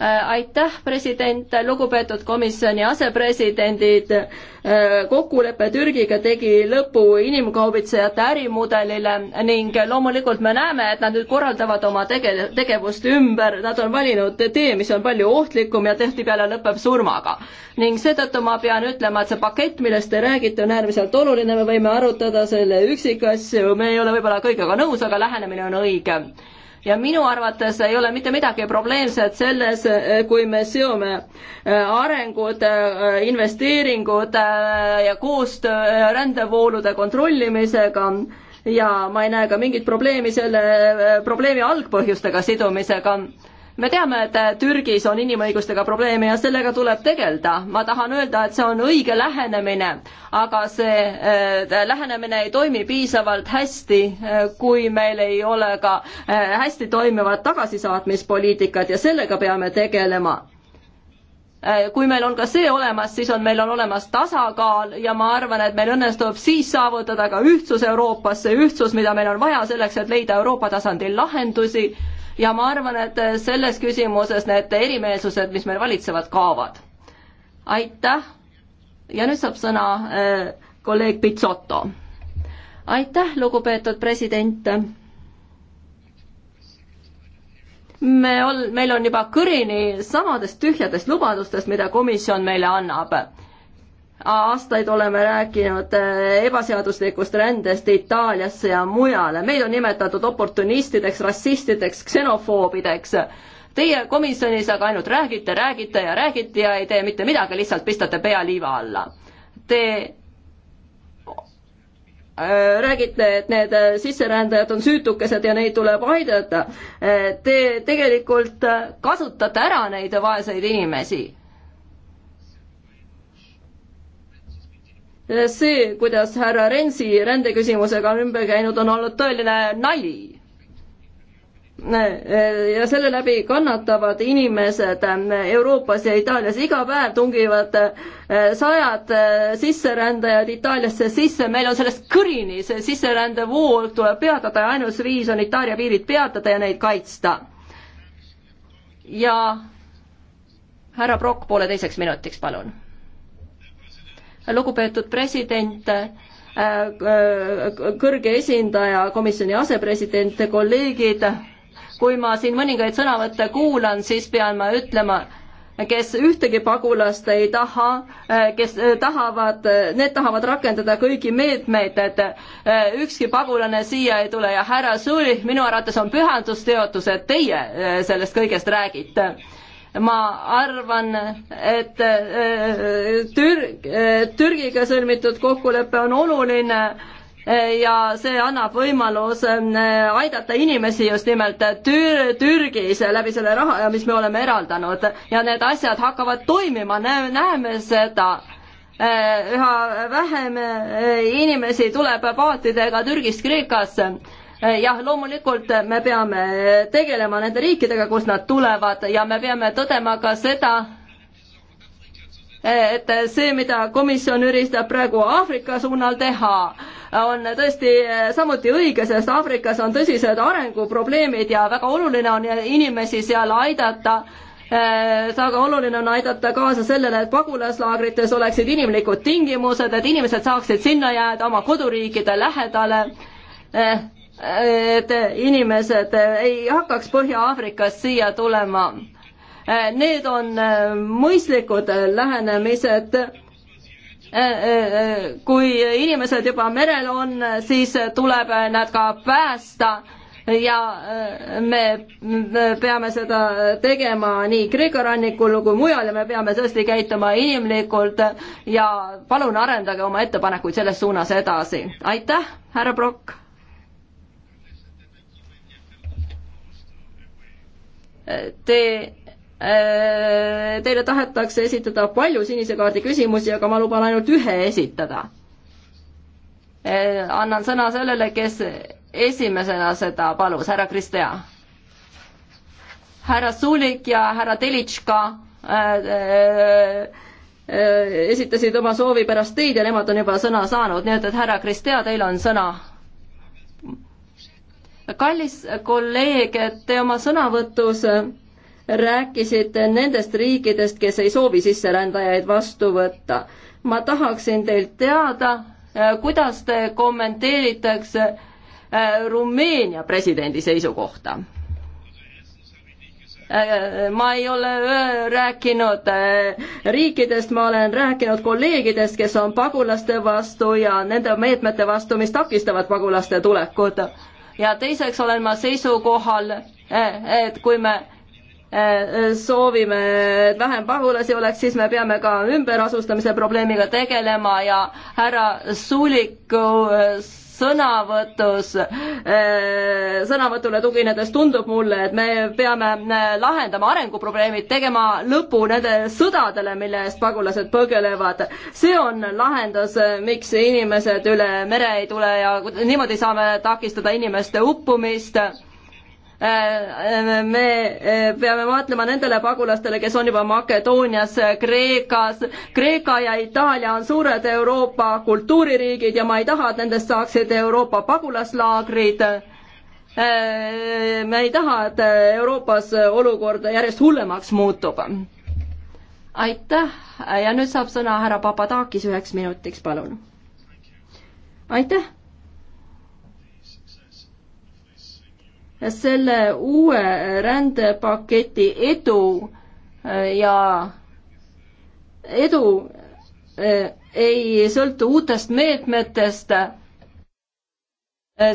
Äh, aitäh, president, lugupeetud komisjoni asepresidendid. Äh, kokkulepe Türgiga tegi lõpu inimkaubitsejate ärimudelile ning loomulikult me näeme, et nad nüüd korraldavad oma tege-, tegevust ümber, nad on valinud tee, mis on palju ohtlikum ja tihtipeale lõpeb surmaga. ning seetõttu ma pean ütlema, et see pakett, millest te räägite, on äärmiselt oluline, me võime arutada selle üksikasju, me ei ole võib-olla kõigega nõus, aga lähenemine on õige ja minu arvates ei ole mitte midagi probleemset selles, eh, kui me seome eh, arengud, eh, investeeringud ja koostöö rändevoolude kontrollimisega ja ma ei näe ka mingit probleemi selle probleemi algpõhjustega sidumisega me teame, et äh, Türgis on inimõigustega probleeme ja sellega tuleb tegeleda. ma tahan öelda, et see on õige lähenemine, aga see äh, lähenemine ei toimi piisavalt hästi, äh, kui meil ei ole ka hästi toimivat tagasisaatmispoliitikat ja sellega peame tegelema kui meil on ka see olemas, siis on, meil on olemas tasakaal ja ma arvan, et meil õnnestub siis saavutada ka ühtsus Euroopas, see ühtsus, mida meil on vaja selleks, et leida Euroopa tasandil lahendusi ja ma arvan, et äh, selles küsimuses need erimeelsused, mis meil valitsevad, kaovad. aitäh ja nüüd saab sõna äh, kolleeg Pitsoto. aitäh, lugupeetud president. me ol-, meil on juba kõrini samadest tühjadest lubadustest, mida komisjon meile annab aastaid oleme rääkinud äh, ebaseaduslikust rändest Itaaliasse ja mujale, meid on nimetatud oportunistideks, rassistideks, ksenofoobideks. Teie komisjonis aga ainult räägite, räägite ja räägite ja ei tee mitte midagi, lihtsalt pistate pea liiva alla. Te äh, räägite, et need äh, sisserändajad on süütukesed ja neid tuleb aidata. Te tegelikult kasutate ära neid vaeseid inimesi see, kuidas härra Rensi rändeküsimusega on ümber käinud, on olnud tõeline nali. ja selle läbi kannatavad inimesed Euroopas ja Itaalias, iga päev tungivad eh, sajad eh, sisserändajad Itaaliasse sisse, meil on sellest kõrini, see sisserändevool tuleb peatada ja ainus viis on Itaalia piirid peatada ja neid kaitsta. ja härra Brock pooleteiseks minutiks, palun lugupeetud president, äh, äh, kõrge esindaja, komisjoni asepresident, kolleegid, kui ma siin mõningaid sõnavõtte kuulan, siis pean ma ütlema, kes ühtegi pagulast ei taha, äh, kes tahavad, need tahavad rakendada kõigi meetmeid, et ükski pagulane siia ei tule ja härra Zurich, minu arvates on pühandusteotus, et teie sellest kõigest räägite ma arvan, et äh, Tür-, äh, Türgiga sõlmitud kokkulepe on oluline äh, ja see annab võimaluse aidata inimesi just nimelt Tür-, Türgis läbi selle raha, mis me oleme eraldanud ja need asjad hakkavad toimima, näe-, näeme seda. üha vähem inimesi tuleb paatidega Türgist Kreekasse Eh, jah, loomulikult eh, me peame tegelema nende riikidega, kust nad tulevad ja me peame tõdema ka seda, eh, et see, mida komisjon üritab praegu Aafrika suunal teha, on tõesti samuti õige, sest Aafrikas on tõsised arenguprobleemid ja väga oluline on inimesi seal aidata aga oluline on aidata kaasa sellele, et pagulaslaagrites oleksid inimlikud tingimused, et inimesed saaksid sinna jääda oma koduriikide lähedale et inimesed ei hakkaks Põhja-Aafrikast siia tulema. Need on äh, mõistlikud lähenemised. Äh, äh, kui inimesed juba merel on, siis tuleb nad ka päästa ja me peame seda tegema nii Kreeka rannikul kui mujal ja me peame tõesti käituma inimlikult ja palun arendage oma ettepanekuid selles suunas edasi. aitäh, härra Brock! Te äh, Teile tahetakse esitada palju sinise kaardi küsimusi, aga ma luban ainult ühe esitada. Äh, annan sõna sellele, kes esimesena seda palus, härra Kristea. härra Sulik ja härra Telitška äh, äh, äh, esitasid oma soovi pärast teid ja nemad on juba sõna saanud, nii et, et härra Kristea, teil on sõna kallis kolleeg, et te oma sõnavõtus rääkisite nendest riikidest, kes ei soovi sisserändajaid vastu võtta. ma tahaksin teilt teada, kuidas te kommenteeritakse äh, Rumeenia presidendi seisukohta? Äh, äh, ma ei ole rääkinud riikidest, ma olen rääkinud kolleegidest, kes on pagulaste vastu ja nende meetmete vastu, mis takistavad pagulaste tulekut ja teiseks olen ma seisukohal, eh, et kui me eh, soovime, et vähem pagulasi oleks, siis me peame ka ümberasustamise probleemiga tegelema ja härra Suuliku eh, sõnavõtus, eh, sõnavõtule tuginedes tundub mulle, et me peame eh, lahendama arenguprobleemid, tegema lõpu nende sõdadele, mille eest pagulased põgelevad. see on lahendus, eh, miks inimesed üle mere ei tule ja niimoodi saame takistada inimeste uppumist Äh, äh, me äh, peame vaatlema nendele pagulastele, kes on juba Makedoonias, Kreekas, Kreeka ja Itaalia on suured Euroopa kultuuririigid ja ma ei taha, et nendest saaksid Euroopa pagulaslaagrid. me ei taha, et Euroopas olukord järjest hullemaks muutub. aitäh ja nüüd saab sõna härra Papadakis üheks minutiks, palun. aitäh selle uue rändepaketi edu äh, ja edu äh, ei sõltu uutest meetmetest, äh,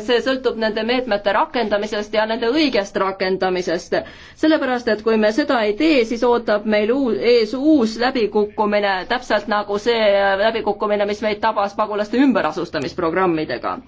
see sõltub nende meetmete rakendamisest ja nende õigest rakendamisest. sellepärast, et kui me seda ei tee, siis ootab meil uus, ees uus läbikukkumine, täpselt nagu see läbikukkumine, mis meid tabas pagulaste ümberasustamisprogrammidega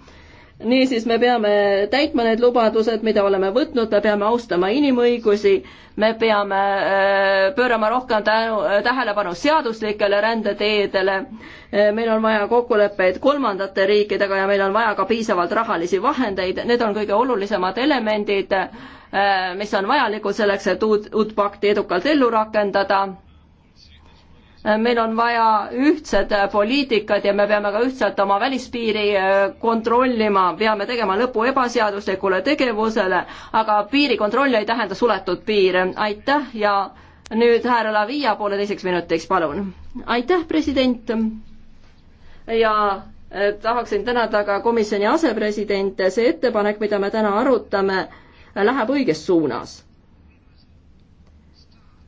niisiis me peame täitma need lubadused, mida oleme võtnud, me peame austama inimõigusi, me peame äh, pöörama rohkem tänu, äh, tähelepanu seaduslikele rändeteedele, äh, meil on vaja kokkuleppeid kolmandate riikidega ja meil on vaja ka piisavalt rahalisi vahendeid, need on kõige olulisemad elemendid, mis on vajalikud selleks, et uut, uut pakti edukalt ellu rakendada meil on vaja ühtsed äh, poliitikad ja me peame ka ühtselt oma välispiiri äh, kontrollima, peame tegema lõpu ebaseaduslikule tegevusele, aga piirikontroll ei tähenda suletud piire. aitäh ja nüüd härra Lavia pooleteiseks minutiks, palun. aitäh, president. ja äh, tahaksin tänada ka komisjoni asepresidente, see ettepanek, mida me täna arutame, läheb õiges suunas.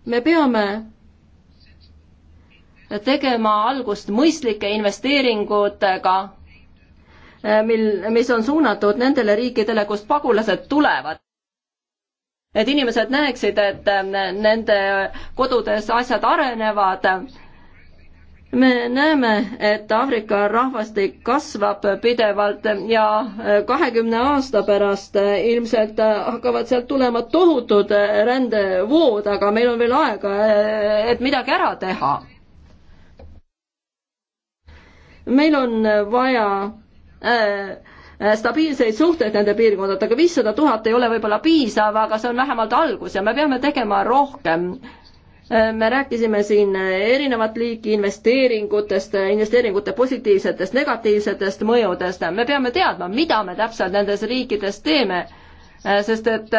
me peame tegema algust mõistlike investeeringutega, eh, mil, mis on suunatud nendele riikidele, kust pagulased tulevad. et inimesed näeksid, et eh, nende kodudes asjad arenevad me näeme, et Aafrika rahvastik kasvab pidevalt ja eh, kahekümne aasta pärast ilmselt hakkavad sealt tulema tohutud rändevood, aga meil on veel aega, et midagi ära teha meil on vaja äh, äh, stabiilseid suhteid nende piirkondadega, viissada tuhat ei ole võib-olla piisav, aga see on vähemalt algus ja me peame tegema rohkem. Äh, me rääkisime siin erinevat liiki investeeringutest, investeeringute positiivsetest, negatiivsetest mõjudest, me peame teadma, mida me täpselt nendes riikides teeme, sest et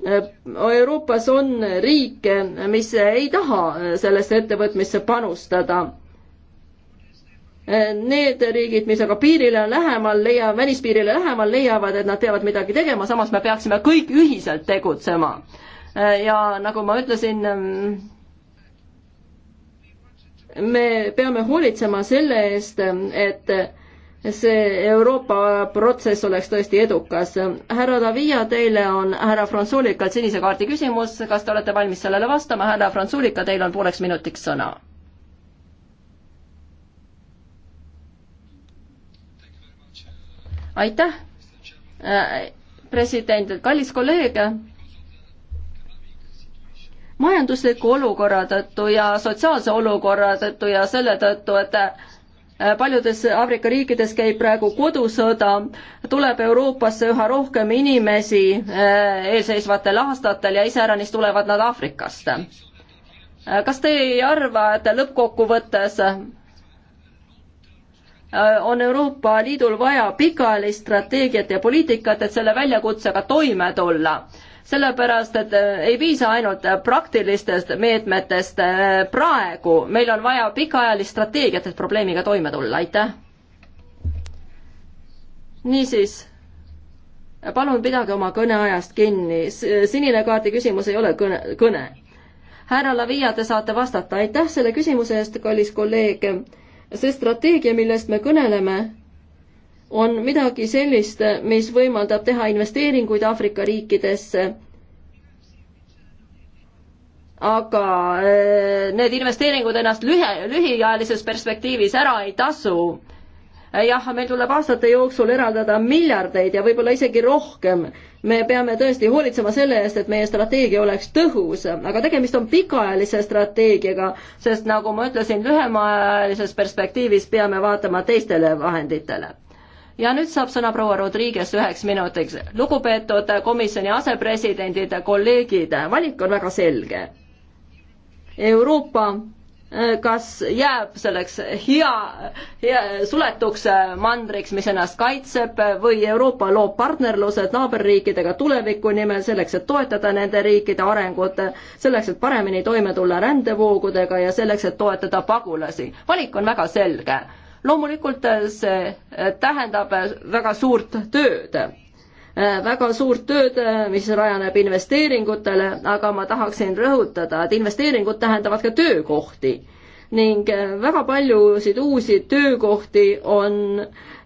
Euroopas on riike, mis ei taha sellesse ettevõtmisse panustada Eh, need riigid, mis aga piirile lähemal leiavad, välispiirile lähemal leiavad, et nad peavad midagi tegema, samas me peaksime kõik ühiselt tegutsema. Eh, ja nagu ma ütlesin, mm, me peame hoolitsema selle eest, et see Euroopa protsess oleks tõesti edukas. härra Davia, teile on härra Fransulikalt sinise kaardi küsimus, kas te olete valmis sellele vastama? härra Fransulika, teil on pooleks minutiks sõna aitäh, äh, president, kallis kolleeg majandusliku olukorra tõttu ja sotsiaalse olukorra tõttu ja selle tõttu, et äh, paljudes Aafrika riikides käib praegu kodusõda, tuleb Euroopasse üha rohkem inimesi äh, eelseisvatel aastatel ja iseäranis tulevad nad Aafrikast. kas te ei arva, et lõppkokkuvõttes Äh, on Euroopa Liidul vaja pikaajalist strateegiat ja poliitikat, et selle väljakutsega toime tulla. sellepärast, et äh, ei piisa ainult praktilistest meetmetest äh, praegu, meil on vaja pikaajalist strateegiat, et probleemiga toime tulla, aitäh. niisiis, palun pidage oma kõneajast kinni, sinine kaardi küsimus ei ole kõne, kõne. härra Lavia, te saate vastata, aitäh selle küsimuse eest, kallis kolleeg see strateegia, millest me kõneleme, on midagi sellist, mis võimaldab teha investeeringuid Aafrika riikidesse. aga äh, need investeeringud ennast lühi, lühiajalises perspektiivis ära ei tasu Äh, jah, meil tuleb aastate jooksul eraldada miljardeid ja võib-olla isegi rohkem. me peame tõesti hoolitsema selle eest, et meie strateegia oleks tõhus, aga tegemist on pikaajalise strateegiaga, sest nagu ma ütlesin, lühemaajalises perspektiivis peame vaatama teistele vahenditele ja nüüd saab sõna proua Rodriguez üheks minutiks. lugupeetud komisjoni asepresidendid, kolleegid, valik on väga selge. Euroopa Äh, kas jääb selleks hea, hea, suletuks äh, mandriks, mis ennast kaitseb äh, või Euroopa loob partnerlused naaberriikidega tuleviku nimel selleks, et toetada nende riikide arengut, selleks, et paremini toime tulla rändevoogudega ja selleks, et toetada pagulasi. valik on väga selge. loomulikult see tähendab väga suurt tööd Äh, väga suurt tööd, äh, mis rajaneb investeeringutele, aga ma tahaksin rõhutada, et investeeringud tähendavad ka töökohti ning äh, väga paljusid uusi töökohti on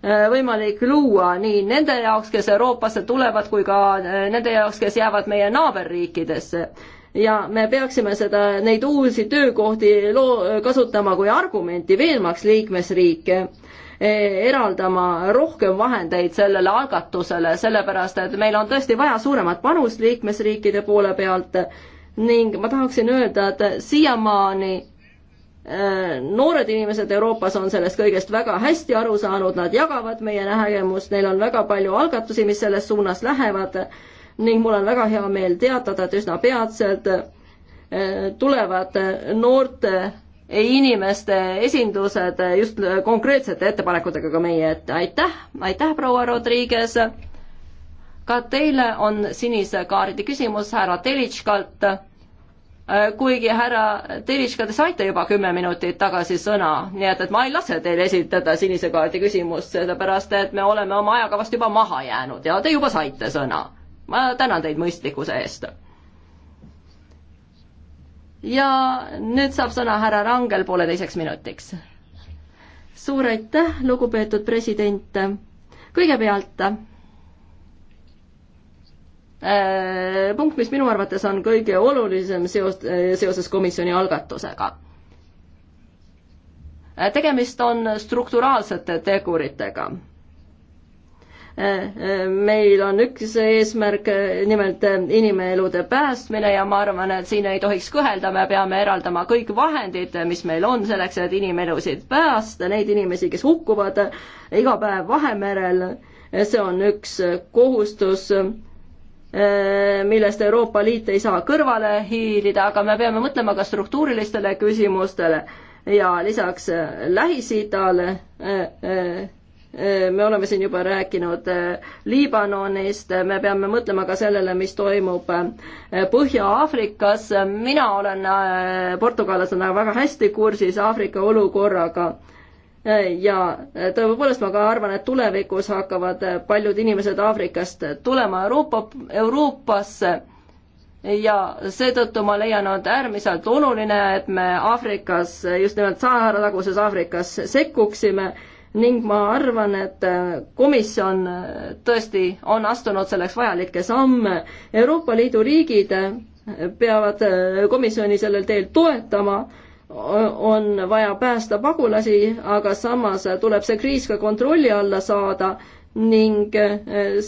võimalik luua nii nende jaoks, kes Euroopasse tulevad, kui ka nende jaoks, kes jäävad meie naaberriikidesse. ja me peaksime seda, neid uusi töökohti loo-, kasutama kui argumenti, veenmaks liikmesriike Eh, eraldama rohkem vahendeid sellele algatusele, sellepärast et meil on tõesti vaja suuremat panust liikmesriikide poole pealt ning ma tahaksin öelda, et siiamaani eh, noored inimesed Euroopas on sellest kõigest väga hästi aru saanud, nad jagavad meie nägemust, neil on väga palju algatusi, mis selles suunas lähevad ning mul on väga hea meel teatada, et üsna peatselt eh, tulevad noorte inimeste esindused just konkreetsete ettepanekutega ka meie ette. aitäh, aitäh, proua Rodriguez. ka teile on sinise kaardi küsimus härra Telitškalt. kuigi härra Telitška, te saite juba kümme minutit tagasi sõna, nii et, et ma ei lase teil esitada sinise kaardi küsimust, sellepärast et me oleme oma ajakavast juba maha jäänud ja te juba saite sõna. ma tänan teid mõistlikkuse eest ja nüüd saab sõna härra Rangel pooleteiseks minutiks. suur aitäh, lugupeetud president. kõigepealt äh, punkt, mis minu arvates on kõige olulisem seos, seoses komisjoni algatusega äh, tegemist on strukturaalsete teguritega meil on üks eesmärk, nimelt inimelude päästmine ja ma arvan, et siin ei tohiks kõhelda, me peame eraldama kõik vahendid, mis meil on selleks, et inimelusid päästa, neid inimesi, kes hukkuvad iga päev Vahemerel. see on üks kohustus, millest Euroopa Liit ei saa kõrvale hiilida, aga me peame mõtlema ka struktuurilistele küsimustele ja lisaks Lähis-Idale Eh, me oleme siin juba rääkinud eh, Liibanonist, me peame mõtlema ka sellele, mis toimub eh, Põhja-Aafrikas, mina olen portugallasena väga hästi kursis Aafrika olukorraga ja tõepoolest ma ka arvan, et tulevikus hakkavad paljud inimesed Aafrikast tulema Euroopa, Euroopasse ja seetõttu ma leian, on äärmiselt oluline, et me Aafrikas, just nimelt Sahara taguses Aafrikas sekkuksime ning ma arvan, et äh, komisjon äh, tõesti on astunud selleks vajalikke samme. Euroopa Liidu riigid äh, peavad komisjoni sellel teel toetama, on vaja päästa pagulasi, aga samas tuleb see kriis ka kontrolli alla saada ning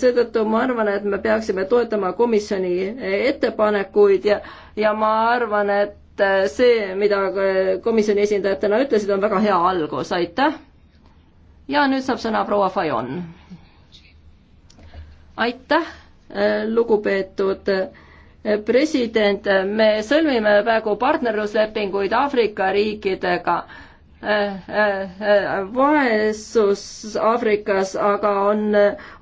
seetõttu ma arvan, et me peaksime toetama komisjoni ettepanekuid ja, ja ma arvan, et see, mida komisjoni esindajad täna ütlesid, on väga hea algus, aitäh! ja nüüd saab sõna proua Fajon. aitäh, äh, lugupeetud äh, president, me sõlmime praegu partnerluslepinguid Aafrika riikidega vaesus Aafrikas aga on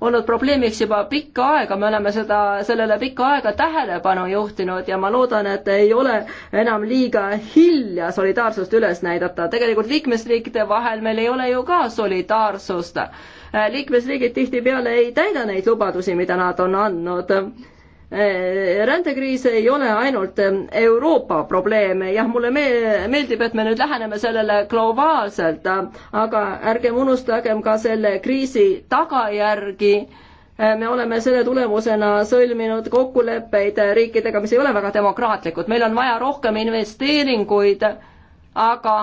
olnud probleemiks juba pikka aega, me oleme seda, sellele pikka aega tähelepanu juhtinud ja ma loodan, et ei ole enam liiga hilja solidaarsust üles näidata. tegelikult liikmesriikide vahel meil ei ole ju ka solidaarsust. liikmesriigid tihtipeale ei täida neid lubadusi, mida nad on andnud Äh, rändekriis ei ole ainult ähm, Euroopa probleem, jah, mulle me-, meeldib, et me nüüd läheneme sellele globaalselt, äh, aga ärgem unustagem ka selle kriisi tagajärgi, äh, me oleme selle tulemusena sõlminud kokkuleppeid riikidega, mis ei ole väga demokraatlikud, meil on vaja rohkem investeeringuid, aga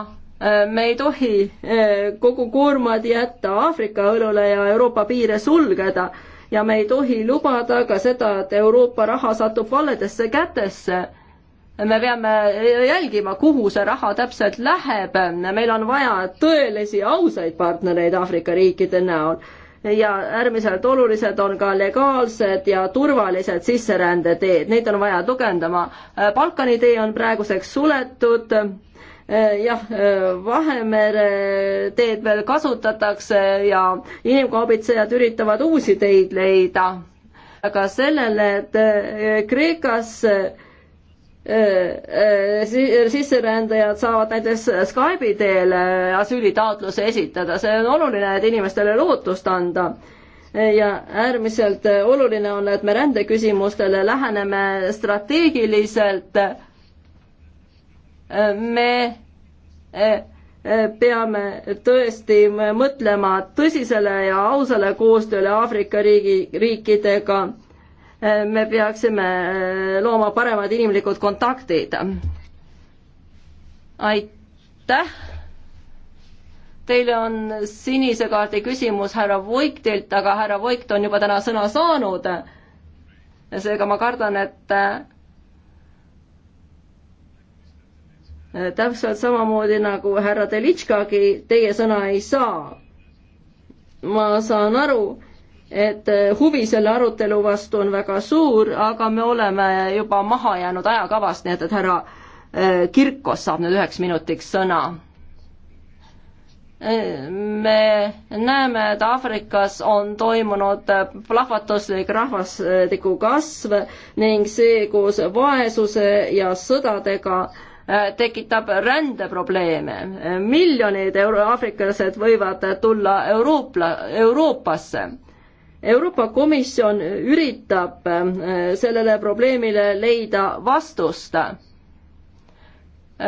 me ei tohi kogu koormad jätta Aafrika õlule ja Euroopa piire sulgeda ja me ei tohi lubada ka seda, et Euroopa raha satub valedesse kätesse me peame jälgima, kuhu see raha täpselt läheb, meil on vaja tõelisi ausaid partnereid Aafrika riikide näol ja äärmiselt olulised on ka legaalsed ja turvalised sisserändeteed, neid on vaja tugevdama. Balkani tee on praeguseks suletud Äh, jah, äh, Vahemere teed veel kasutatakse ja inimkaubitsejad üritavad uusi teid leida. aga sellele, et äh, Kreekas sisserändajad saavad näiteks Skype'i teel asüülitaotluse esitada, see on oluline, et inimestele lootust anda. ja äärmiselt oluline on, et me rändeküsimustele läheneme strateegiliselt me eh, eh, peame tõesti mõtlema tõsisele ja ausale koostööle Aafrika riigi, riikidega. Eh, me peaksime looma paremad inimlikud kontaktid. aitäh. Teile on sinise kaardi küsimus härra Voigtilt, aga härra Voigt on juba täna sõna saanud. seega ma kardan, et Äh, täpselt samamoodi nagu härra Delitškagi, teie sõna ei saa. ma saan aru, et äh, huvi selle arutelu vastu on väga suur, aga me oleme juba maha jäänud ajakavast, nii et, et härra äh, Kirkos saab nüüd üheks minutiks sõna. me näeme, et Aafrikas on toimunud plahvatuslik rahvastiku kasv ning see koos vaesuse ja sõdadega Äh, tekitab rändeprobleeme. miljonid euro-, aafriklased võivad tulla Euroopa, Euroopasse. Euroopa Komisjon üritab äh, sellele probleemile leida vastust.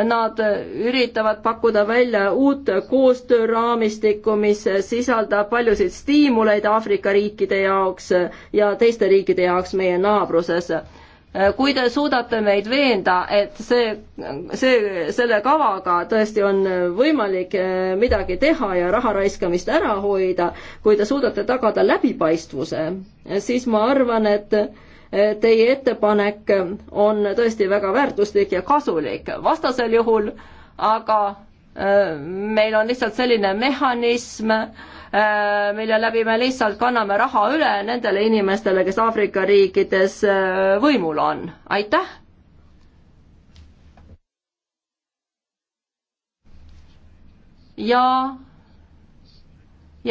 Nad üritavad pakkuda välja uut koostööraamistikku, mis sisaldab paljusid stiimuleid Aafrika riikide jaoks ja teiste riikide jaoks meie naabruses Äh, kui te suudate meid veenda, et see, see, selle kavaga tõesti on äh, võimalik äh, midagi teha ja raha raiskamist ära hoida, kui te suudate tagada läbipaistvuse, siis ma arvan, et teie ettepanek on tõesti väga väärtuslik ja kasulik, vastasel juhul aga meil on lihtsalt selline mehhanism, Äh, mille läbi me lihtsalt kanname raha üle nendele inimestele, kes Aafrika riikides äh, võimul on. aitäh! ja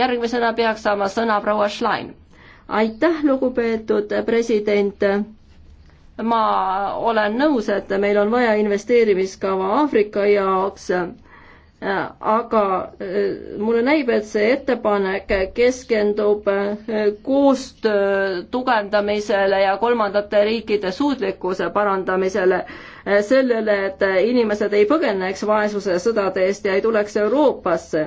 järgmisena peaks saama sõna proua Schlein. aitäh, lugupeetud president ma olen nõus, et meil on vaja investeerimiskava Aafrika jaoks aga e, mulle näib, et see ettepanek keskendub e, koostöö tugevdamisele ja kolmandate riikide suutlikkuse parandamisele, e, sellele, et inimesed ei põgeneks vaesuse sõdade eest ja ei tuleks Euroopasse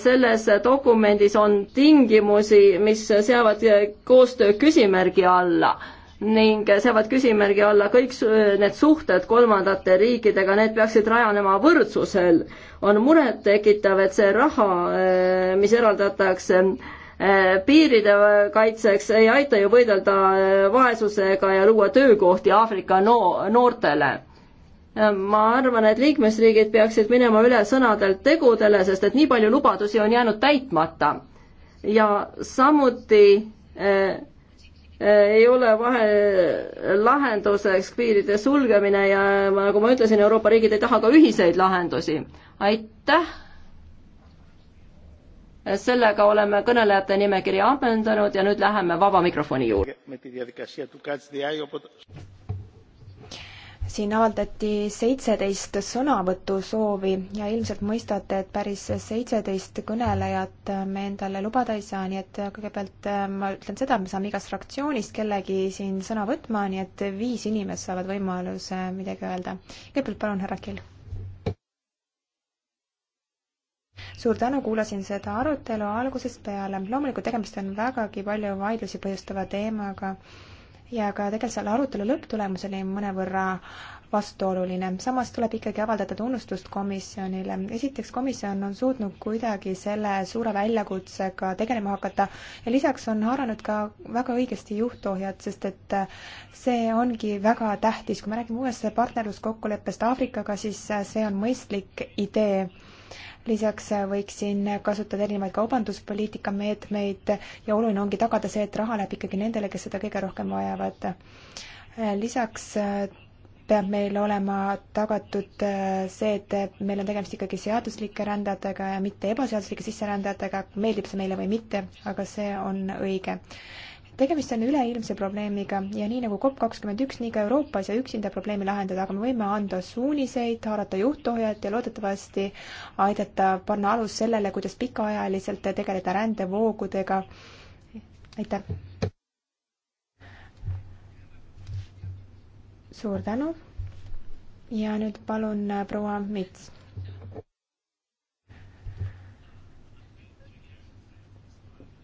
selles dokumendis on tingimusi, mis seavad koostöö küsimärgi alla ning seavad küsimärgi alla kõik need suhted kolmandate riikidega, need peaksid rajanema võrdsusel. on murettekitav, et see raha, eh, mis eraldatakse eh, piiride kaitseks, ei aita ju võidelda eh, vaesusega ja luua töökohti Aafrika no noortele ma arvan, et liikmesriigid peaksid minema üle sõnadelt tegudele, sest et nii palju lubadusi on jäänud täitmata. ja samuti äh, Äh, ei ole vahe lahenduseks piiride sulgemine ja ma, nagu ma ütlesin, Euroopa riigid ei taha ka ühiseid lahendusi. aitäh! sellega oleme kõnelejate nimekirja ammendanud ja nüüd läheme vaba mikrofoni juurde siin avaldati seitseteist sõnavõtusoovi ja ilmselt mõistate, et päris seitseteist kõnelejat me endale lubada ei saa, nii et kõigepealt äh, ma ütlen seda, et me saame igast fraktsioonist kellegi siin sõna võtma, nii et viis inimest saavad võimaluse midagi öelda. kõigepealt palun, härra Kill. suur tänu, kuulasin seda arutelu algusest peale. loomulikult tegemist on vägagi palju vaidlusi põhjustava teemaga ja ka tegelikult selle arutelu lõpptulemus oli mõnevõrra vastuoluline. samas tuleb ikkagi avaldada tunnustust komisjonile. esiteks, komisjon on suutnud kuidagi selle suure väljakutsega tegelema hakata ja lisaks on haaranud ka väga õigesti juhtohjad, sest et see ongi väga tähtis. kui me räägime uuest partnerluskokkuleppest Aafrikaga, siis see on mõistlik idee lisaks äh, võiks siin kasutada erinevaid kaubanduspoliitika meetmeid ja oluline ongi tagada see, et raha läheb ikkagi nendele, kes seda kõige rohkem vajavad. Äh, lisaks äh, peab meil olema tagatud see, et meil on tegemist ikkagi seaduslike rändajatega ja mitte ebaseaduslike sisserändajatega, meeldib see meile või mitte, aga see on õige tegemist on üleilmse probleemiga ja nii nagu COP kakskümmend üks, nii ka Euroopa ei saa üksinda probleemi lahendada, aga me võime anda suuniseid, haarata juhtohjad ja loodetavasti aidata panna alus sellele, kuidas pikaajaliselt tegeleda rändevoogudega. aitäh! suur tänu! ja nüüd palun äh, proua Mits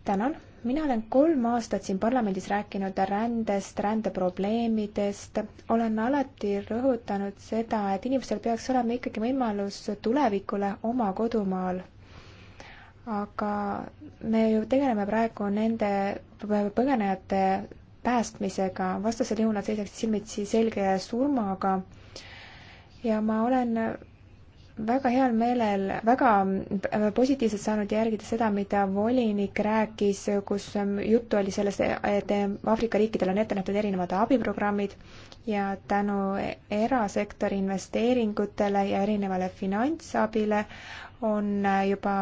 tänan mina olen kolm aastat siin parlamendis rääkinud rändest, rändeprobleemidest, olen alati rõhutanud seda, et inimestel peaks olema ikkagi võimalus tulevikule oma kodumaal. aga me ju tegeleme praegu nende põgenejate päästmisega, vastasel juhul nad seisaksid silmitsi selge surmaga. ja ma olen väga heal meelel, väga äh, positiivselt saanud järgida seda, mida volinik rääkis, kus ähm, juttu oli sellest, et äh, Aafrika riikidel on ette nähtud erinevad abiprogrammid ja tänu erasektori investeeringutele ja erinevale finantsabile on äh, juba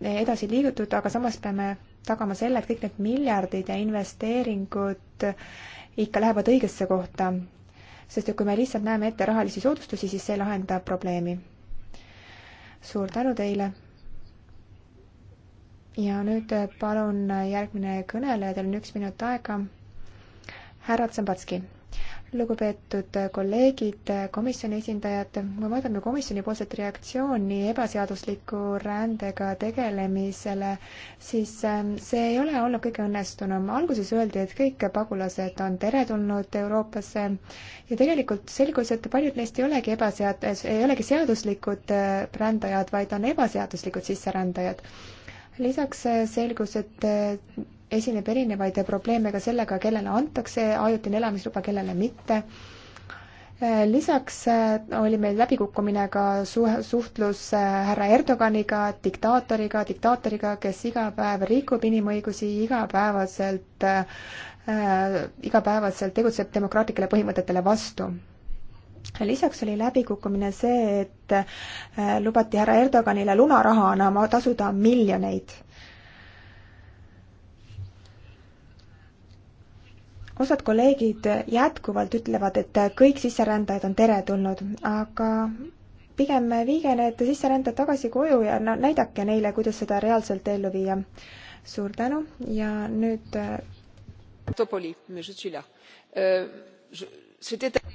edasi liigutud, aga samas peame tagama selle, et kõik need miljardid ja investeeringud ikka lähevad õigesse kohta sest et kui me lihtsalt näeme ette rahalisi soodustusi, siis see ei lahenda probleemi suur tänu teile. ja nüüd äh, palun äh, järgmine kõneleja, teil on üks minut aega. härra Tsambatski lugupeetud kolleegid, komisjoni esindajad, kui me vaatame komisjonipoolset reaktsiooni ebaseadusliku rändega tegelemisele, siis ähm, see ei ole olnud kõige õnnestunum. alguses öeldi, et kõik pagulased on teretulnud Euroopasse ja tegelikult selgus, et paljud neist ei olegi ebasead-, ei olegi seaduslikud äh, rändajad, vaid on ebaseaduslikud sisserändajad. lisaks äh, selgus, et äh, esineb erinevaid probleeme ka sellega, kellele antakse ajutine elamisluba, kellele mitte. Äh, lisaks äh, oli meil läbikukkumine ka suhe, suhtlus äh, härra Erdoganiga, diktaatoriga, diktaatoriga, kes iga päev rikub inimõigusi, igapäevaselt äh,, igapäevaselt tegutseb demokraatlikele põhimõtetele vastu lisaks oli läbikukkumine see, et lubati härra Erdoganile lunarahana tasuda miljoneid osad kolleegid jätkuvalt ütlevad, et kõik sisserändajad on teretulnud, aga pigem viige need sisserändajad tagasi koju ja no näidake neile, kuidas seda reaalselt ellu viia. suur tänu ja nüüd. Äh,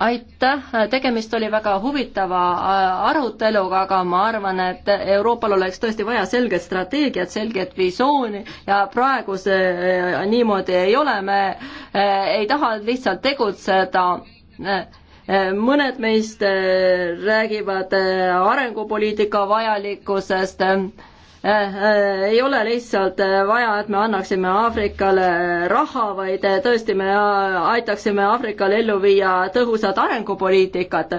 aitäh, tegemist oli väga huvitava äh, aruteluga, aga ma arvan, et Euroopal oleks tõesti vaja selget strateegiat, selget visiooni ja praegu see äh, niimoodi ei ole, me äh, ei taha lihtsalt tegutseda mõned meist räägivad arengupoliitika vajalikkusest Äh, äh, ei ole lihtsalt äh, vaja, et me annaksime Aafrikale raha, vaid tõesti me aitaksime Aafrikal ellu viia tõhusat arengupoliitikat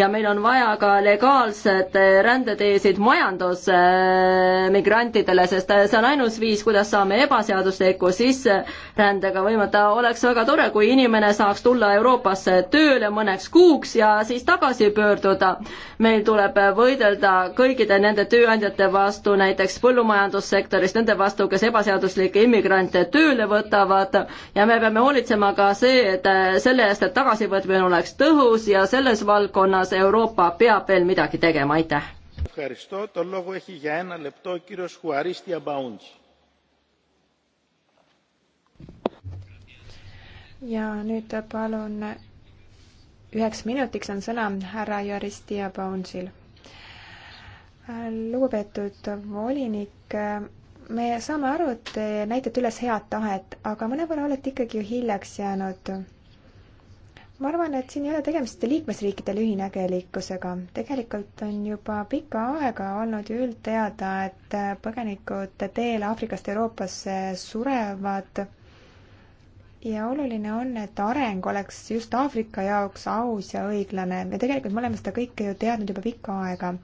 ja meil on vaja ka legaalsed rändeteesid majandusmigrantidele, sest see on ainus viis, kuidas saame ebaseadusliku sisserändega võimata. oleks väga tore, kui inimene saaks tulla Euroopasse tööle mõneks kuuks ja siis tagasi pöörduda. meil tuleb võidelda kõikide nende tööandjate vastu, näiteks näiteks põllumajandussektoris nende vastu, kes ebaseaduslikke immigrante tööle võtavad ja me peame hoolitsema ka see, et äh, selle eest, et tagasivõtmine oleks tõhus ja selles valdkonnas Euroopa peab veel midagi tegema, aitäh. ja nüüd palun üheks minutiks on sõna härra Juristia Bounsil lugupeetud volinik, me saame aru, et te näitate üles head tahet, aga mõnevõrra olete ikkagi ju hiljaks jäänud. ma arvan, et siin ei ole tegemist liikmesriikide lühinägelikkusega. tegelikult on juba pikka aega olnud ju üldteada, et põgenikud teel Aafrikast Euroopasse surevad ja oluline on, et areng oleks just Aafrika jaoks aus ja õiglane. me tegelikult me oleme seda kõike ju teadnud juba pikka aega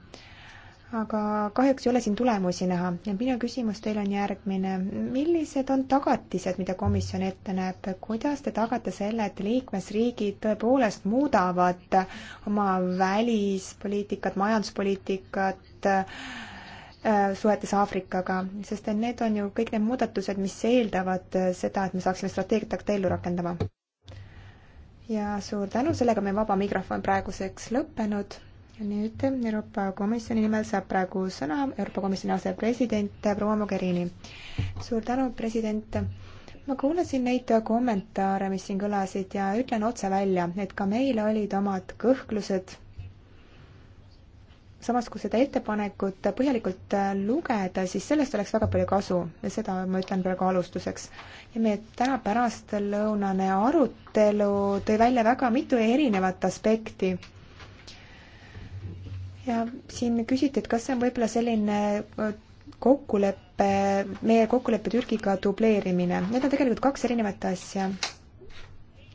aga kahjuks ei ole siin tulemusi näha ja minu küsimus teile on järgmine. millised on tagatised, mida komisjon ette näeb, kuidas te tagate selle, et liikmesriigid tõepoolest muudavad oma välispoliitikat, majanduspoliitikat äh, suhetes Aafrikaga, sest need on ju kõik need muudatused, mis eeldavad seda, et me saaksime strateegiat hakata ellu rakendama. ja suur tänu, sellega on meie vaba mikrofon praeguseks lõppenud nüüd Euroopa Komisjoni nimel saab praegu sõna Euroopa Komisjoni asepresident proua Mogherini. suur tänu, president. ma kuulasin neid kommentaare, mis siin kõlasid ja ütlen otse välja, et ka meil olid omad kõhklused. samas, kui seda ettepanekut põhjalikult lugeda, siis sellest oleks väga palju kasu ja seda ma ütlen praegu alustuseks. ja meie täna pärastlõunane arutelu tõi välja väga mitu erinevat aspekti ja siin küsiti, et kas see on võib-olla selline äh, kokkulepe, meie kokkuleppe Türgiga dubleerimine, need on tegelikult kaks erinevat asja.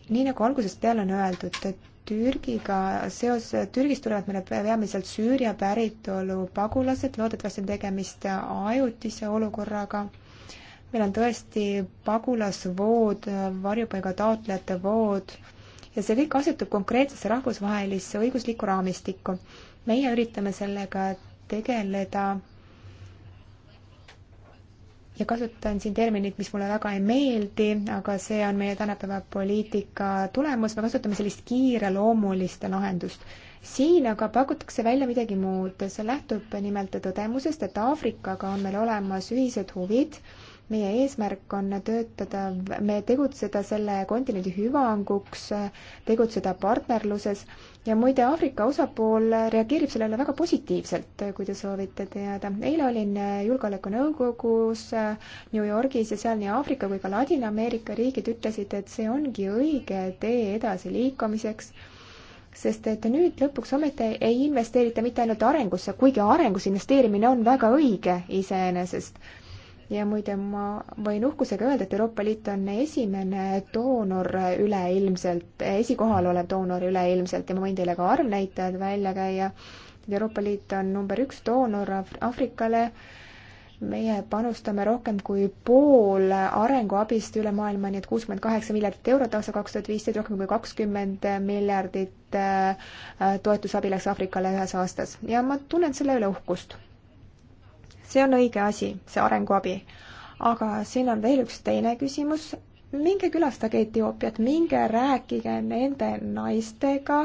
nii nagu algusest peale on öeldud, et Türgiga seos, Türgist tulevad meile peamiselt Süüria päritolu pagulased, loodetavasti on tegemist ajutise olukorraga. meil on tõesti pagulasvood, varjupaiga taotlejate vood ja see kõik asetub konkreetsesse rahvusvahelisse õiguslikku raamistikku meie üritame sellega tegeleda ja kasutan siin terminit, mis mulle väga ei meeldi, aga see on meie tänapäeva poliitika tulemus, me kasutame sellist kiireloomuliste lahendust. siin aga pakutakse välja midagi muud, see lähtub nimelt tõdemusest, et Aafrikaga on meil olemas ühised huvid, meie eesmärk on töötada, me tegutseda selle kontinendi hüvanguks, tegutseda partnerluses ja muide, Aafrika osapool reageerib sellele väga positiivselt, kui te soovite teada. eile olin Julgeolekunõukogus New Yorgis ja seal nii Aafrika kui ka Ladina-Ameerika riigid ütlesid, et see ongi õige tee edasiliikumiseks sest et nüüd lõpuks ometi ei investeerita mitte ainult arengusse, kuigi arengus investeerimine on väga õige iseenesest ja muide, ma võin uhkusega öelda, et Euroopa Liit on esimene doonor üleilmselt, esikohal olev doonor üleilmselt ja ma võin teile ka arvnäitajad välja käia. Euroopa Liit on number üks doonor Aafrikale, meie panustame rohkem kui pool arenguabist üle maailma, nii et kuuskümmend kaheksa miljardit eurot aastal kaks tuhat viisteist, rohkem kui kakskümmend miljardit äh, toetusabi läks Aafrikale ühes aastas ja ma tunnen selle üle uhkust see on õige asi, see arenguabi. aga siin on veel üks teine küsimus, minge külastage Etioopiat, minge rääkige nende naistega,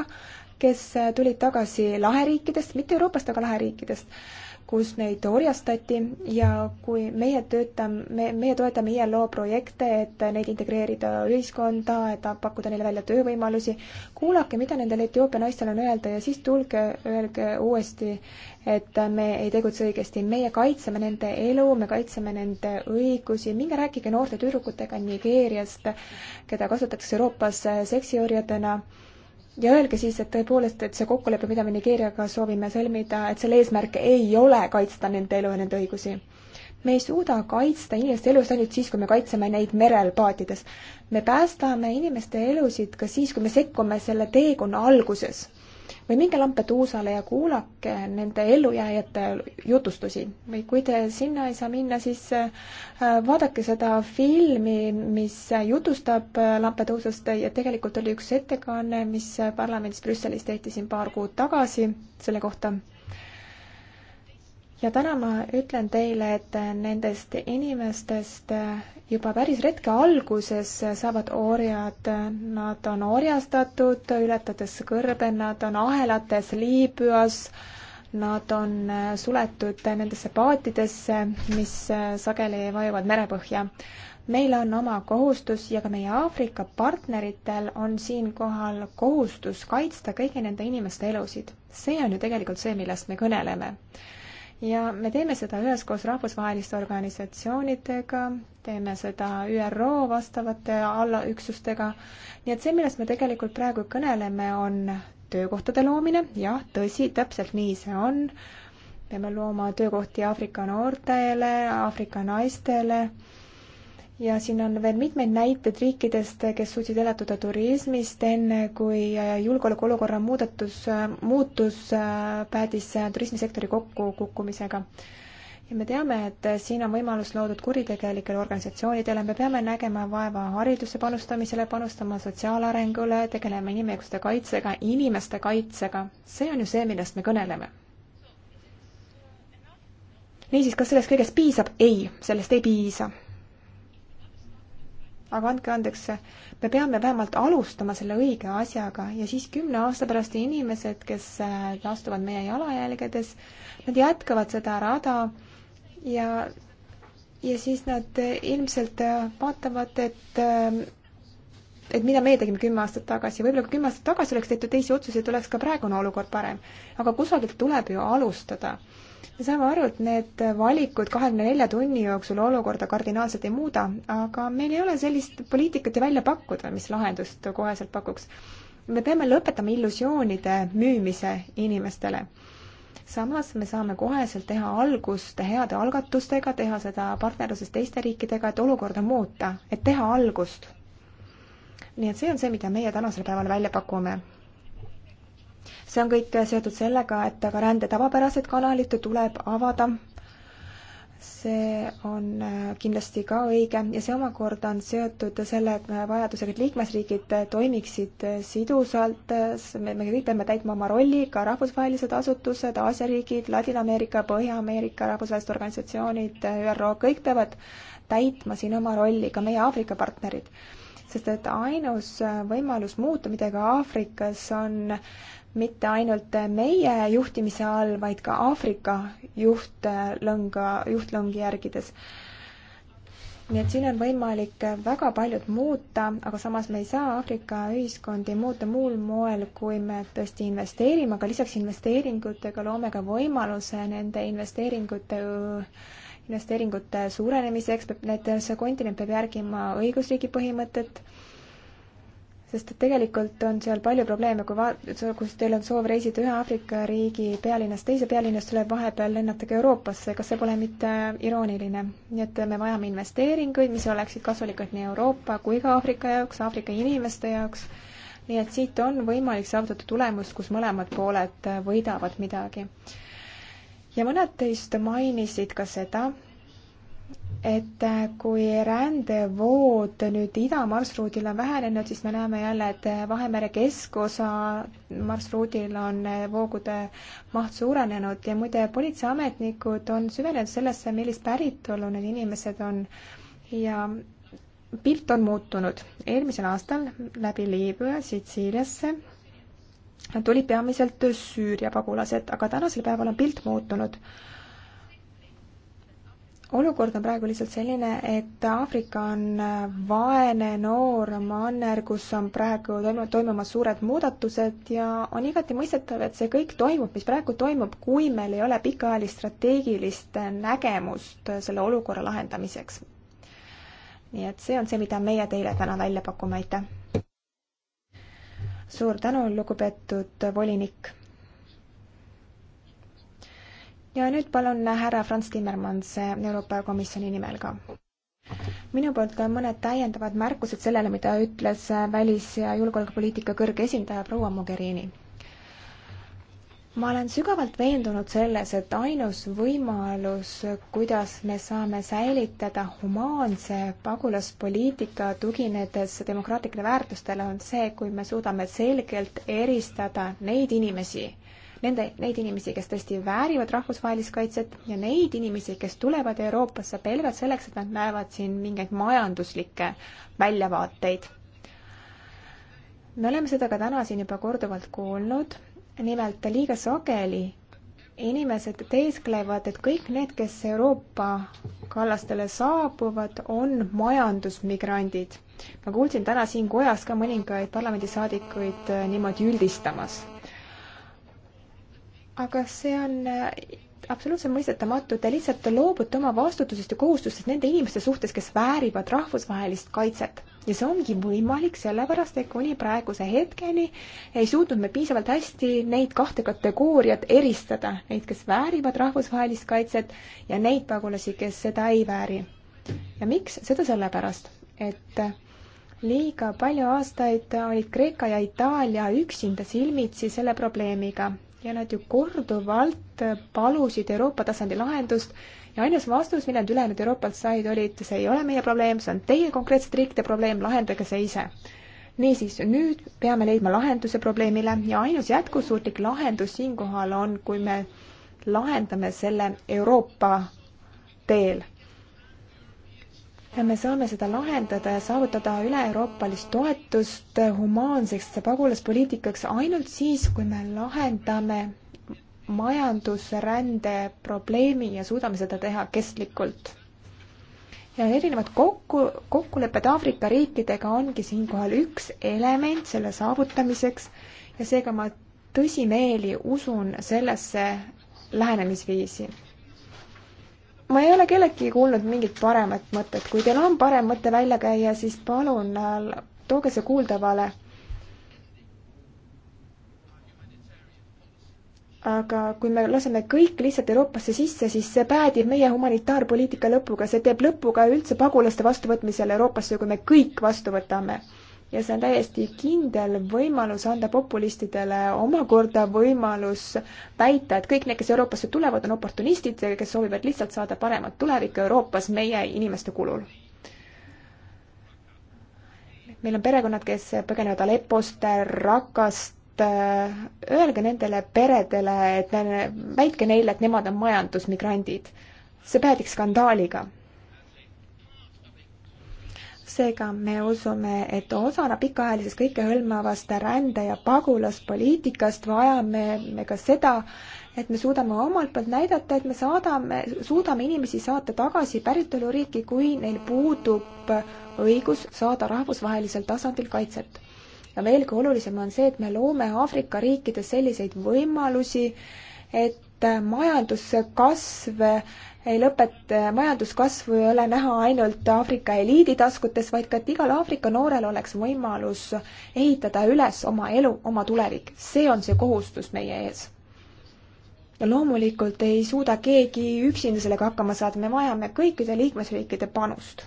kes tulid tagasi laheriikidest, mitte Euroopast, aga laheriikidest kus neid orjastati ja kui meie töötame, me, meie toetame ILO projekte, et neid integreerida ühiskonda, et pakkuda neile välja töövõimalusi, kuulake, mida nendel Etioopia naistel on öelda ja siis tulge, öelge uuesti, et me ei tegutse õigesti, meie kaitseme nende elu, me kaitseme nende õigusi, minge rääkige noorte tüdrukutega Nigeeriast, keda kasutatakse Euroopas seksiorjadena ja öelge siis, et tõepoolest, et see kokkulepe, mida me Nigeeriaga soovime sõlmida, et selle eesmärk ei ole kaitsta nende elu ja nende õigusi. me ei suuda kaitsta inimeste elust ainult siis, kui me kaitseme neid merel paatides. me päästame inimeste elusid ka siis, kui me sekkume selle teekonna alguses või minge Lampeduusale ja kuulake nende ellujääjate jutustusi või kui te sinna ei saa minna, siis äh, vaadake seda filmi, mis jutustab äh, Lampeduusast ja tegelikult oli üks ettekanne, mis äh, parlamendis Brüsselis tehti siin paar kuud tagasi selle kohta ja täna ma ütlen teile, et nendest inimestest juba päris retke alguses saavad orjad, nad on orjastatud, ületades kõrbe, nad on ahelates Liibüas, nad on suletud nendesse paatidesse, mis sageli vajuvad merepõhja meil on oma kohustus ja ka meie Aafrika partneritel on siinkohal kohustus kaitsta kõigi nende inimeste elusid. see on ju tegelikult see, millest me kõneleme ja me teeme seda üheskoos rahvusvaheliste organisatsioonidega, teeme seda ÜRO vastavate allaüksustega, nii et see, millest me tegelikult praegu kõneleme, on töökohtade loomine, jah, tõsi, täpselt nii see on, peame looma töökohti Aafrika noortele, Aafrika naistele, ja siin on veel mitmeid näiteid riikidest, kes suutsid elatuda turismist, enne kui äh, julgeolekuolukorra muudatus, äh, muutus äh, päädis turismisektori kokkukukkumisega. ja me teame, et siin on võimalus loodud kuritegelikele organisatsioonidele, me peame nägema vaeva haridusse panustamisele, panustama sotsiaalarengule, tegelema inimõiguste kaitsega, inimeste kaitsega, see on ju see, millest me kõneleme niisiis, kas sellest kõigest piisab? ei, sellest ei piisa aga andke andeks, me peame vähemalt alustama selle õige asjaga ja siis kümne aasta pärast inimesed, kes äh, astuvad meie jalajälgedes, nad jätkavad seda rada ja, ja siis nad äh, ilmselt äh, vaatavad, et ähm, et mida meie tegime kümme aastat tagasi, võib-olla kui kümme aastat tagasi oleks tehtud teisi otsuseid, oleks ka praegune olukord parem. aga kusagilt tuleb ju alustada me saame aru, et need valikud kahekümne nelja tunni jooksul olukorda kardinaalselt ei muuda, aga meil ei ole sellist poliitikat ju välja pakkuda, mis lahendust koheselt pakuks. me peame lõpetama illusioonide müümise inimestele. samas me saame koheselt teha algust heade algatustega, teha seda partnerluses teiste riikidega, et olukorda muuta, et teha algust. nii et see on see, mida meie tänasel päeval välja pakume see on kõik seotud sellega, et ka rände tavapärased kanalid tuleb avada. see on äh, kindlasti ka õige ja see omakorda on seotud selle vajadusega, et liikmesriigid äh, toimiksid äh, sidusalt. me, me kõik peame täitma oma rolli, ka rahvusvahelised asutused, Aasia riigid, Ladina-Ameerika, Põhja-Ameerika rahvusvahelised organisatsioonid, ÜRO, kõik peavad täitma siin oma rolli, ka meie Aafrika partnerid sest et ainus võimalus muuta midagi Aafrikas on mitte ainult meie juhtimise all, vaid ka Aafrika juhtlõnga, juhtlõngi järgides. nii et siin on võimalik väga paljud muuta, aga samas me ei saa Aafrika ühiskondi muuta muul moel, kui me tõesti investeerime, aga lisaks investeeringutega loome ka võimaluse nende investeeringute investeeringute suurenemiseks, need, see kontinent peab järgima õigusriigi põhimõtet sest et tegelikult on seal palju probleeme, kui vaat-, kui teil on soov reisida ühe Aafrika riigi pealinnast teise pealinnast, tuleb vahepeal lennata ka Euroopasse, kas see pole mitte irooniline? nii et me vajame investeeringuid, mis oleksid kasulikud nii Euroopa kui ka Aafrika jaoks, Aafrika inimeste jaoks, nii et siit on võimalik saavutada tulemust, kus mõlemad pooled võidavad midagi. ja mõned teist mainisid ka seda, et äh, kui rändevood nüüd idamarsruudil on vähenenud, siis me näeme jälle, et äh, Vahemere keskosa marsruudil on äh, voogude maht suurenenud ja muide, politseiametnikud on süvenenud sellesse, millist päritolu need inimesed on ja pilt on muutunud. eelmisel aastal läbi Liibüa Sitsiiliasse tulid peamiselt Süüria pagulased, aga tänasel päeval on pilt muutunud olukord on praegu lihtsalt selline, et Aafrika on äh, vaene noor manner, kus on praegu toimu-, toimumas suured muudatused ja on igati mõistetav, et see kõik toimub, mis praegu toimub, kui meil ei ole pikaajalist strateegilist nägemust äh, selle olukorra lahendamiseks. nii et see on see, mida meie teile täna välja pakume, aitäh! suur tänu, lugupeetud volinik ja nüüd palun härra Franz Timmermans Euroopa Komisjoni nimel ka. minu poolt ka mõned täiendavad märkused sellele, mida ütles välis- ja julgeolekupoliitika kõrge esindaja proua Mogherini. ma olen sügavalt veendunud selles, et ainus võimalus, kuidas me saame säilitada humaanse pagulaspoliitika, tuginedes demokraatlikele väärtustele, on see, kui me suudame selgelt eristada neid inimesi, nende, neid inimesi, kes tõesti väärivad rahvusvahelist kaitset ja neid inimesi, kes tulevad Euroopasse pelgalt selleks, et nad näevad siin mingeid majanduslikke väljavaateid. me oleme seda ka täna siin juba korduvalt kuulnud, nimelt liiga sageli inimesed teesklevad, et kõik need, kes Euroopa kallastele saabuvad, on majandusmigrandid. ma kuulsin täna siin kojas ka mõningaid parlamendisaadikuid eh, niimoodi üldistamas aga see on äh, absoluutselt mõistetamatu, te lihtsalt loobute oma vastutusest ja kohustustest nende inimeste suhtes, kes väärivad rahvusvahelist kaitset. ja see ongi võimalik sellepärast, et kuni praeguse hetkeni ei suutnud me piisavalt hästi neid kahte kategooriat eristada, neid, kes väärivad rahvusvahelist kaitset ja neid pagulasi, kes seda ei vääri. ja miks? seda sellepärast, et äh, liiga palju aastaid olid Kreeka ja Itaalia üksinda silmitsi selle probleemiga ja nad ju korduvalt palusid Euroopa tasandi lahendust ja ainus vastus, mille nad ülejäänud Euroopalt said, oli, et see ei ole meie probleem, see on teie konkreetsete riikide probleem, lahendage see ise. niisiis, nüüd peame leidma lahenduse probleemile ja ainus jätkusuutlik lahendus siinkohal on, kui me lahendame selle Euroopa teel me saame seda lahendada ja saavutada üle-euroopalist toetust humaanseks pagulaspoliitikaks ainult siis, kui me lahendame majandusrände probleemi ja suudame seda teha kestlikult. ja erinevad kokku, kokkulepped Aafrika riikidega ongi siinkohal üks element selle saavutamiseks ja seega ma tõsimeeli usun sellesse lähenemisviisi ma ei ole kelleltki kuulnud mingit paremat mõtet, kui teil on parem mõte välja käia, siis palun äh, tooge see kuuldavale. aga kui me laseme kõik lihtsalt Euroopasse sisse, siis see päädib meie humanitaarpoliitika lõpuga, see teeb lõpu ka üldse pagulaste vastuvõtmisele Euroopasse, kui me kõik vastu võtame ja see on täiesti kindel võimalus anda populistidele omakorda võimalus väita, et kõik need, kes Euroopasse tulevad, on oportunistid, kes soovivad lihtsalt saada paremat tulevikku Euroopas meie inimeste kulul. meil on perekonnad, kes põgenevad Aleppost, Rakast, öelge nendele peredele, et väitke neile, et nemad on majandusmigrandid. see päädiks skandaaliga seega me usume, et osana pikaajalisest kõikehõlmavast rände- ja pagulaspoliitikast vajame me ka seda, et me suudame omalt poolt näidata, et me saadame, suudame inimesi saata tagasi päritoluriiki, kui neil puudub õigus saada rahvusvahelisel tasandil kaitset. ja veelgi olulisem on see, et me loome Aafrika riikides selliseid võimalusi, et majanduskasv ei lõpet, majanduskasvu ei ole näha ainult Aafrika eliidi taskutes, vaid ka, et igal Aafrika noorel oleks võimalus ehitada üles oma elu, oma tulevik. see on see kohustus meie ees. ja loomulikult ei suuda keegi üksinda sellega hakkama saada, me vajame kõikide liikmesriikide panust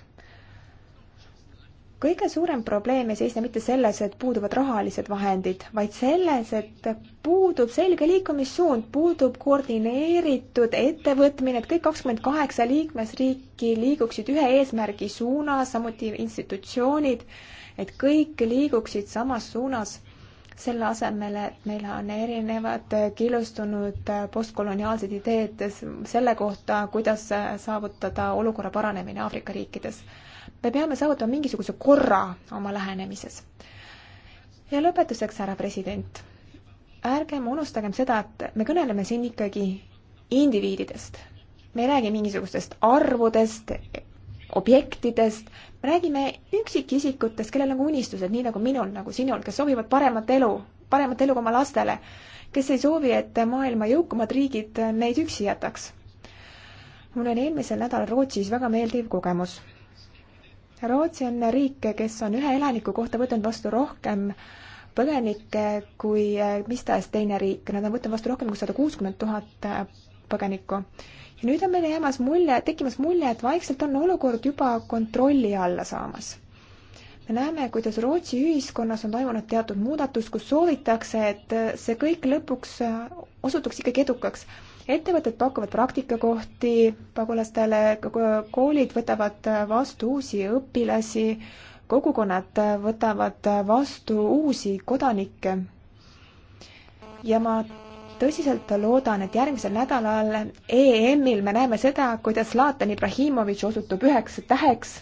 kõige suurem probleem ei seisne mitte selles, et puuduvad rahalised vahendid, vaid selles, et puudub selge liikumissuund, puudub koordineeritud ettevõtmine, et kõik kakskümmend kaheksa liikmesriiki liiguksid ühe eesmärgi suunas, samuti institutsioonid, et kõik liiguksid samas suunas, selle asemel, et meil on erinevad killustunud postkoloniaalsed ideed selle kohta, kuidas saavutada olukorra paranemine Aafrika riikides me peame saavutama mingisuguse korra oma lähenemises. ja lõpetuseks, härra president, ärgem unustagem seda, et me kõneleme siin ikkagi indiviididest. me ei räägi mingisugustest arvudest, objektidest, me räägime üksikisikutest, kellel on unistused, nii nagu minul, nagu sinul, kes soovivad paremat elu, paremat elu ka oma lastele, kes ei soovi, et maailma jõukamad riigid neid üksi jätaks. mul oli eelmisel nädalal Rootsis väga meeldiv kogemus Rootsi on riik, kes on ühe elaniku kohta võtnud vastu rohkem põgenikke kui eh, mis tahes teine riik, nad on võtnud vastu rohkem kui sada kuuskümmend tuhat eh, põgenikku. ja nüüd on meile jäämas mulje, tekkimas mulje, et vaikselt on olukord juba kontrolli alla saamas. me näeme, kuidas Rootsi ühiskonnas on toimunud teatud muudatus, kus soovitakse, et eh, see kõik lõpuks osutuks ikkagi edukaks ettevõtted pakuvad praktikakohti pagulastele, koolid võtavad vastu uusi õpilasi, kogukonnad võtavad vastu uusi kodanikke. ja ma tõsiselt loodan, et järgmisel nädalal EM-il me näeme seda, kuidas Zlatan Ibrahimovitš osutub üheks täheks.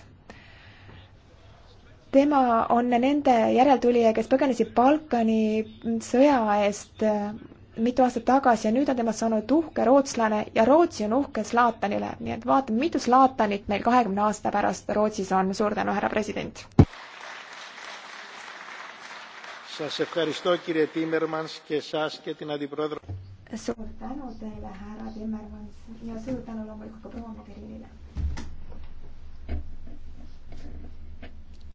tema on nende järeltulija, kes põgenesid Balkani sõja eest mitu aastat tagasi ja nüüd on temast saanud uhke rootslane ja Rootsi on uhke Zlatani üle, nii et vaatame, mitu Zlatanit meil kahekümne aasta pärast Rootsis on, suur tänu, härra president! suur tänu teile, härra Timmermans ja suur tänu loomulikult ka proua Mogherinile!